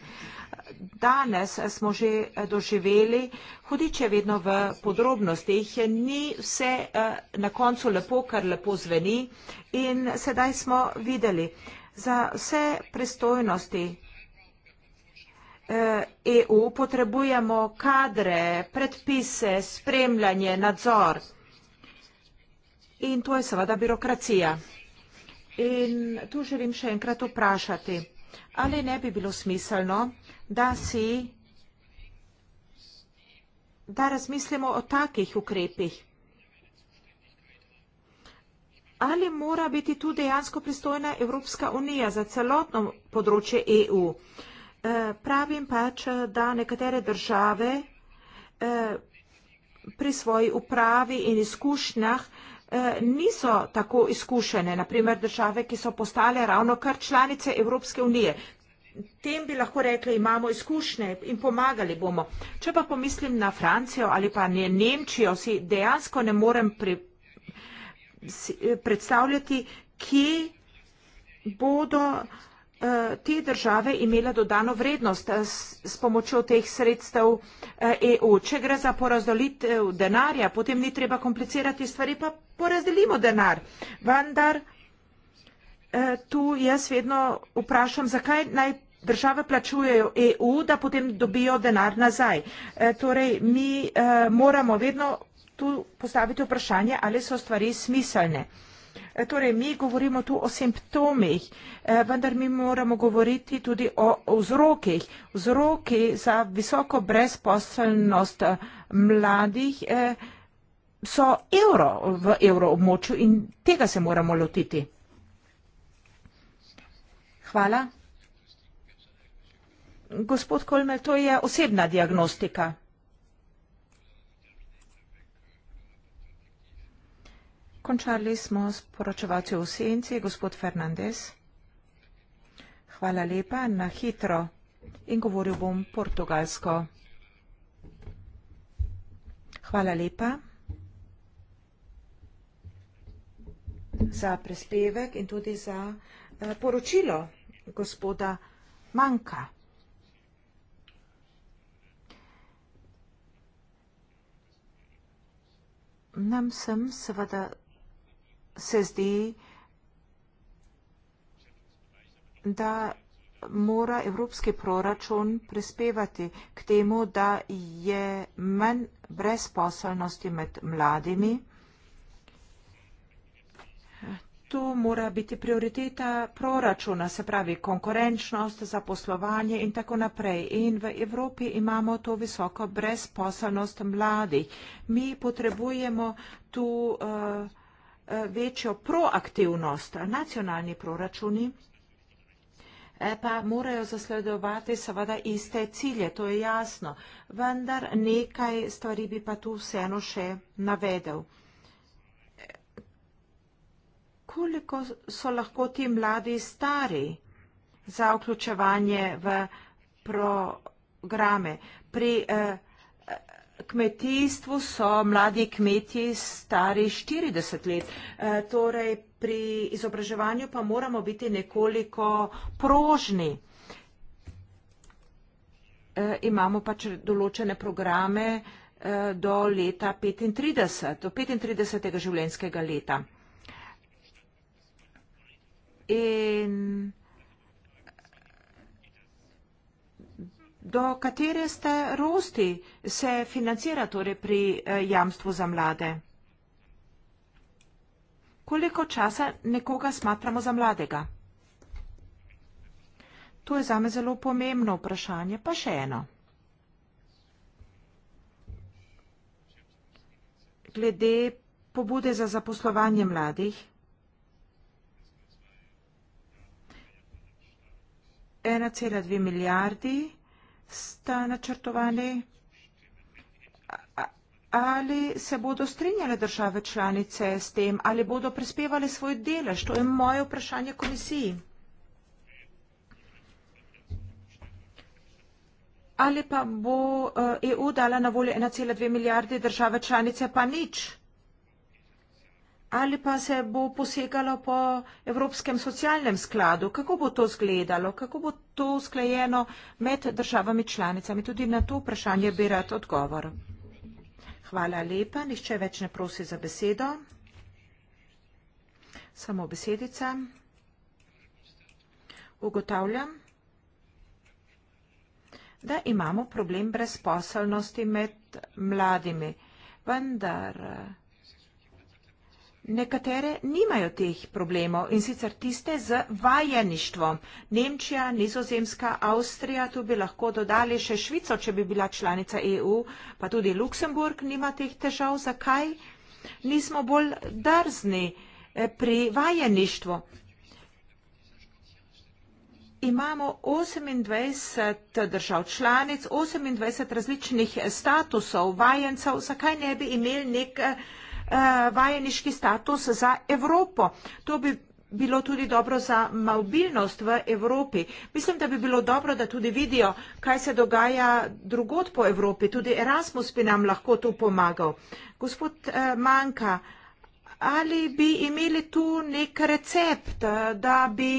Danes smo že doživeli, hudič je vedno v podrobnostih, ni vse eh, na koncu lepo, kar lepo zveni in sedaj smo videli. Za vse pristojnosti EU eh, e potrebujemo kadre, predpise, spremljanje, nadzor. In to je seveda birokracija. In tu želim še enkrat vprašati, ali ne bi bilo smiselno, da si da razmislimo o takih ukrepih. Ali mora biti tu dejansko pristojna Evropska unija za celotno področje EU? Eh, pravim pač, da nekatere države eh, pri svoji upravi in izkušnjah eh, niso tako izkušene, naprimer države, ki so postale ravno kar članice Evropske unije. Tem bi lahko rekli, imamo izkušnje in pomagali bomo. Če pa pomislim na Francijo ali pa ne Nemčijo, si dejansko ne morem pri, si, predstavljati, kje bodo uh, Eh, te države imele dodano vrednost eh, s pomočjo teh sredstev EU. Eh, e Če gre za porazdelitev denarja, potem ni treba komplicirati stvari, pa porazdelimo denar. Vendar tu jaz vedno vprašam, zakaj naj države plačujejo EU, da potem dobijo denar nazaj. Torej, mi moramo vedno tu postaviti vprašanje, ali so stvari smiselne. Eh, torej, mi govorimo tu o simptomih, eh, vendar mi moramo govoriti tudi o vzrokih. Vzroki za visoko brezposelnost eh, mladih so evro v evroobmočju in tega se moramo lotiti. Hvala. Gospod Kolmel, to je osebna diagnostika. Končali smo s poročevalcem v senci, gospod Fernandez. Hvala lepa, na hitro. In govoril bom portugalsko. Hvala lepa za prespevek in tudi za eh, poročilo gospoda Manka. Nam sem seveda se zdi, da mora evropski proračun prispevati k temu, da je manj brezposelnosti med mladimi. To mora biti prioriteta proračuna, se pravi konkurenčnost, zaposlovanje in tako naprej. In v Evropi imamo to visoko brezposelnost mladih. Mi potrebujemo tu uh, večjo proaktivnost. Nacionalni proračuni eh, pa morajo zasledovati seveda iste cilje, to je jasno, vendar nekaj stvari bi pa tu vseeno še navedel. Koliko so lahko ti mladi stari za vključevanje v programe? Pri eh, kmetijstvu so mladi kmetji stari 40 let. E, torej pri izobraževanju pa moramo biti nekoliko prožni. E, imamo pač določene programe e, do leta 35, do 35. življenjskega leta. In Do katere ste rosti se financira torej pri eh, jamstvu za mlade? Koliko časa nekoga smatramo za mladega? To je zame zelo pomembno vprašanje, pa še eno. Glede pobude za zaposlovanje mladih, 1,2 milijardi, sta načrtovali. Ali se bodo strinjale države članice s tem, ali bodo prispevali svoj delež? To je moje vprašanje komisiji. Ali pa bo EU eh, e dala na voljo 1,2 milijarde države članice, pa nič? ali pa se bo posegalo po Evropskem socialnem skladu. Kako bo to zgledalo, kako bo to usklajeno med državami članicami? Tudi na to vprašanje bi rad odgovor. Hvala lepa, nišče več ne prosi za besedo. Samo besedica. Ugotavljam, da imamo problem brezposelnosti med mladimi. Vendar Nekatere nimajo teh problemov in sicer tiste z vajeništvom. Nemčija, Nizozemska, Avstrija, tu bi lahko dodali še Švico, če bi bila članica EU, pa tudi Luksemburg nima teh težav. Zakaj nismo bolj drzni eh, pri vajeništvu? Imamo 28 držav članic, 28 različnih statusov vajencev, zakaj ne bi imeli nekaj eh, Eh, vajeniški status za Evropo. To bi bilo tudi dobro za mobilnost v Evropi. Mislim, da bi bilo dobro, da tudi vidijo, kaj se dogaja drugot po Evropi. Tudi Erasmus bi nam lahko tu pomagal. Gospod eh, Manka, ali bi imeli tu nek recept, eh, da bi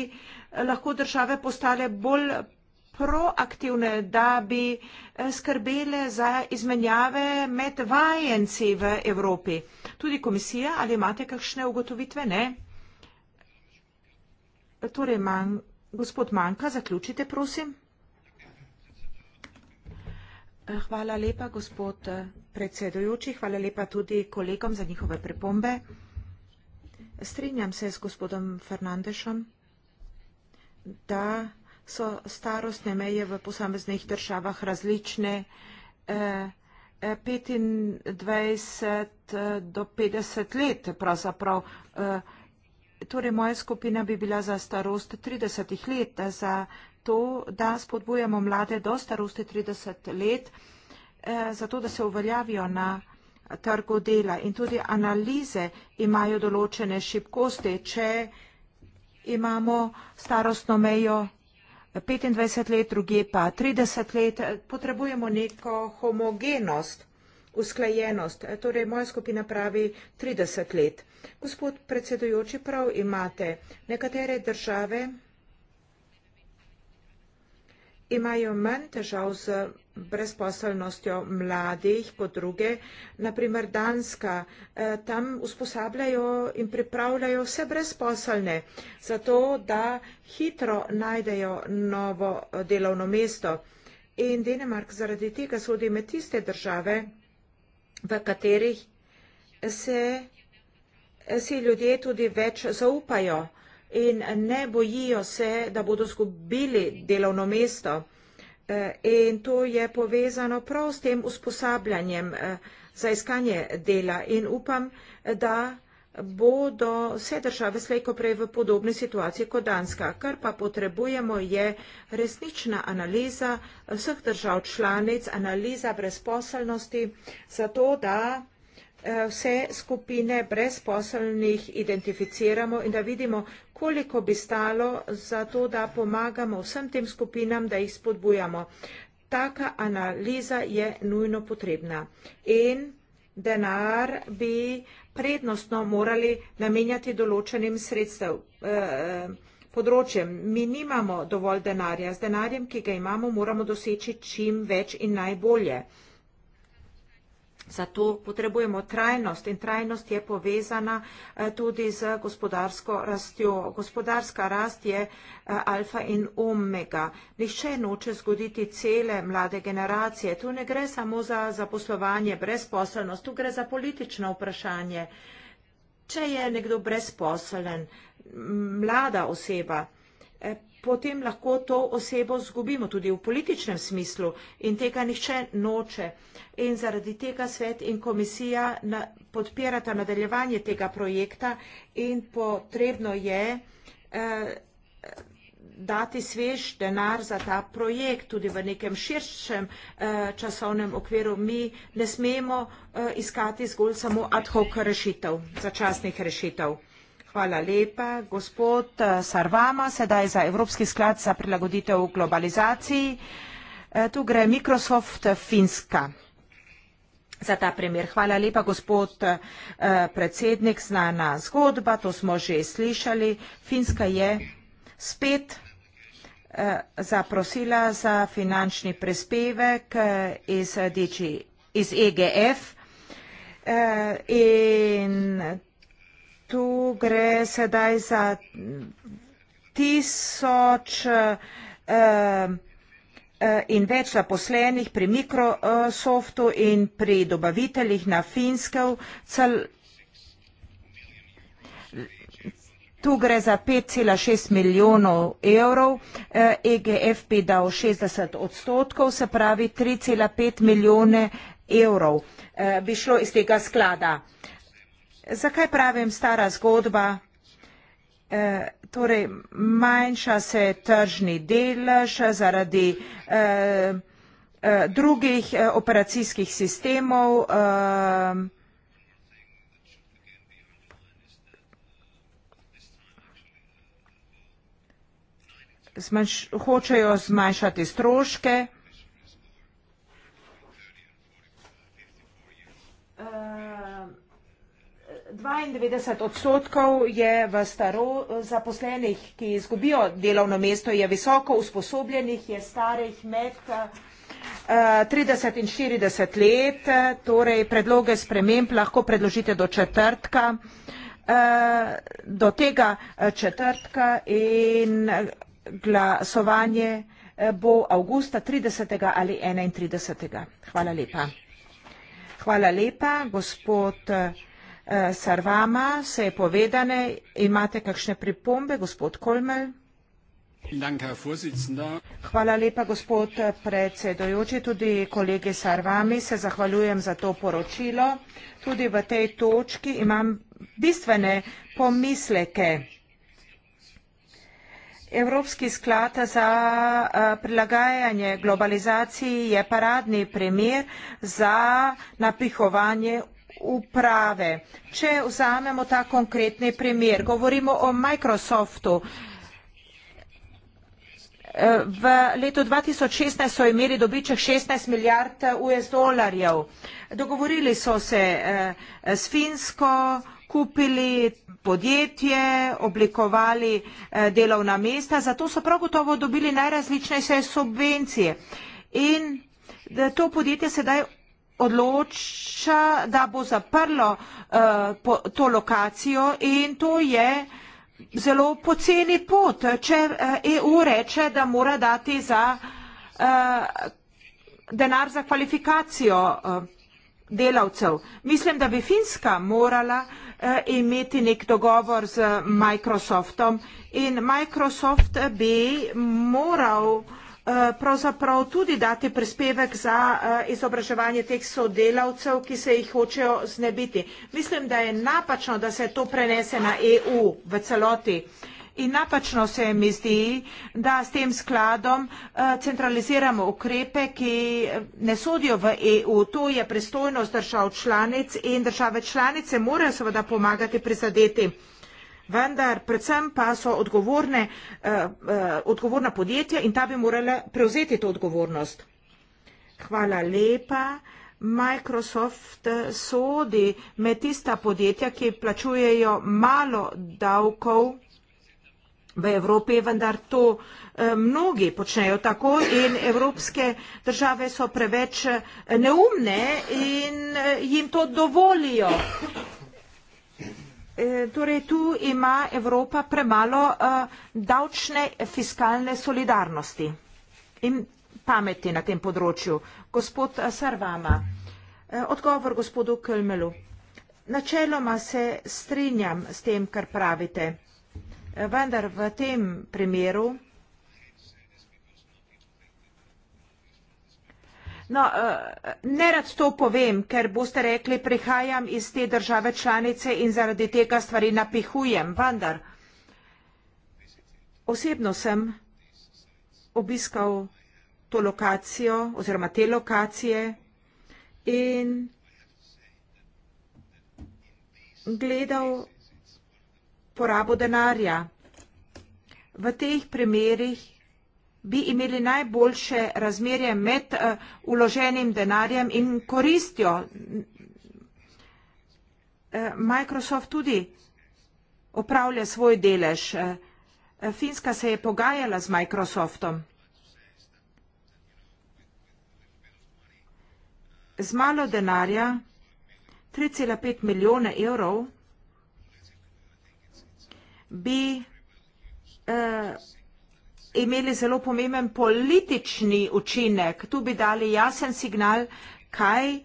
lahko države postale bolj proaktivne, da bi eh, skrbele za izmenjave med vajenci v Evropi. Tudi komisija, ali imate kakšne ugotovitve? Ne? Torej, man, gospod Manka, zaključite, prosim. Eh, hvala lepa, gospod eh, predsedujoči. Hvala lepa tudi kolegom za njihove pripombe. Strinjam se s gospodom Fernandešom, da so starostne meje v posameznih državah različne. 25 eh, eh, eh, do 50 let pravzaprav. Torej, moja skupina bi bila za starost 30 let, za to, da spodbujamo mlade do starosti 30 let, zato da se uveljavijo na trgu dela. In tudi analize imajo določene šibkosti, če imamo starostno mejo petindvajset let, druge pa trideset let, potrebujemo neko homogenost, usklajenost. Torej, moja skupina pravi trideset let. Gospod predsedujoči, prav imate nekatere države imajo manj težav z brezposelnostjo mladih kot druge. Naprimer Danska, eh, tam usposabljajo in pripravljajo vse brezposelne, zato da hitro najdejo novo eh, delovno mesto. In Denemark zaradi tega sodi med tiste države, v katerih se, eh, se ljudje tudi več zaupajo in ne bojijo se, da bodo zgubili delovno mesto. Eh, in to je povezano prav s tem usposabljanjem eh, za iskanje dela. In upam, da bodo vse države slejko prej v podobni situaciji kot Danska. Kar pa potrebujemo je resnična analiza vseh držav članic, analiza brezposelnosti, zato da Eh, vse skupine brezposelnih identificiramo in da vidimo, koliko bi stalo za to, da pomagamo vsem tem skupinam, da jih spodbujamo. Taka analiza je nujno potrebna in denar bi prednostno morali namenjati določenim sredstev. Eh, področjem. Mi nimamo dovolj denarja. Z denarjem, ki ga imamo, moramo doseči čim več in najbolje. Zato potrebujemo trajnost in trajnost je povezana eh, tudi z gospodarsko rastjo. Gospodarska rast je eh, alfa in omega. Nihče noče zgoditi cele mlade generacije. Tu ne gre samo za zaposlovanje, brezposelnost, tu gre za politično vprašanje. Če je nekdo brezposelen, mlada oseba, eh, potem lahko to osebo zgubimo tudi v političnem smislu in tega nihče noče. In zaradi tega svet in komisija na, podpirata nadaljevanje tega projekta in potrebno je eh, dati svež denar za ta projekt tudi v nekem širšem eh, časovnem okviru. Mi ne smemo eh, iskati zgolj samo ad hoc rešitev, začasnih rešitev. Hvala lepa. Gospod eh, Sarvama, sedaj za Evropski sklad za prilagoditev globalizaciji. Eh, tu gre Microsoft eh, Finska. Za ta primer. Hvala lepa, gospod predsednik. Znana zgodba, to smo že slišali. Finska je spet zaprosila za finančni prispevek iz, DG, iz EGF in tu gre sedaj za tisoč eh, eh, in več zaposlenih pri Microsoftu in pri dobaviteljih na Finskev. Tu gre za 5,6 milijonov evrov, EGF eh, e bi dal 60 odstotkov, se pravi 3,5 milijone evrov bi šlo iz tega sklada. Zakaj pravim stara zgodba? E, torej, manjša se tržni delež zaradi e, e, drugih e, operacijskih sistemov. E, zmanjš, hočejo zmanjšati stroške. 92 odstotkov je v staro zaposlenih, ki izgubijo delovno mesto, je visoko usposobljenih, je starih med 30 eh, in 40 let, torej predloge sprememb lahko predložite do četrtka, eh, do tega eh, četrtka in glasovanje bo avgusta 30. ali 31. Hvala lepa. Hvala lepa, gospod. Eh, Sarvama, vse je povedane. Imate kakšne pripombe, gospod Kolmel? Hvala lepa, gospod predsedojoči. Tudi kolegi Sarvami se zahvaljujem za to poročilo. Tudi v tej točki imam bistvene pomisleke. Evropski sklad za eh, prilagajanje globalizaciji je paradni primer za napihovanje uprave. Če vzamemo ta konkretni primer, govorimo o Microsoftu. V letu 2016 so imeli dobiček 16 milijard US dolarjev. Dogovorili so se eh, s Finsko, kupili podjetje, oblikovali eh, delovna mesta, zato so prav gotovo dobili najrazličnejše subvencije. In eh, to podjetje sedaj odloča, da bo zaprlo uh, po, to lokacijo in to je zelo poceni pot, če uh, eh, EU reče, da mora dati za uh, denar za kvalifikacijo uh, delavcev. Mislim, da bi Finska morala uh, imeti nek dogovor z Microsoftom in Microsoft bi moral uh, pravzaprav tudi dati prispevek za eh, izobraževanje teh sodelavcev, ki se jih hočejo znebiti. Mislim, da je napačno, da se to prenese na EU v celoti. In napačno se mi zdi, da s tem skladom eh, centraliziramo ukrepe, ki eh, ne sodijo v EU. To je pristojnost držav članic in države članice morajo seveda pomagati prizadeti vendar predvsem pa so odgovorne, uh, uh, odgovorna podjetja in ta bi morala prevzeti to odgovornost. Hvala lepa. Microsoft eh, sodi med tista podjetja, ki plačujejo malo davkov v Evropi, vendar to mnogi počnejo tako in evropske države so preveč neumne in jim to dovolijo. Eh, torej tu ima Evropa premalo eh, davčne fiskalne solidarnosti in pameti na tem področju. Gospod eh, Sarvama, odgovor gospodu Kölmelu. Načeloma se strinjam s tem, kar pravite, vendar v tem primeru No, eh, ne rad to povem, ker boste rekli, prihajam iz te države članice in zaradi tega stvari napihujem, vendar osebno sem obiskal to lokacijo oziroma te lokacije in gledal porabo denarja. V teh primerih bi imeli najboljše razmerje med uloženim eh, denarjem in koristjo. Eh, Microsoft tudi opravlja svoj delež. Eh, Finska se je pogajala z Microsoftom. Z malo denarja, 3,5 milijone evrov, bi imeli zelo pomemben politični učinek. Tu bi dali jasen signal, kaj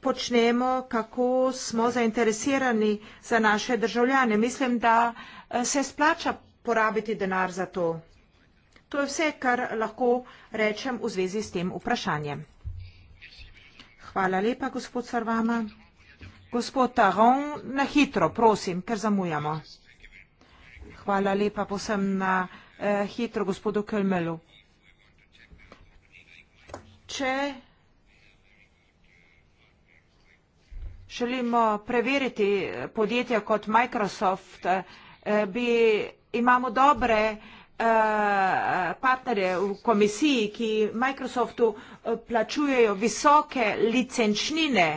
počnemo, kako smo zainteresirani za naše državljane. Mislim, da eh, se splača porabiti denar za to. To je vse, kar lahko rečem v zvezi s tem vprašanjem. Hvala lepa, gospod Sarvama. Gospod Taron, na hitro, prosim, ker zamujamo. Hvala lepa posem na. Eh, hitro gospodu Kelmelu. Če želimo preveriti podjetja kot Microsoft, eh, bi, imamo dobre eh, partnerje v komisiji, ki Microsoftu plačujejo visoke licenčnine.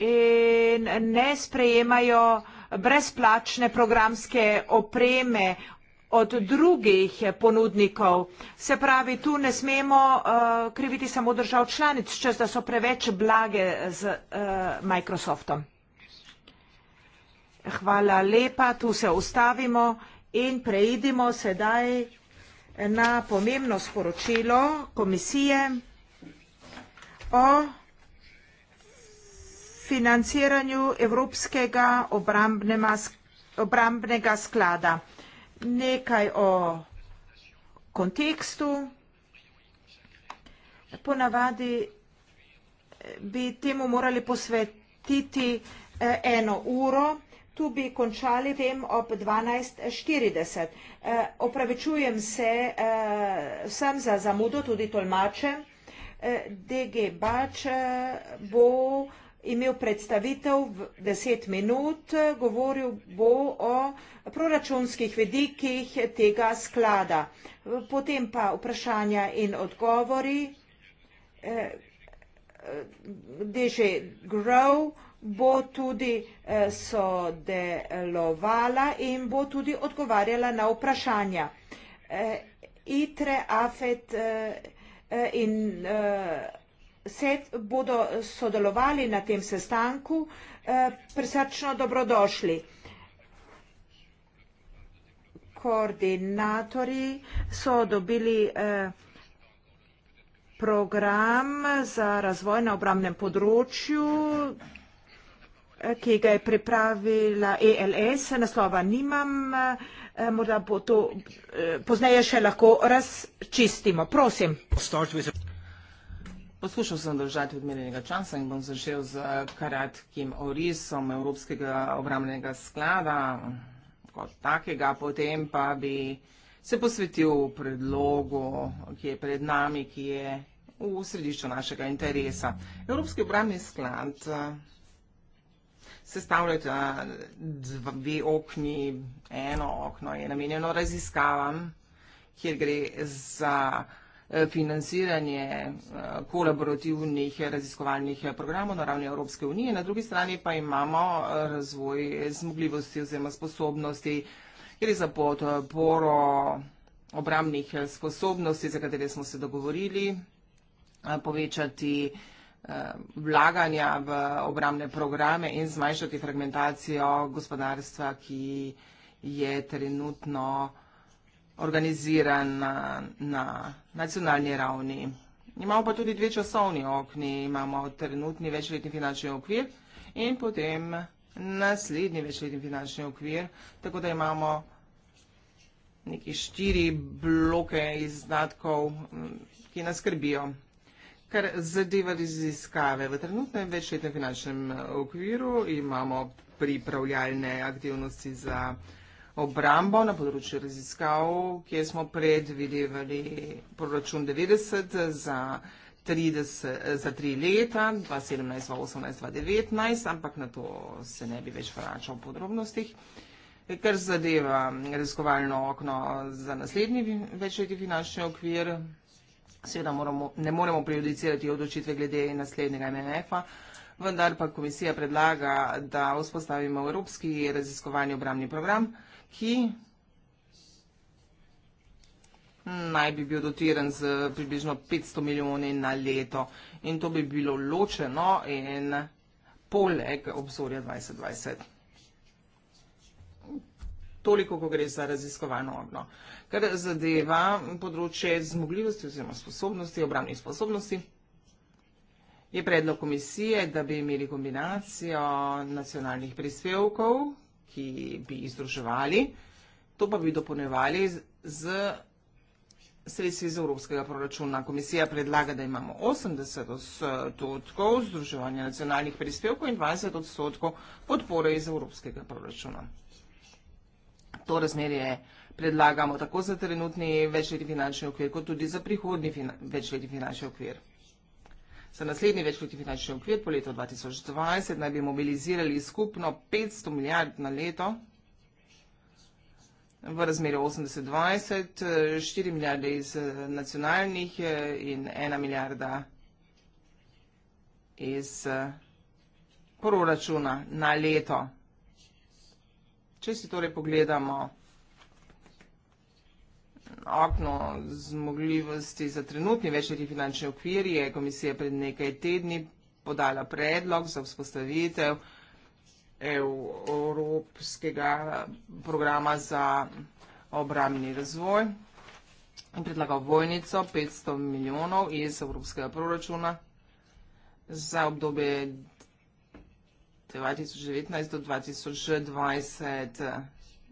in ne sprejemajo brezplačne programske opreme od drugih ponudnikov. Se pravi, tu ne smemo uh, kriviti samo držav članic, čez da so preveč blage z uh, Microsoftom. Hvala lepa, tu se ustavimo in preidimo sedaj na pomembno sporočilo komisije o financiranju Evropskega obrambnega sklada. Nekaj o kontekstu. Ponavadi eh, bi temu morali posvetiti eh, eno uro. Tu bi končali, vem, ob 12.40. Eh, opravičujem se vsem za zamudo, tudi tolmače. DG Bač bo vsega imel predstavitev v deset minut, govoril bo o proračunskih vedikih tega sklada. Potem pa vprašanja in odgovori. Eh, eh, DŽ Grow bo tudi eh, sodelovala in bo tudi odgovarjala na vprašanja. Itre, Afet in vprašanja se bodo sodelovali na tem sestanku, eh, prisrčno dobrodošli. Koordinatori so dobili eh, program za razvoj na obramnem področju, eh, ki ga je pripravila ELS, naslova nimam, morda bo to pozneje še lahko razčistimo. Prosim. Start with Poskušal sem držati odmerjenega časa in bom začel z kratkim orisom Evropskega obramnega sklada kot takega, potem pa bi se posvetil predlogu, ki je pred nami, ki je v središču našega interesa. Evropski obramni sklad eh, sestavljata dve okni, eno okno je namenjeno raziskavam, kjer gre za vsega, Eh, financiranje eh, kolaborativnih raziskovalnih programov na ravni Evropske unije, na drugi strani pa imamo eh, razvoj zmogljivosti oziroma sposobnosti, gre za podporo obramnih sposobnosti, za katere smo se dogovorili, povečati vlaganja v obramne programe in zmanjšati fragmentacijo gospodarstva, ki je trenutno organiziran na, na nacionalni ravni. Imamo pa tudi dve časovni okni, imamo trenutni večletni finančni okvir in potem naslednji večletni finančni okvir, tako da imamo neki štiri bloke izdatkov, mm, ki nas skrbijo. Kar zadeva raziskave v trenutnem večletnem finančnem okviru, imamo pripravljalne aktivnosti za obrambo na področju raziskav, kjer smo predvidevali proračun 90 za, 30, za tri leta, 2017, 2018, 2019, ampak na to se ne bi več vračal v podrobnostih. Kar zadeva raziskovalno okno za naslednji večletni finančni okvir, seveda moramo, ne moremo prejudicirati odločitve glede naslednjega MMF-a, vendar pa komisija predlaga, da vzpostavimo Evropski raziskovalni obramni program, ki naj bi bil dotiran z približno 500 milijoni na leto. In to bi bilo ločeno in poleg obzorja 2020. Toliko, ko gre za raziskovano ogno. Ker zadeva področje zmogljivosti oziroma sposobnosti, obramnih sposobnosti, je predlog komisije, da bi imeli kombinacijo nacionalnih prispevkov, ki bi jih združevali, to pa bi dopolnevali z sredstvi iz evropskega proračuna. Komisija predlaga, da imamo 80 odstotkov združevanja nacionalnih prispevkov in 20 odstotkov podpore iz evropskega proračuna. To razmerje predlagamo tako za trenutni večletni finančni okvir, kot tudi za prihodni večletni finančni okvir. Za naslednji večkrati finančni okvir po letu 2020 naj bi mobilizirali skupno 500 milijard na leto v razmeri 80-20, 4 milijarde iz nacionalnih in 1 milijarda iz proračuna na leto. Če si torej pogledamo okno zmogljivosti za trenutni večletni finančni okvir je komisija pred nekaj tedni podala predlog za vzpostavitev evropskega programa za obramni razvoj in predlaga vojnico 500 milijonov iz evropskega proračuna za obdobje 2019 do 2020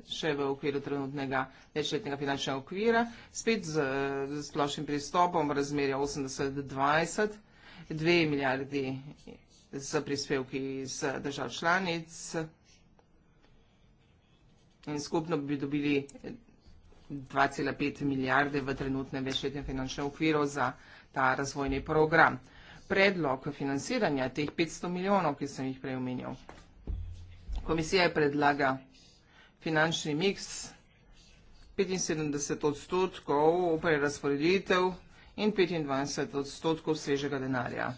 še v okviru trenutnega večletnega finančnega okvira, spet z, z splošnim pristopom razmerja 80-20, 2 milijardi z prispevki iz držav članic in skupno bi dobili 2,5 milijarde v trenutnem večletnem finančnem okviru za ta razvojni program. Predlog financiranja teh 500 milijonov, ki sem jih prej omenjal, komisija je predlagala finančni miks, 75 odstotkov prerasporeditev in 25 odstotkov svežega denarja.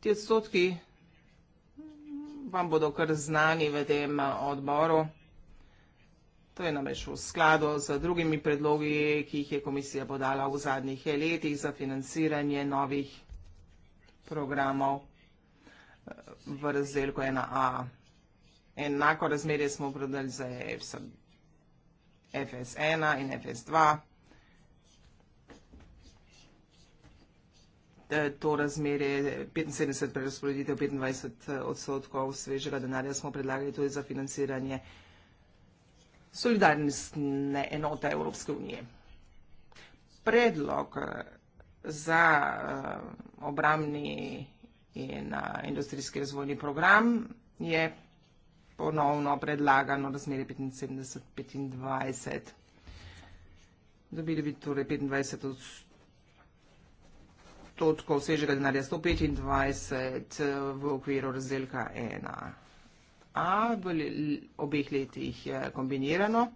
Ti odstotki vam bodo kar znani v tem odboru. To je namreč v skladu z drugimi predlogi, ki jih je komisija podala v zadnjih letih za financiranje novih programov v razdelku 1A enako razmerje smo obradili za fs1 in fs2. To razmerje 75 prerasporeditev 25 odstotkov svežega denarja smo predlagali tudi za financiranje solidarnostne enote Evropske unije. Predlog eh, za eh, obramni in eh, industrijski razvojni program je ponovno predlagano razmerje 75-25. Dobili bi torej 25 odstotkov svežega denarja, 125 eh, v okviru razdelka 1. A v obeh letih je eh, kombinirano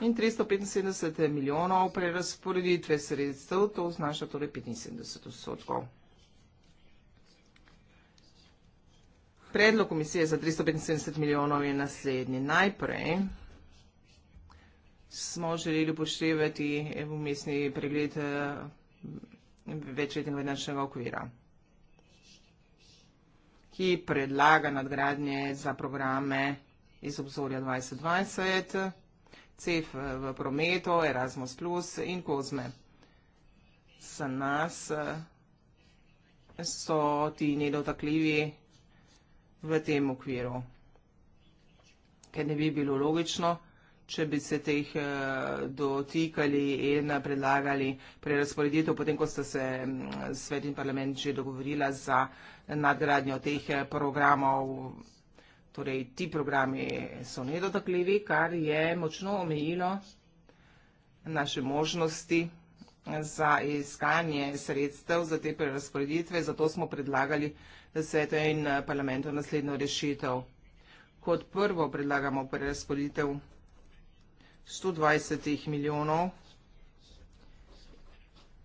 in 375 milijonov prerasporeditve sredstev, to znaša torej 75 odstotkov. Predlog komisije za 375 milijonov je naslednji. Najprej smo želeli upoštevati umestni pregled eh, večletnega finančnega okvira, ki predlaga nadgradnje za programe iz obzorja 2020, CEF v prometu, Erasmus Plus in Kozme. Za nas eh, so ti nedotakljivi programe, v tem okviru. Ker ne bi bilo logično, če bi se teh eh, dotikali in predlagali prerasporeditev, potem ko sta se mm, svet in parlament že dogovorila za nadgradnjo teh eh, programov. Torej, ti programi so nedotakljivi, kar je močno omejilo naše možnosti za iskanje sredstev za te prerasporeditve, zato smo predlagali svetu in parlamentu naslednjo rešitev. Kot prvo predlagamo prerasporeditev 120 milijonov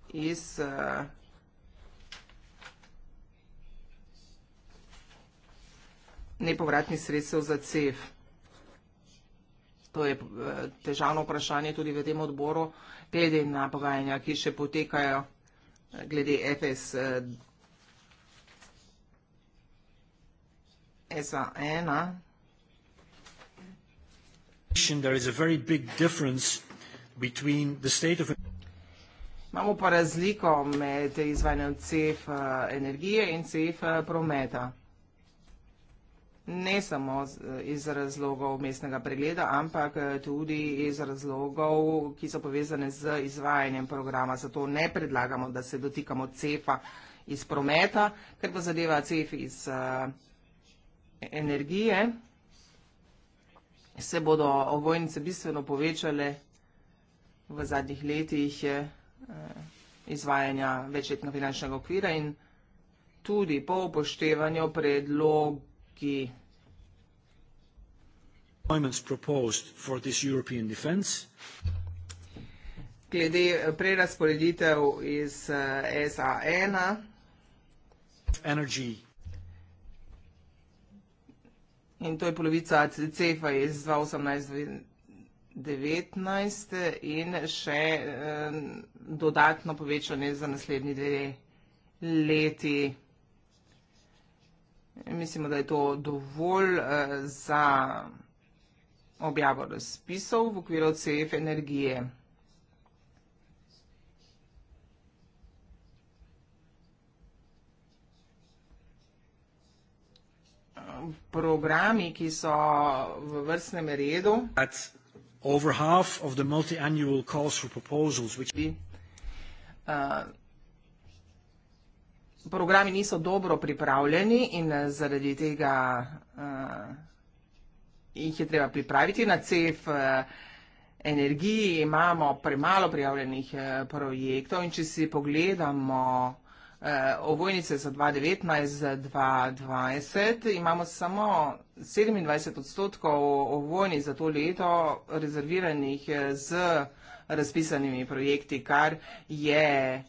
iz eh, nepovratnih sredstev za CEF. To je eh, težavno vprašanje tudi v tem odboru, glede na pogajanja, ki še potekajo eh, glede FS eh, SA1. Imamo pa razliko med izvajanjem CF energije in CF prometa ne samo iz razlogov mestnega pregleda, ampak tudi iz razlogov, ki so povezane z izvajanjem programa. Zato ne predlagamo, da se dotikamo cefa iz prometa, ker pa zadeva cef iz energije, se bodo ovojnice bistveno povečale v zadnjih letih izvajanja večletnega finančnega okvira in tudi po upoštevanju predlogov ki glede eh, prerasporeditev iz eh, SA1, in to je polovica CEF-a iz 2018-2019 in še eh, dodatno povečanje za naslednji dve leti. Mislimo, da je to dovolj eh, za objavo razpisov v okviru CF energije. Programi, ki so v vrstnem redu, Over half of the multi-annual calls for proposals, which be, uh, programi niso dobro pripravljeni in eh, zaradi tega uh, jih je treba pripraviti. Na CEF uh, eh, energiji imamo premalo prijavljenih uh, projektov in če si pogledamo uh, ovojnice za 2019-2020, imamo samo 27 odstotkov ovojnic za to leto rezerviranih z razpisanimi projekti, kar je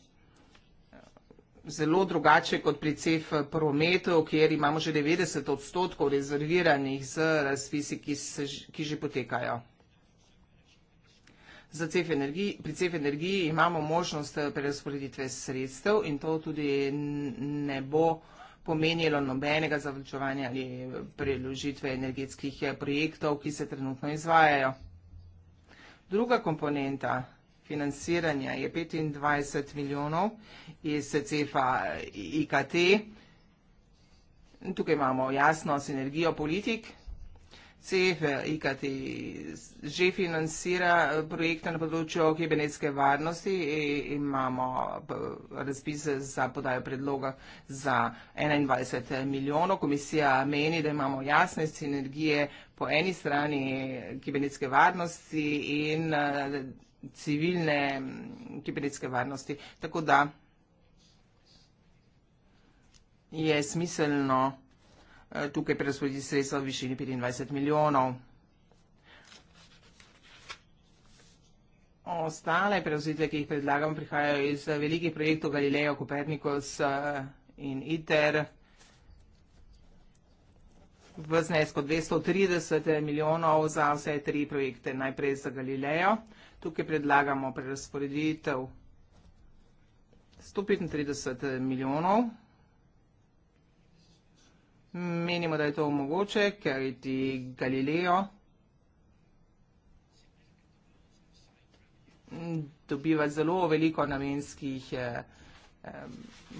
zelo drugače kot pri CEF prometu, kjer imamo že 90 odstotkov rezerviranih z razpisi, ki, se, ki že potekajo. Za CEF energiji, pri CEF energiji imamo možnost eh, prerasporeditve sredstev in to tudi ne bo pomenilo nobenega zavlačevanja ali eh, preložitve energetskih eh, projektov, ki se trenutno izvajajo. Druga komponenta financiranja je 25 milijonov iz CEFA IKT. Tukaj imamo jasno sinergijo politik. CEF IKT že financira projekte na področju kibernetske varnosti in e, imamo razpis za podajo predloga za 21 milijonov. Komisija meni, da imamo jasne sinergije po eni strani kibernetske varnosti in civilne mm, kibernetske varnosti. Tako da je smiselno eh, tukaj presvojiti sredstva v višini 25 milijonov. Ostale preuzitve, ki jih predlagam, prihajajo iz eh, velikih projektov Galileo, Copernicus eh, in ITER. V znesku 230 milijonov za vse tri projekte, najprej za Galileo tukaj predlagamo prerasporeditev 135 milijonov. Menimo, da je to omogoče, ker je ti Galileo dobiva zelo veliko namenskih eh,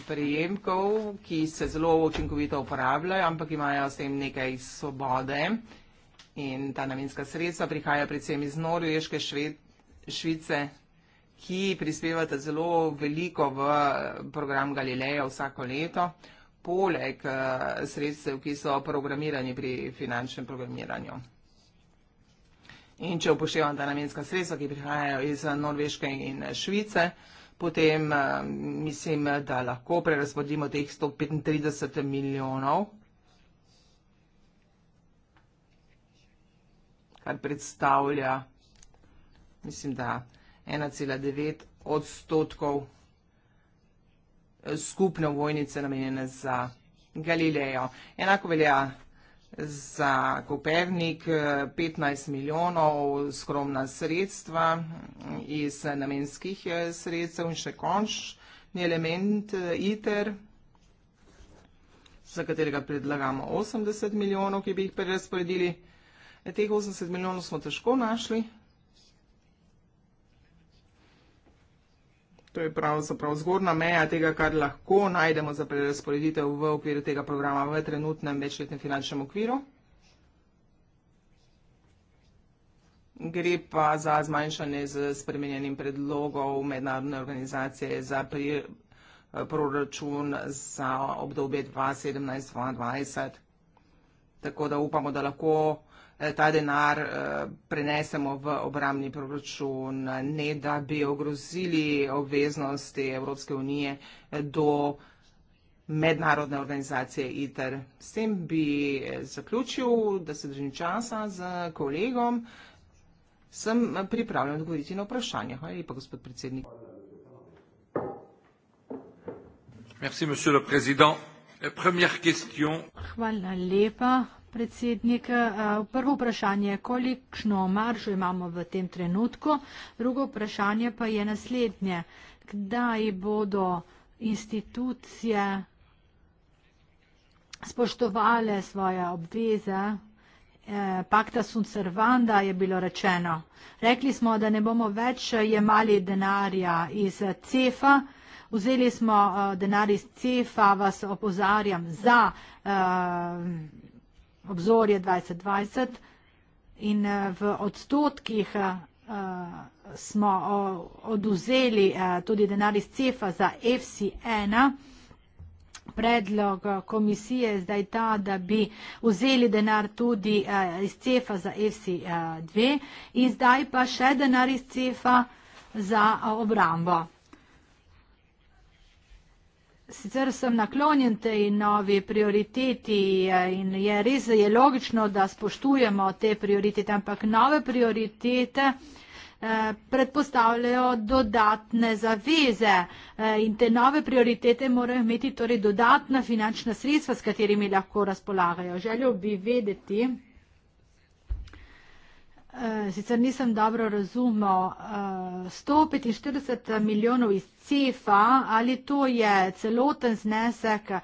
prejemkov, ki se zelo učinkovito uporabljajo, ampak imajo s tem nekaj svobode. In ta namenska sredstva prihaja predvsem iz Norveške, Švedske, Švice, ki prispevate zelo veliko v eh, program Galileja vsako leto, poleg eh, sredstev, ki so programirani pri finančnem programiranju. In če upoštevam ta namenska sredstva, ki prihajajo iz eh, Norveške in Švice, potem mislim, da lahko prerasporedimo teh 135 milijonov, kar predstavlja mislim, da 1,9 odstotkov eh, skupne vojnice namenjene za Galilejo. Enako velja za Kopernik 15 eh, milijonov skromna sredstva mm, iz eh, namenskih sredstev in še končni element ITER, za katerega predlagamo 80 milijonov, ki bi jih prerasporedili. Teh 80 milijonov smo težko našli. To je pravzaprav zgornja meja tega, kar lahko najdemo za prerasporeditev v okviru tega programa v trenutnem večletnem finančnem okviru. Gre pa za zmanjšanje z spremenjenim predlogov mednarodne organizacije za pri, eh, proračun za obdobje 2017-2020. Tako da upamo, da lahko Eh, ta denar eh, prenesemo v obramni proračun, ne da bi ogrozili obveznosti Evropske unije eh, do mednarodne organizacije ITER. S tem bi zaključil, da se držim časa z kolegom. Sem pripravljen odgovoriti na vprašanje. Hvala lepa, gospod predsednik. Merci, Hvala lepa predsednik. Eh, prvo vprašanje, kolikšno maržo imamo v tem trenutku? Drugo vprašanje pa je naslednje, kdaj bodo institucije spoštovale svoje obveze? Eh, Pakta sunt servanda je bilo rečeno. Rekli smo, da ne bomo več jemali denarja iz CEFA, vzeli smo eh, denar iz CEFA, vas opozarjam, za obzorje 2020 in eh, v odstotkih eh, smo oduzeli eh, tudi denar iz CEFA za FC1. Predlog komisije je zdaj ta, da bi vzeli denar tudi iz CEFA za FC2 in zdaj pa še denar iz CEFA za obrambo sicer sem naklonjen tej novi prioriteti eh, in je res je logično, da spoštujemo te prioritete, ampak nove prioritete eh, predpostavljajo dodatne zaveze eh, in te nove prioritete morajo imeti torej dodatna finančna sredstva, s katerimi lahko razpolagajo. Želel bi vedeti, Eh, sicer nisem dobro razumel, 145 eh, milijonov iz CEFA, ali to je celoten znesek eh,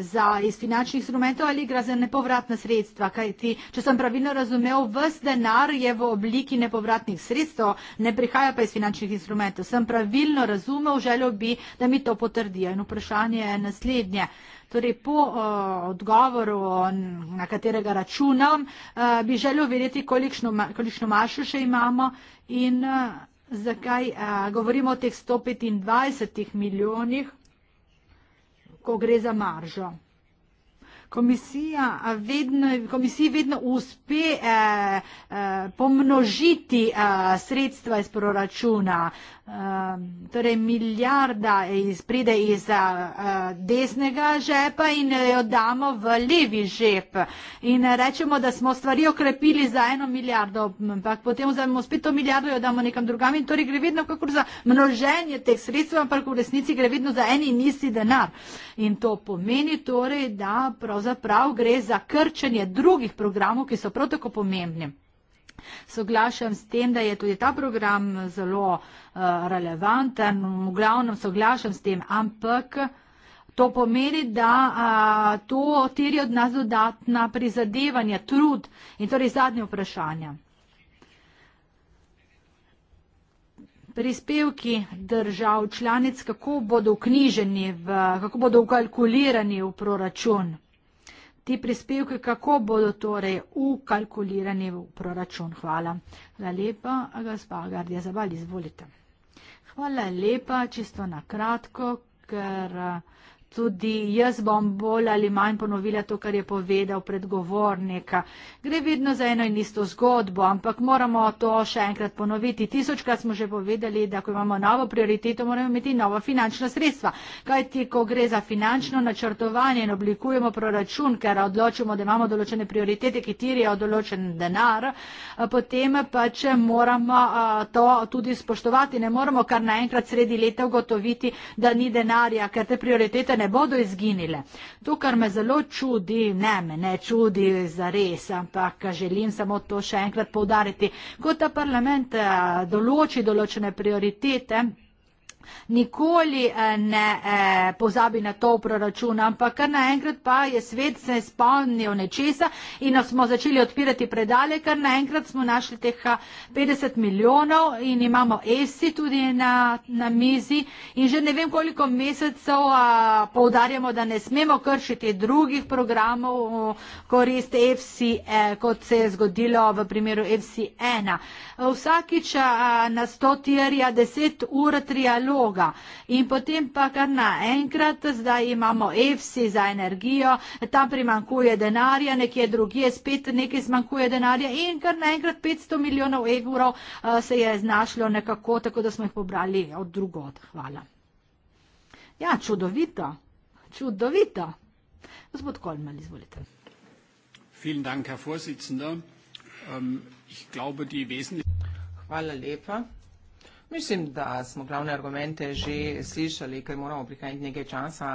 za, iz finančnih instrumentov ali gre za nepovratna sredstva, kajti, če sem pravilno razumel, ves denar je v obliki nepovratnih sredstev, ne prihaja pa iz finančnih instrumentov. Sem pravilno razumel, želel bi, da mi to potrdijo. In vprašanje je naslednje. Torej, po uh, odgovoru, na katerega računam, uh, bi želel vedeti, kolikšno, kolikšno mašo še imamo in uh, zakaj uh, govorimo o teh 125 milijonih, ko gre za maržo komisija vedno, komisiji vedno uspe eh, eh, pomnožiti eh, sredstva iz proračuna. Eh, torej milijarda iz, pride iz eh, eh, desnega žepa in jo damo v levi žep. In rečemo, da smo stvari okrepili za eno milijardo, ampak potem vzamemo spet to milijardo in jo damo nekam drugam. In torej gre vedno kakor za množenje teh sredstev, ampak v resnici gre vedno za en in isti denar. In to pomeni torej, da pravzaprav pravzaprav gre za krčenje drugih programov, ki so prav tako pomembni. Soglašam s tem, da je tudi ta program zelo uh, relevanten, v glavnem soglašam s tem, ampak to pomeni, da uh, to terje od nas dodatna prizadevanja, trud in torej zadnje vprašanje. Prispevki držav članic, kako bodo, v, kako bodo ukalkulirani v proračun? ti prispevki, kako bodo torej ukalkulirani v proračun. Hvala. Hvala lepa, gospa Gardija Zabal, izvolite. Hvala lepa, čisto na kratko, ker tudi jaz bom bolj ali manj ponovila to, kar je povedal predgovornik. Gre vedno za eno in isto zgodbo, ampak moramo to še enkrat ponoviti. Tisočkrat smo že povedali, da ko imamo novo prioriteto, moramo imeti novo finančno sredstva. Kaj ti, ko gre za finančno načrtovanje in oblikujemo proračun, ker odločimo, da imamo določene prioritete, ki tirijo določen denar, potem pač moramo to tudi spoštovati. Ne moramo kar naenkrat sredi leta ugotoviti, da ni denarja, ker te prioritete ne ne bodo izginile. To, kar me zelo čudi, ne me ne čudi za res, ampak želim samo to še enkrat povdariti. Ko ta parlament eh, določi določene prioritete, Nikoli eh, ne eh, pozabi na to v proračun, ampak kar naenkrat pa je svet se spomnil nečesa in smo začeli odpirati predale, kar naenkrat smo našli teh 50 eh, milijonov in imamo ESI tudi na, na mizi in že ne vem koliko mesecev poudarjamo, da ne smemo kršiti drugih programov korist EFSI, kot se je zgodilo v primeru EFSI 1. Vsakič na 100 tirja 10 ur trialu vloga. In potem pa kar naenkrat, zdaj imamo EFSI za energijo, tam primankuje denarja, nekje drugje spet nekaj zmankuje denarja in kar naenkrat 500 milijonov evrov eh, se je znašlo nekako, tako da smo jih pobrali od drugod. Hvala. Ja, čudovito, čudovito. Gospod Kolman, izvolite. Ähm, Hvala lepa. Mislim, da smo glavne argumente že slišali, ker moramo prihajati nekaj časa,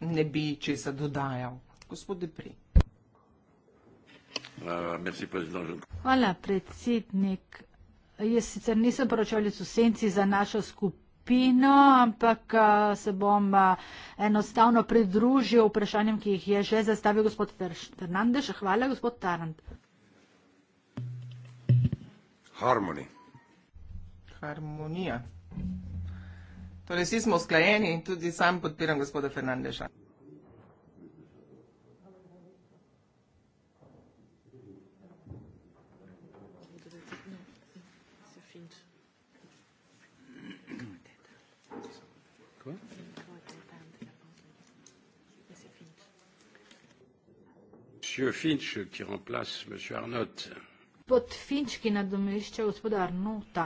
ne bi česa dodajal. Gospod Depri. Uh, Hvala, predsednik. Jaz sicer nisem poročal v senci za našo skupino, ampak uh, se bom uh, enostavno pridružil vprašanjem, ki jih je že zastavil gospod Fernandez. Hvala, gospod Tarant. Harmony harmonija. Torej, vsi smo usklajeni in tudi sam podpiram gospoda Fernandeša. Monsieur Finch, qui remplace Monsieur Arnott. Gospod Finčki nadomešča gospodar Nuta.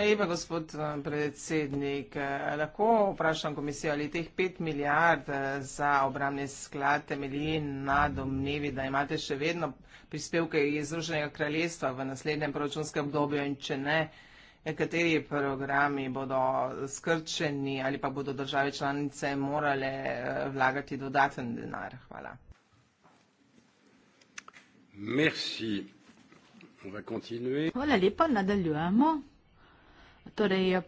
Epa, gospod eh, predsednik, eh, lahko vprašam komisijo, ali teh 5 milijard eh, za obramni sklad temelji na domnevi, da imate še vedno prispevke iz Združenega kraljestva v naslednjem proračunskem obdobju in če ne, kateri programi bodo skrčeni ali pa bodo države članice morale vlagati dodaten denar. Hvala. Merci. On va continuer. Hvala lepa, nadaljujemo. Torej,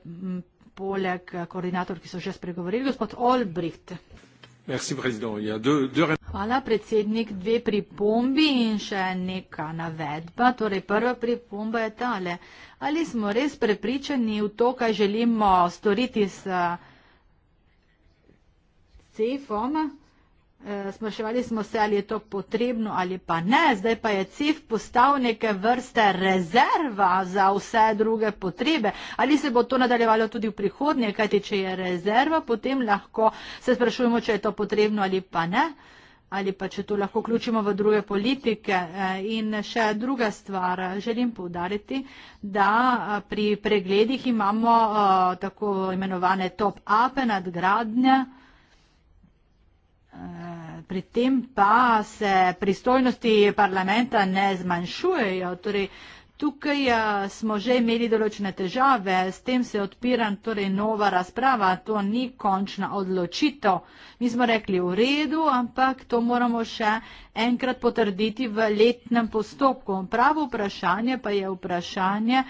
poleg koordinator, ki so že spregovorili, gospod Olbricht. Merci, président. Il y a deux, deux... Hvala, predsednik. Dve pripombi in še neka navedba. Torej, prva pripomba je tale. Ali smo res prepričani v to, kaj želimo storiti s CFOM? Eh, spraševali smo se, ali je to potrebno ali pa ne. Zdaj pa je CIF postal neke vrste rezerva za vse druge potrebe. Ali se bo to nadaljevalo tudi v prihodnje, kajti če je rezerva, potem lahko se sprašujemo, če je to potrebno ali pa ne. Ali pa če to lahko vključimo v druge politike. Eh, in še druga stvar, želim povdariti, da eh, pri pregledih imamo tako imenovane top-up nadgradnje. Pri tem pa se pristojnosti parlamenta ne zmanjšujejo. Torej, tukaj eh, smo že imeli določene težave, s tem se odpira torej, nova razprava, to ni končna odločitev. Mi smo rekli v redu, ampak to moramo še enkrat potrditi v letnem postopku. Pravo vprašanje pa je vprašanje,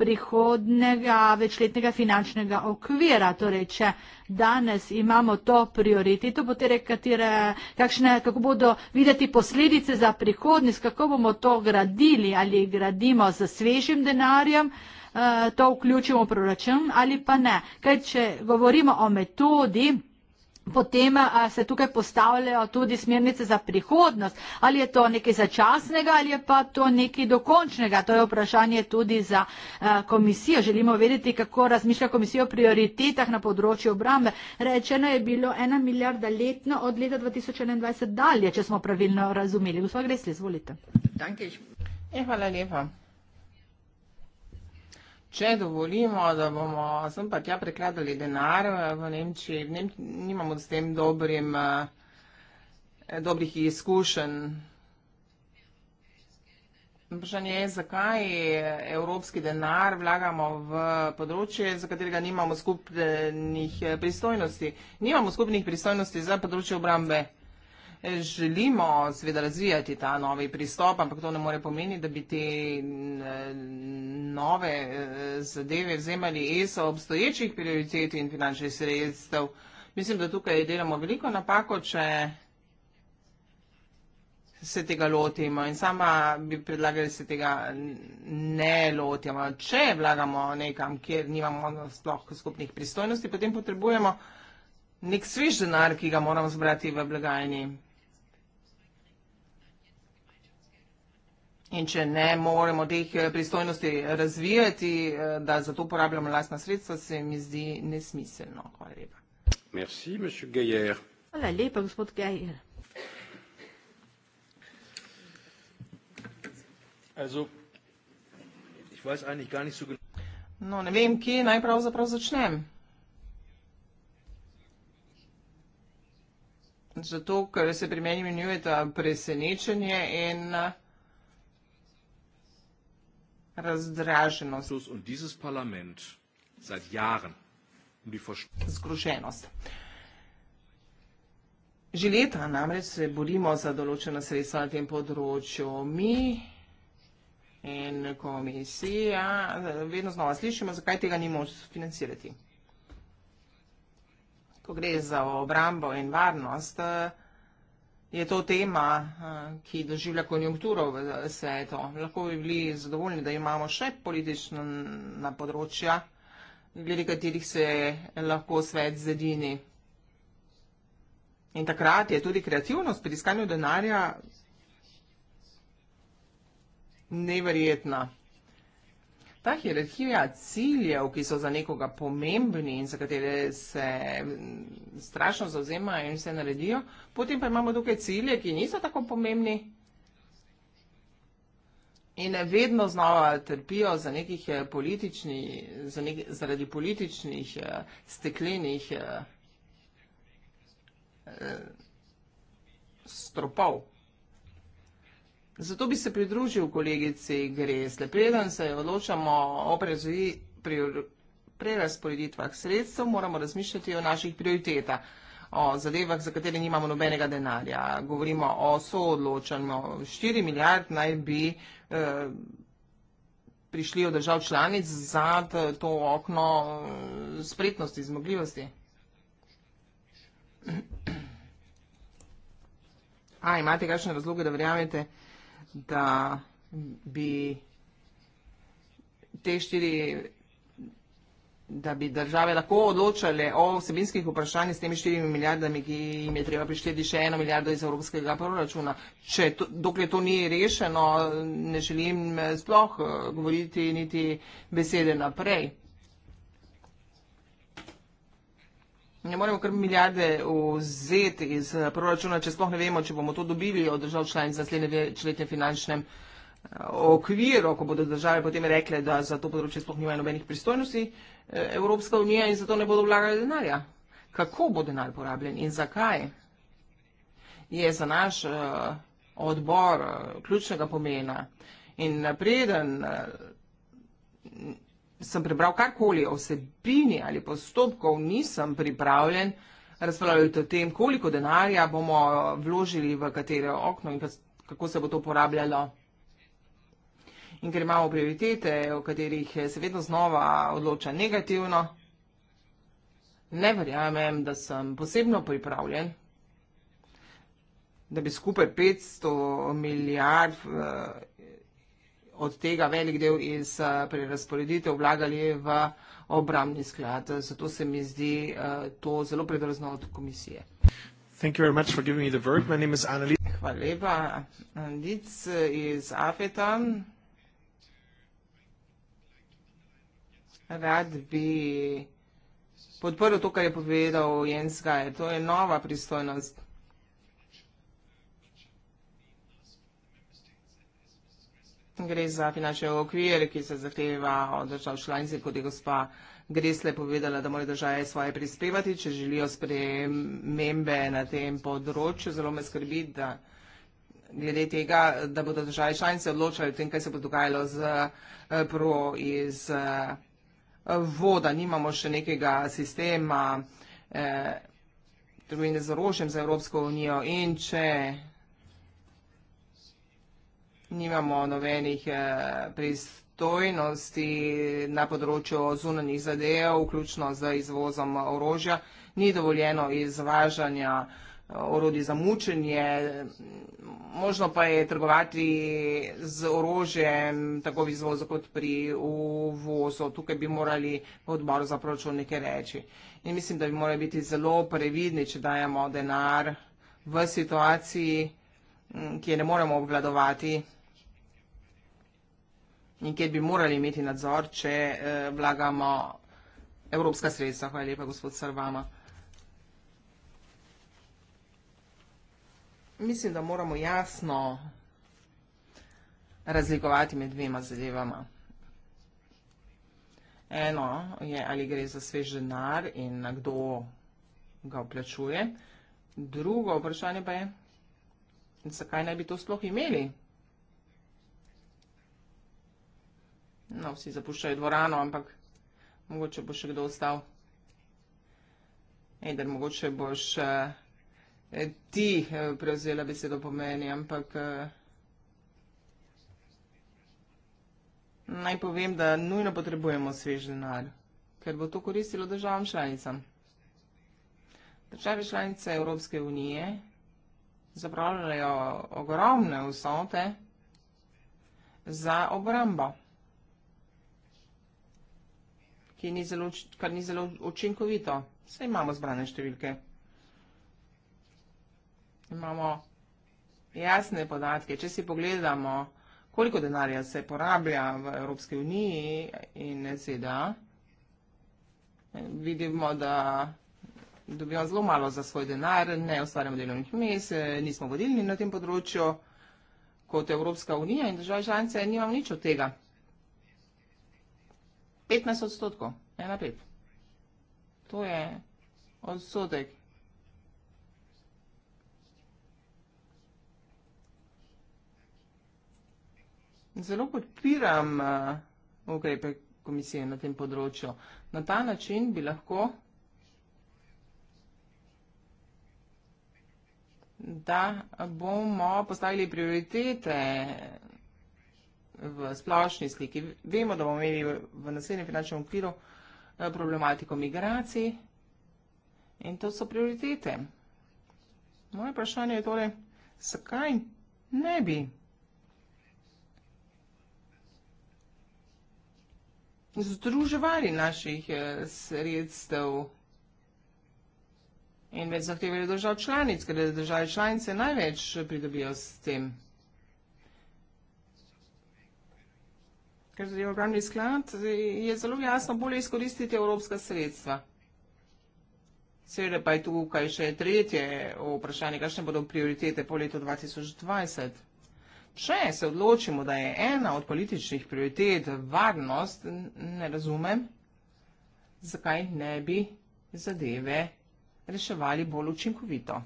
prihodnega večletnega finančnega okvira. Torej, če danes imamo to prioriteto, potere, katere, kakšne, kako bodo videti posledice za prihodnost, kako bomo to gradili ali gradimo z svežim denarjem, eh, to vključimo v proračun ali pa ne. Kaj, če govorimo o metodi, potem a, se tukaj postavljajo tudi smernice za prihodnost. Ali je to nekaj začasnega ali je pa to nekaj dokončnega? To je vprašanje tudi za a, komisijo. Želimo vedeti, kako razmišlja komisija o prioritetah na področju obrambe. Rečeno je bilo ena milijarda letno od leta 2021 dalje, če smo pravilno razumeli. Gospod Gresli, izvolite. Danke. E, hvala lepa. Če dovolimo, da bomo sem pa tja prekladali denar eh, v Nemčiji, v Nemčiji nimamo s tem dobrim, eh, dobrih izkušenj. Vprašanje je, zakaj evropski denar vlagamo v področje, za katerega nimamo skupnih eh, pristojnosti. Nimamo skupnih pristojnosti za področje obrambe želimo seveda razvijati ta novi pristop, ampak to ne more pomeniti, da bi te eh, nove eh, zadeve vzemali ESO obstoječih prioritet in finančnih sredstev. Mislim, da tukaj delamo veliko napako, če se tega lotimo in sama bi predlagali, da se tega ne lotimo. Če vlagamo nekam, kjer nimamo sploh skupnih pristojnosti, potem potrebujemo nek svež denar, ki ga moramo zbrati v blagajni. In če ne moremo teh eh, pristojnosti razvijati, eh, da za to uporabljamo lastna sredstva, se mi zdi nesmiselno. Hvala lepa. Merci, Hvala lepa, gospod Gejer. No, ne vem, kje naj pravzaprav začnem. Zato, ker se pri meni imenujeta presenečenje in uh, razdraženost. Und dieses parlament seit Jahren um die Zgroženost. Že leta namreč se borimo za določena sredstva na tem področju. Mi in komisija vedno znova slišimo, zakaj tega ni moč financirati. Ko gre za obrambo in varnost, je to tema, eh, ki doživlja konjunkturo v svetu. Lahko bi bili zadovoljni, da imamo še politična področja, glede katerih se lahko svet zedini. In takrat je tudi kreativnost pri iskanju denarja neverjetna ta hierarhija ciljev, ki so za nekoga pomembni in za katere se mm, strašno zauzemajo in vse naredijo, potem pa imamo tukaj cilje, ki niso tako pomembni in vedno znova trpijo za nekih eh, politični, za nek, zaradi političnih eh, steklenih eh, stropov. Zato bi se pridružil kolegici Gresle. Preden se odločamo o prerasporeditvah sredstev, moramo razmišljati o naših prioritetah, o zadevah, za katere nimamo nobenega denarja. Govorimo o soodločanju. 4 milijard naj bi eh, prišli od držav članic za to okno eh, spretnosti, zmogljivosti. A, imate kakšne razloge, da verjamete, da da bi te štiri, da bi države lahko odločale o vsebinskih vprašanjih s temi štirimi milijardami, ki jim je treba prišteti še eno milijardo iz evropskega proračuna. Če to, dokle to ni rešeno, ne želim sploh eh, govoriti niti besede naprej. Ne moremo kar milijarde vzeti iz eh, proračuna, če sploh ne vemo, če bomo to dobili od držav članic na slednje večletnem finančnem eh, okviru, ko bodo države potem rekle, da za to področje sploh nimajo nobenih pristojnosti eh, Evropska unija in zato ne bodo vlagali denarja. Kako bo denar porabljen in zakaj je za naš odbor ključnega pomena in napreden sem prebral karkoli o vsebini ali postopkov, nisem pripravljen razpravljati o tem, koliko denarja bomo vložili v katero okno in kako se bo to uporabljalo. In ker imamo prioritete, o katerih se vedno znova odloča negativno, ne verjamem, da sem posebno pripravljen, da bi skupaj 500 milijard eh, od tega velik del iz eh, prerasporeditev vlagali v obramni sklad. Zato se mi zdi eh, to zelo predrzno od komisije. Hvala lepa. Anlic iz Afeta. Rad bi podprl to, kar je povedal Jens Gajer. To je nova pristojnost. gre za finančni okvir, ki se zahteva od držav članic, kot je gospa Gresle povedala, da morajo države svoje prispevati, če želijo spremembe na tem področju. Zelo me skrbi, da glede tega, da bodo države članice odločali o tem, kaj se bo dogajalo z eh, pro iz eh, voda. Nimamo še nekega sistema eh, trgovine z orožjem za Evropsko unijo in če nimamo novenih eh, pristojnosti na področju zunanih zadev, vključno z izvozom orožja. Ni dovoljeno izvažanja eh, orodi za mučenje, možno pa je trgovati z orožjem tako v izvozu kot pri uvozu. Tukaj bi morali odbor za proračun nekaj reči. In mislim, da bi morali biti zelo previdni, če dajemo denar v situaciji, ki je ne moremo obvladovati in kjer bi morali imeti nadzor, če eh, vlagamo evropska sredstva. Hvala lepa, gospod Sarvama. Mislim, da moramo jasno razlikovati med dvema zadevama. Eno je, ali gre za svež denar in kdo ga vplačuje. Drugo vprašanje pa je, zakaj naj bi to sploh imeli? No, vsi zapuščajo dvorano, ampak mogoče bo še kdo ostal. Eder, mogoče boš eh, ti eh, prevzela besedo po meni, ampak eh, naj povem, da nujno potrebujemo svež denar, ker bo to koristilo državam članicam. Države članice Evropske unije zapravljajo ogromne vsote za obrambo ki ni zelo, kar ni zelo učinkovito. Vse imamo zbrane številke. Imamo jasne podatke. Če si pogledamo, koliko denarja se porablja v Evropske uniji in ZDA, vidimo, da dobijo zelo malo za svoj denar, ne ustvarjamo delovnih mest, nismo vodilni na tem področju, kot Evropska unija in država članica, nimam nič od tega. 15 odstotkov, ena pet. To je odstotek. Zelo podpiram uh, ukrepe komisije na tem področju. Na ta način bi lahko da bomo postavili prioritete v splošni sliki. Vemo, da bomo imeli v naslednjem finančnem okviru eh, problematiko migracij in to so prioritete. Moje vprašanje je torej, zakaj ne bi združevali naših eh, sredstev in več zahtevali držav članic, ker države članice največ pridobijo s tem. ker je obrambni sklad, je zelo jasno bolje izkoristiti evropska sredstva. Seveda pa je tukaj še tretje vprašanje, kakšne bodo prioritete po letu 2020. Če se odločimo, da je ena od političnih prioritet varnost, ne razumem, zakaj ne bi zadeve reševali bolj učinkovito.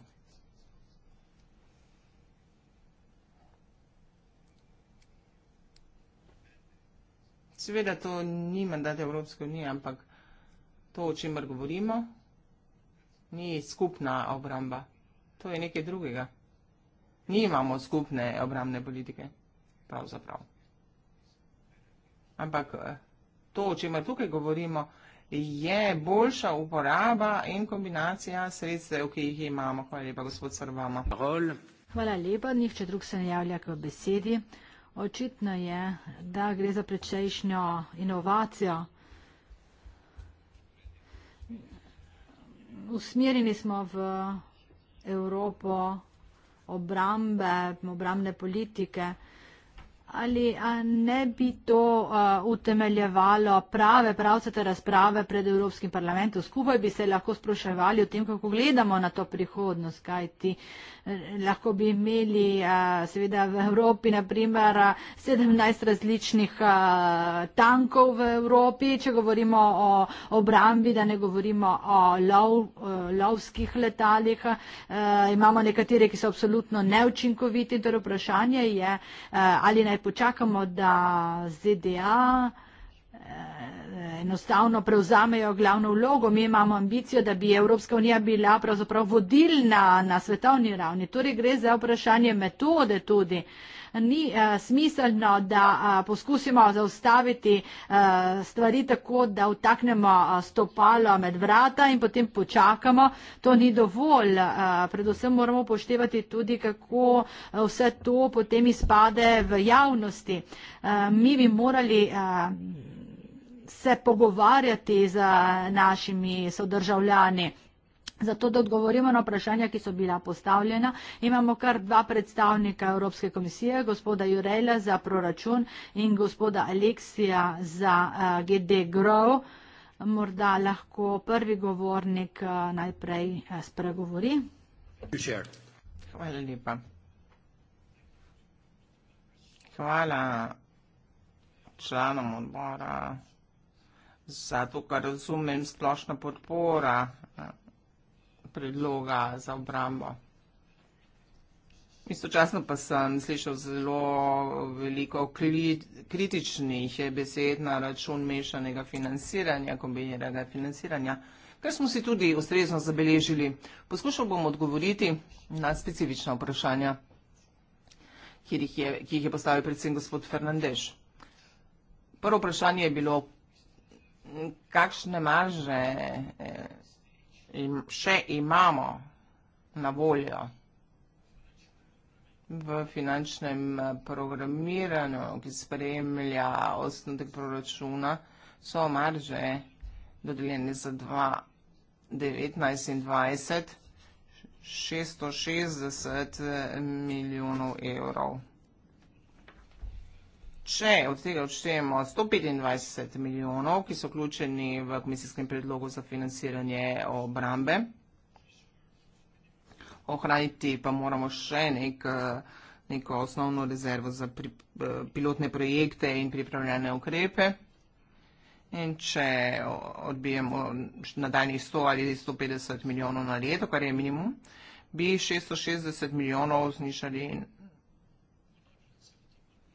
Seveda to ni mandat Evropske unije, ampak to, o čemer govorimo, ni skupna obramba. To je nekaj drugega. Ni imamo skupne obramne politike, pravzaprav. Ampak eh, to, o čemer tukaj govorimo, je boljša uporaba in kombinacija sredstev, ki jih imamo. Hvala lepa, gospod Srbama. Hvala lepa, nihče drug se ne javlja k besedi očitno je, da gre za prečejšnjo inovacijo. Usmerili smo v Evropo obrambe, obrambne politike. Ali ne bi to uh, utemeljevalo prave, pravcete razprave pred Evropskim parlamentom? Skupaj bi se lahko spraševali o tem, kako gledamo na to prihodnost, kajti uh, lahko bi imeli seveda v Evropi naprimer 17 različnih tankov v Evropi, če govorimo o obrambi, da ne govorimo o lov, e, lovskih letalih. Imamo nekatere, ki so absolutno neučinkoviti, torej vprašanje je, ali naj počakamo, da ZDA enostavno prevzamejo glavno vlogo. Mi imamo ambicijo, da bi Evropska unija bila pravzaprav vodilna na svetovni ravni. Torej gre za vprašanje metode tudi. Ni a, eh, smiselno, da a, eh, poskusimo zaustaviti a, eh, stvari tako, da vtaknemo stopalo med vrata in potem počakamo. To ni dovolj. A, predvsem moramo poštevati tudi, kako vse to potem izpade v javnosti. A, mi bi morali. A, se pogovarjati z našimi sodržavljani. Zato, da odgovorimo na vprašanja, ki so bila postavljena, imamo kar dva predstavnika Evropske komisije, gospoda Jurela za proračun in gospoda Aleksija za uh, eh, GD Grow. Morda lahko prvi govornik uh, najprej eh, spregovori. Hvala lepa. Hvala članom odbora zato, kar razumem, splošna podpora eh, predloga za obrambo. Istočasno pa sem slišal zelo veliko kritičnih besed na račun mešanega financiranja, kombiniranega financiranja, kar smo si tudi ustrezno zabeležili. Poskušal bom odgovoriti na specifična vprašanja, ki jih je, ki jih je postavil predvsem gospod Fernandež. Prvo vprašanje je bilo, kakšne marže eh, še imamo na voljo v finančnem eh, programiranju, ki spremlja osnotek proračuna, so marže dodeljene za 2019 in 2020 660 eh, milijonov evrov. Če od tega odštejemo 125 milijonov, ki so vključeni v komisijskem predlogu za financiranje obrambe, ohraniti pa moramo še nek, neko osnovno rezervo za pri, pilotne projekte in pripravljene ukrepe. In če odbijemo nadaljnjih 100 ali 150 milijonov na leto, kar je minimum, bi 660 milijonov znišali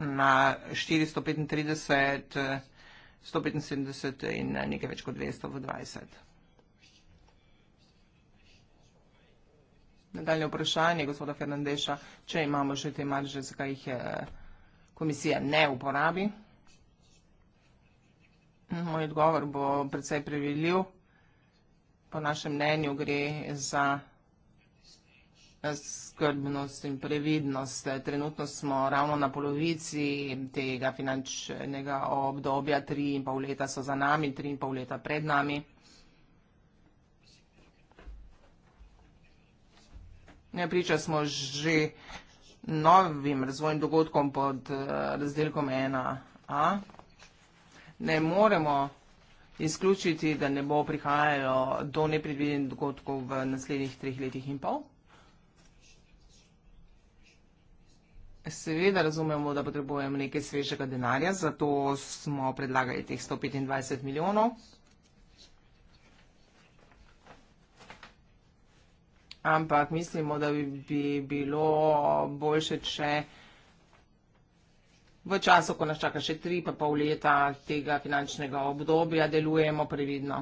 na 435, 175 in nekaj več kot 200 v 20. Nadaljne vprašanje gospoda Fernandeša, če imamo že te marže, zakaj jih eh, komisija ne uporabi. Moj odgovor bo predvsej preveljiv. Po našem mnenju gre za skrbnost in previdnost. Trenutno smo ravno na polovici tega finančnega obdobja, tri in pol leta so za nami, tri in pol leta pred nami. Ja, priča smo že novim razvojnim dogodkom pod eh, razdelkom 1a. Ne moremo izključiti, da ne bo prihajalo do neprevidenih dogodkov v naslednjih treh letih in pol. Seveda razumemo, da potrebujem nekaj svežega denarja, zato smo predlagali teh 125 milijonov. Ampak mislimo, da bi, bi bilo boljše, če v času, ko nas čaka še tri pa pol leta tega finančnega obdobja, delujemo previdno.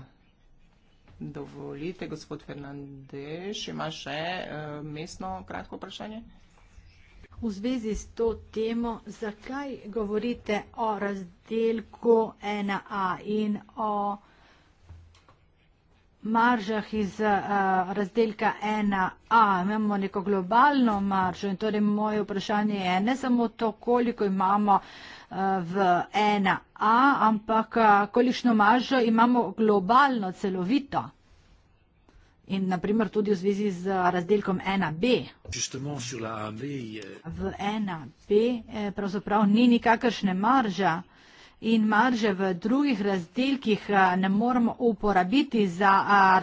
Dovolite, gospod Fernandez, ima še uh, mestno kratko vprašanje? V zvezi s to temo, zakaj govorite o razdelku 1A in o maržah iz uh, razdelka 1A? Imamo neko globalno maržo in torej moje vprašanje je ne samo to, koliko imamo uh, v 1A, ampak uh, eh, kolišno maržo imamo globalno celovito in naprimer tudi v zvezi z razdelkom 1b. V 1b eh, pravzaprav ni nikakršne marža in marže v drugih razdelkih ne moremo uporabiti za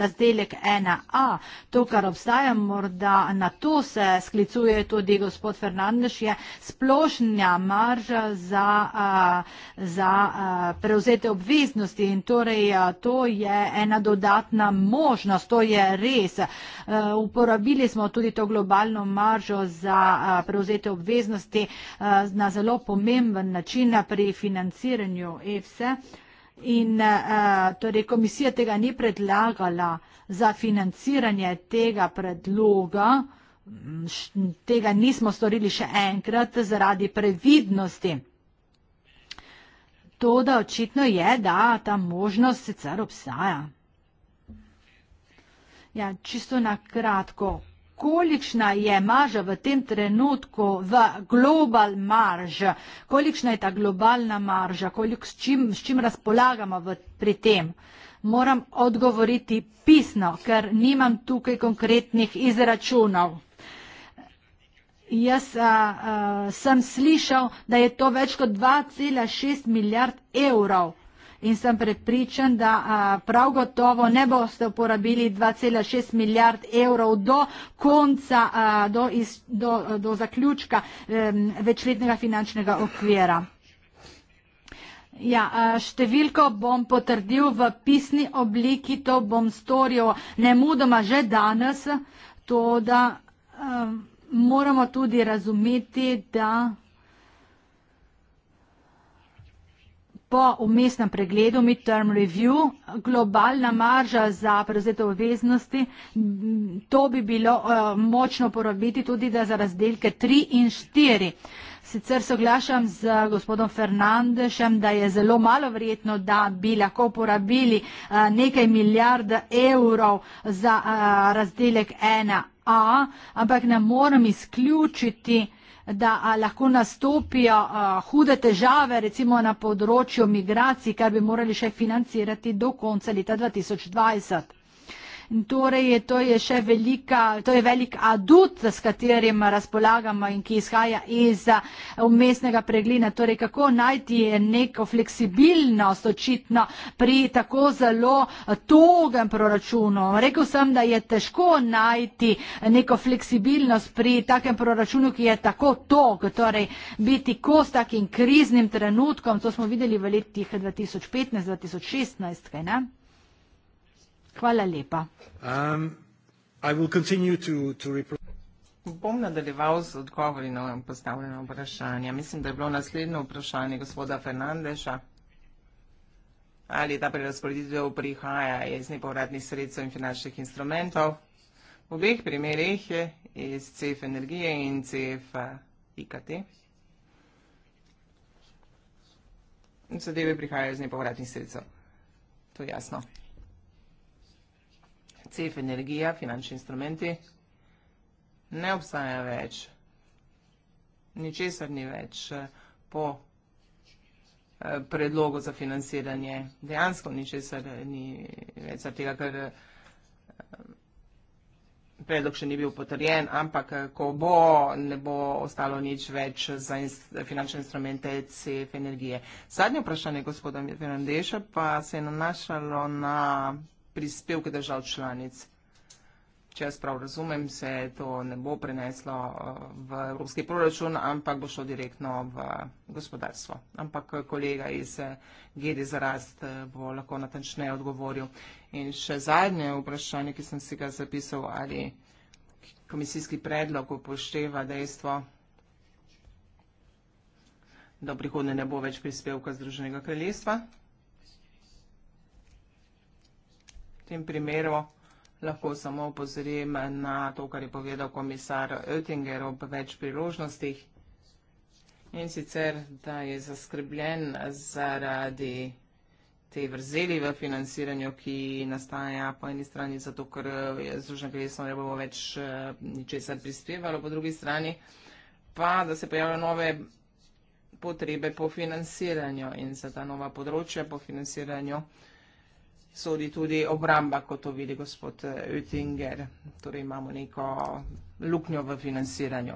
razdelek 1a. To, kar obstaja, morda na to se sklicuje tudi gospod Fernandes, je splošnja marža za, za preuzete obveznosti in torej to je ena dodatna možnost, to je res. Uporabili smo tudi to globalno maržo za preuzete obveznosti na zelo pomemben način pri financiranju financiranju EFSE in uh, torej komisija tega ni predlagala za financiranje tega predloga, tega nismo storili še enkrat zaradi previdnosti. To, da očitno je, da ta možnost sicer obstaja. Ja, čisto na kratko, kolikšna je marža v tem trenutku v global marž, kolikšna je ta globalna marža, s čim, s čim razpolagamo v, pri tem. Moram odgovoriti pisno, ker nimam tukaj konkretnih izračunov. Jaz a, a, sem slišal, da je to več kot 2,6 milijard evrov in sem prepričan, da prav gotovo ne boste uporabili 2,6 milijard evrov do konca, do, iz, do, do zaključka večletnega finančnega okvira. Ja, številko bom potrdil v pisni obliki, to bom storil nemudoma že danes, to da um, moramo tudi razumeti, da po umestnem pregledu midterm review, globalna marža za prevzete obveznosti, to bi bilo eh, močno porabiti tudi za razdelke 3 in 4. Sicer soglašam z gospodom Fernandešem, da je zelo malo verjetno, da bi lahko porabili eh, nekaj milijard evrov za eh, razdelek 1a, ampak ne morem izključiti, da lahko nastopijo hude težave, recimo na področju migracij, kar bi morali še financirati do konca leta 2020. Torej je to je še velika, to je velik adut, s katerim razpolagamo in ki izhaja iz umestnega preglina. Torej kako najti neko fleksibilnost očitno pri tako zelo togem proračunu. Rekl sem, da je težko najti neko fleksibilnost pri takem proračunu, ki je tako tog. Torej biti ko s takim kriznim trenutkom, to smo videli v letih 2015-2016. Hvala lepa. Um, Bom nadaljeval z odgovori na postavljeno vprašanje. Mislim, da je bilo naslednje vprašanje gospoda Fernandeša. Ali ta prerasporeditev prihaja iz nepovratnih sredstev in finančnih instrumentov? V obeh primerih je iz CF energije in CF IKT. Zadeve prihajajo iz nepovratnih sredstev. To je jasno cef energija, finančni instrumenti, ne obstaja več. Ničesar ni več eh, po eh, predlogu za financiranje. Dejansko ničesar ni več zaradi tega, ker eh, predlog še ni bil potrjen, ampak ko bo, ne bo ostalo nič več za finančne instrumente CF energije. Zadnje vprašanje gospoda Fernandeša pa se je nanašalo na prispevke držav članic. Če jaz prav razumem, se to ne bo preneslo eh, v evropski proračun, ampak bo šlo direktno v gospodarstvo. Ampak eh, kolega iz eh, GD za rast bo lahko natančneje odgovoril. In še zadnje vprašanje, ki sem si ga zapisal, ali komisijski predlog upošteva dejstvo, da v prihodnje ne bo več prispevka Združenega kraljestva. V tem primeru lahko samo opozorim na to, kar je povedal komisar Oettinger ob več priložnostih in sicer, da je zaskrbljen zaradi te vrzeli v financiranju, ki nastaja po eni strani zato, ker Združeno kraljestvo ne bo več eh, ničesar prispevalo, po drugi strani pa, da se pojavljajo nove potrebe po financiranju in za ta nova področja po financiranju sodi tudi obramba, kot to vidi gospod eh, Oettinger. Torej imamo neko luknjo v financiranju.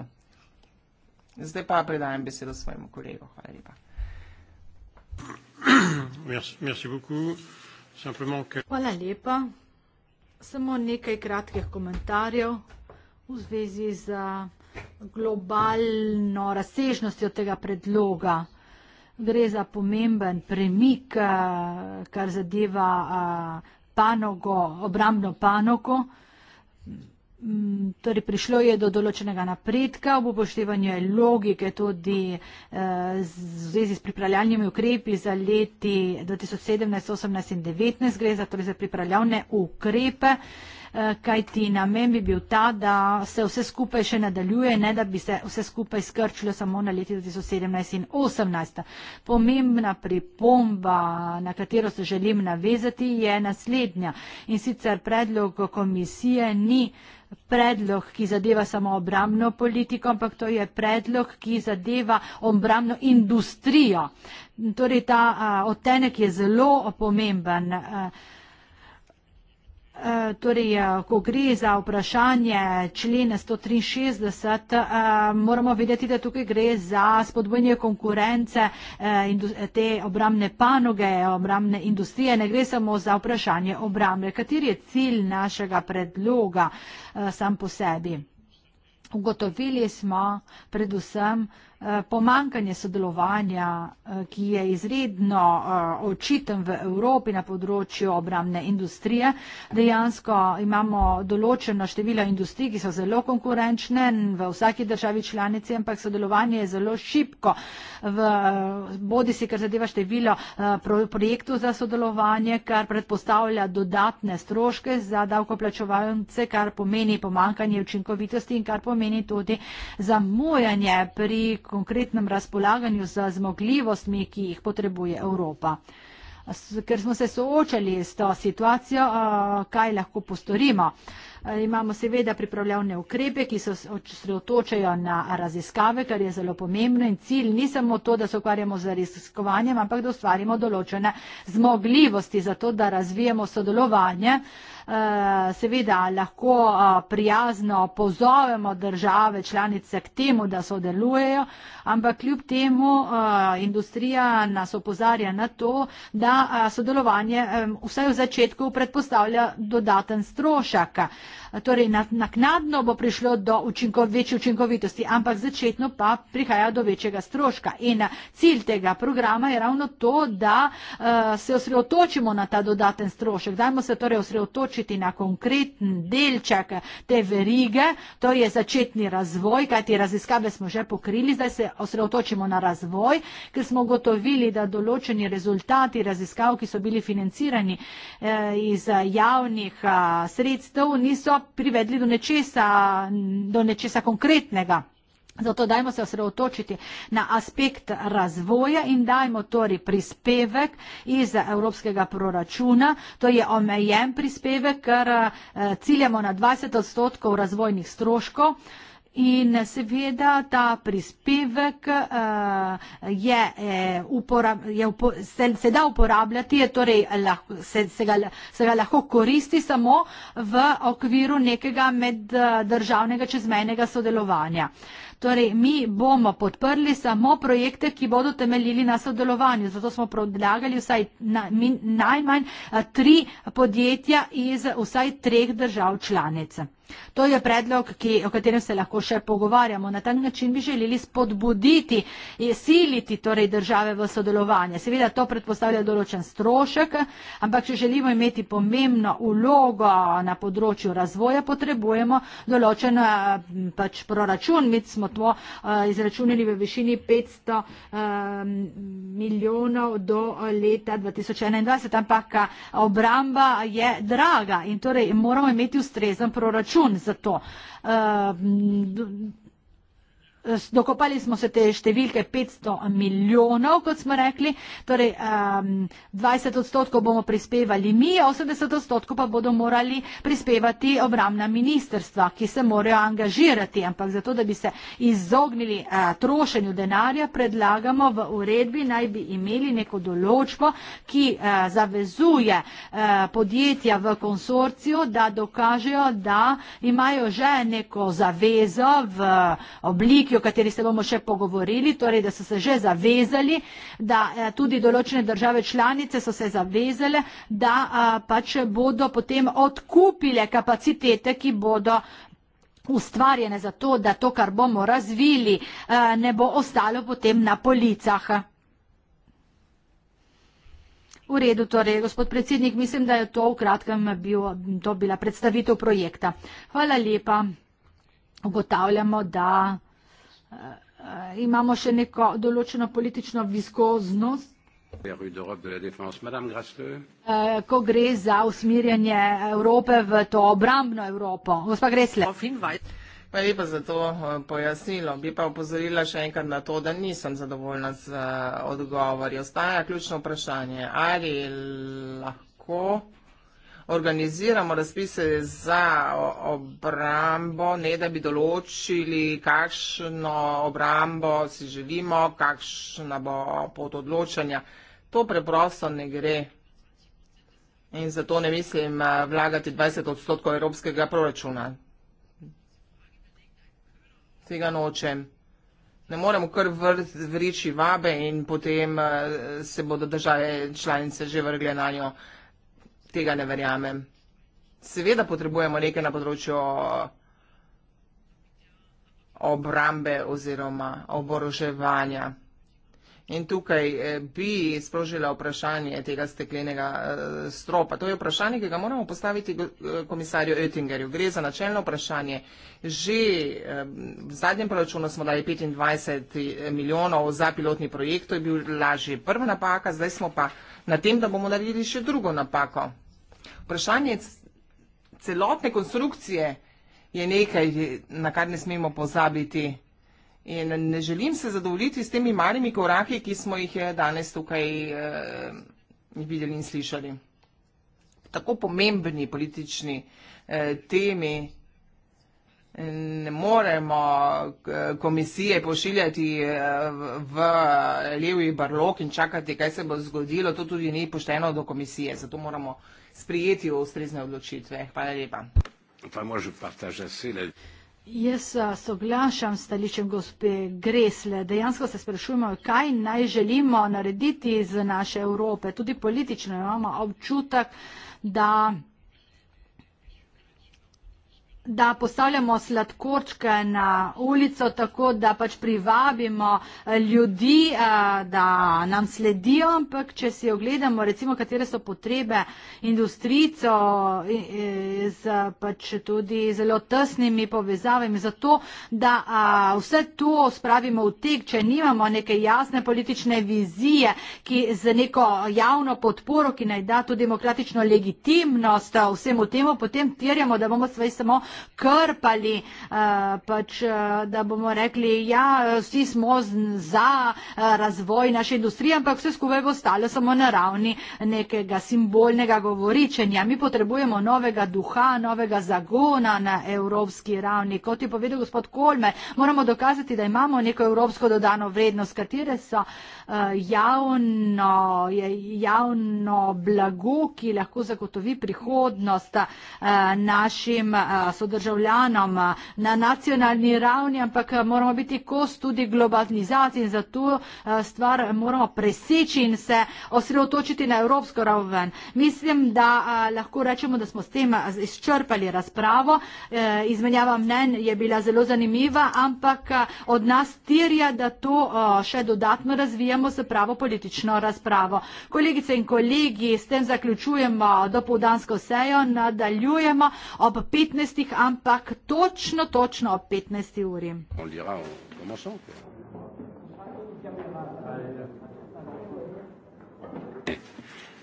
Zdaj pa predajam besedo svojemu kolegu. Hvala lepa. Hvala lepa. Samo nekaj kratkih komentarjev v zvezi z globalno razsežnostjo tega predloga gre za pomemben premik, eh, kar zadeva eh, panogo, obrambno panogo. Mm, torej prišlo je do določenega napredka v upoštevanju logike tudi eh, v zvezi s pripravljalnimi ukrepi za leti 2017, 2018 in 2019. Gre za, torej, za pripravljalne ukrepe. Eh, kajti namen bi bil ta, da se vse skupaj še nadaljuje, ne da bi se vse skupaj skrčilo samo na leti 2017 in 2018. Pomembna pripomba, na katero se želim navezati, je naslednja in sicer predlog komisije ni predlog, ki zadeva samo obramno politiko, ampak to je predlog, ki zadeva obramno industrijo. Torej ta a, eh, odtenek je zelo pomemben. A, eh, Eh, torej, eh, ko gre za vprašanje člene 163, eh, moramo vedeti, da tukaj gre za spodbojanje konkurence te obramne panoge, obramne industrije, ne gre samo za vprašanje obramne. Kateri je cilj našega predloga sam po sebi? Ugotovili smo predvsem, da Eh, pomankanje sodelovanja, eh, ki je izredno eh, očiten v Evropi na področju obramne industrije. Dejansko imamo določeno število industrij, ki so zelo konkurenčne v vsaki državi članici, ampak sodelovanje je zelo šipko, v, bodi si, kar zadeva število projektov za sodelovanje, kar predpostavlja dodatne stroške za davkoplačevalce, kar pomeni pomankanje učinkovitosti in kar pomeni tudi zamujanje pri konkretnem razpolaganju z zmogljivostmi, ki jih potrebuje Evropa. Ker smo se soočali s to situacijo, kaj lahko postorimo. Imamo seveda pripravljavne ukrepe, ki se osredotočajo na raziskave, kar je zelo pomembno in cilj ni samo to, da se ukvarjamo z raziskovanjem, ampak da ustvarimo določene zmogljivosti za to, da razvijemo sodelovanje Eh, seveda lahko eh, prijazno pozovemo države članice k temu, da sodelujejo, ampak kljub temu eh, industrija nas opozarja na to, da sodelovanje vsaj v začetku predpostavlja dodaten strošek torej naknadno bo prišlo do učinko, večje učinkovitosti, ampak začetno pa prihaja do večjega stroška. In eh, cilj tega programa je ravno to, da eh, se osredotočimo na ta dodaten strošek. Dajmo se torej osredotočiti na konkreten delček te verige, to je začetni razvoj, kajti raziskave smo že pokrili, zdaj se osredotočimo na razvoj, ker smo gotovili, da določeni rezultati raziskav, ki so bili financirani eh, iz javnih sredstev, niso privedli do nečesa, do nečesa konkretnega. Zato dajmo se osredotočiti na aspekt razvoja in dajmo torej prispevek iz evropskega proračuna. To je omejen prispevek, ker eh, ciljamo na 20 odstotkov razvojnih stroškov. In seveda ta prispevek uh, je, je, eh, uporab, je upo, se, se da uporabljati, je torej lahko, se, se, ga, se ga lahko koristi samo v okviru nekega meddržavnega čezmejnega sodelovanja. Torej, mi bomo podprli samo projekte, ki bodo temeljili na sodelovanju. Zato smo predlagali vsaj na, mi, najmanj eh, tri podjetja iz vsaj treh držav članic. To je predlog, ki, o katerem se lahko še pogovarjamo. Na tak način bi želeli spodbuditi, siliti torej države v sodelovanje. Seveda to predpostavlja določen strošek, ampak če želimo imeti pomembno ulogo na področju razvoja, potrebujemo določen eh, pač proračun. Mi smo to eh, izračunili v višini 500 eh, milijonov do leta 2021, ampak obramba je draga in torej moramo imeti ustrezen proračun račun za to. Uh, dokopali smo se te številke 500 milijonov, kot smo rekli, torej 20 odstotkov bomo prispevali mi, 80 odstotkov pa bodo morali prispevati obramna ministerstva, ki se morajo angažirati, ampak zato, da bi se izognili trošenju denarja, predlagamo v uredbi naj bi imeli neko določbo, ki zavezuje podjetja v konsorciju, da dokažejo, da imajo že neko zavezo v obliki o kateri se bomo še pogovorili, torej da so se že zavezali, da eh, tudi določene države članice so se zavezale, da eh, pač bodo potem odkupile kapacitete, ki bodo ustvarjene za to, da to, kar bomo razvili, eh, ne bo ostalo potem na policah. V redu, torej, gospod predsednik, mislim, da je to v kratkem bil, to bila predstavitev projekta. Hvala lepa. Ugotavljamo, da... Eh, imamo še neko določeno politično viskoznost. Eh, ko gre za usmirjanje Evrope v to obrambno Evropo. Gospa Gresle. Hvala lepa za to eh, pojasnilo. Bi pa upozorila še enkrat na to, da nisem zadovoljna z odgovorjo. Ostaja ključno vprašanje, ali lahko organiziramo razpise za obrambo, ne da bi določili, kakšno obrambo si želimo, kakšna bo pot odločanja. To preprosto ne gre. In zato ne mislim eh, vlagati 20 odstotkov evropskega proračuna. Tega nočem. Ne moremo kar vriči vabe in potem eh, se bodo države članice že vrgle na njo tega ne verjamem. Seveda potrebujemo nekaj na področju obrambe oziroma oboroževanja. In tukaj eh, bi sprožila vprašanje tega steklenega eh, stropa. To je vprašanje, ki ga moramo postaviti eh, komisarju Oettingerju. Gre za načelno vprašanje. Že v zadnjem proračunu smo dali 25 milijonov za pilotni projekt, to je bila že prva napaka, zdaj smo pa na tem, da bomo naredili še drugo napako. Vprašanje celotne konstrukcije je nekaj, na kar ne smemo pozabiti. In ne želim se zadovoljiti s temi malimi koraki, ki smo jih eh, danes tukaj eh, videli in slišali. Tako pomembni politični eh, temi eh, ne moremo eh, komisije pošiljati v levi barlok in čakati, kaj se bo zgodilo. To tudi ni pošteno do komisije, zato moramo sprijeti ustrezne odločitve. Hvala lepa. Pa može pa ta že sile. Jaz soglašam s stališčem gospe Gresle. Dejansko se sprašujemo, kaj naj želimo narediti z naše Evrope. Tudi politično imamo občutek, da da postavljamo sladkorčke na ulico, tako da pač privabimo eh, ljudi, eh, da nam sledijo, ampak če si ogledamo recimo, katere so potrebe industrijco eh, z pač tudi zelo tesnimi povezavami, zato da vse to spravimo v tek, če nimamo neke jasne politične vizije, ki z neko javno podporo, ki naj da to demokratično legitimnost vsemu temu, potem tjerjamo, da bomo svej samo krpali, eh, pač, eh, da bomo rekli, ja, vsi smo za eh, razvoj naše industrije, ampak vse skupaj bo stalo samo na ravni nekega simbolnega govoričenja. Mi potrebujemo novega duha, novega zagona na evropski ravni. Kot je povedal gospod Kolme, moramo dokazati, da imamo neko evropsko dodano vrednost, katere so javno, javno blago, ki lahko zagotovi prihodnost našim sodržavljanom eh, na nacionalni ravni, ampak eh, moramo biti kos tudi globalizaciji in zato eh, stvar moramo preseči in se osredotočiti na evropsko raven. Mislim, da lahko rečemo, da smo s tem izčrpali razpravo. Izmenjava mnen je bila zelo zanimiva, ampak od nas tirja, da to še dodatno razvijamo s pravo politično razpravo. Kolegice in kolegi, s tem zaključujemo dopoldansko sejo, nadaljujemo ob 15 časih, ampak točno, točno ob 15. uri.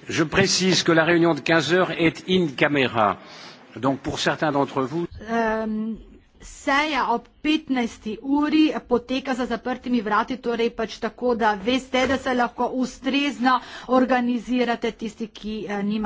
Je précise que la réunion de 15 heures est in camera. Donc pour certains d'entre vous. Um, Seja ob 15. uri poteka za zaprtimi vrati, torej pač tako, da veste, da se lahko ustrezno organizirate tisti, ki eh, nima.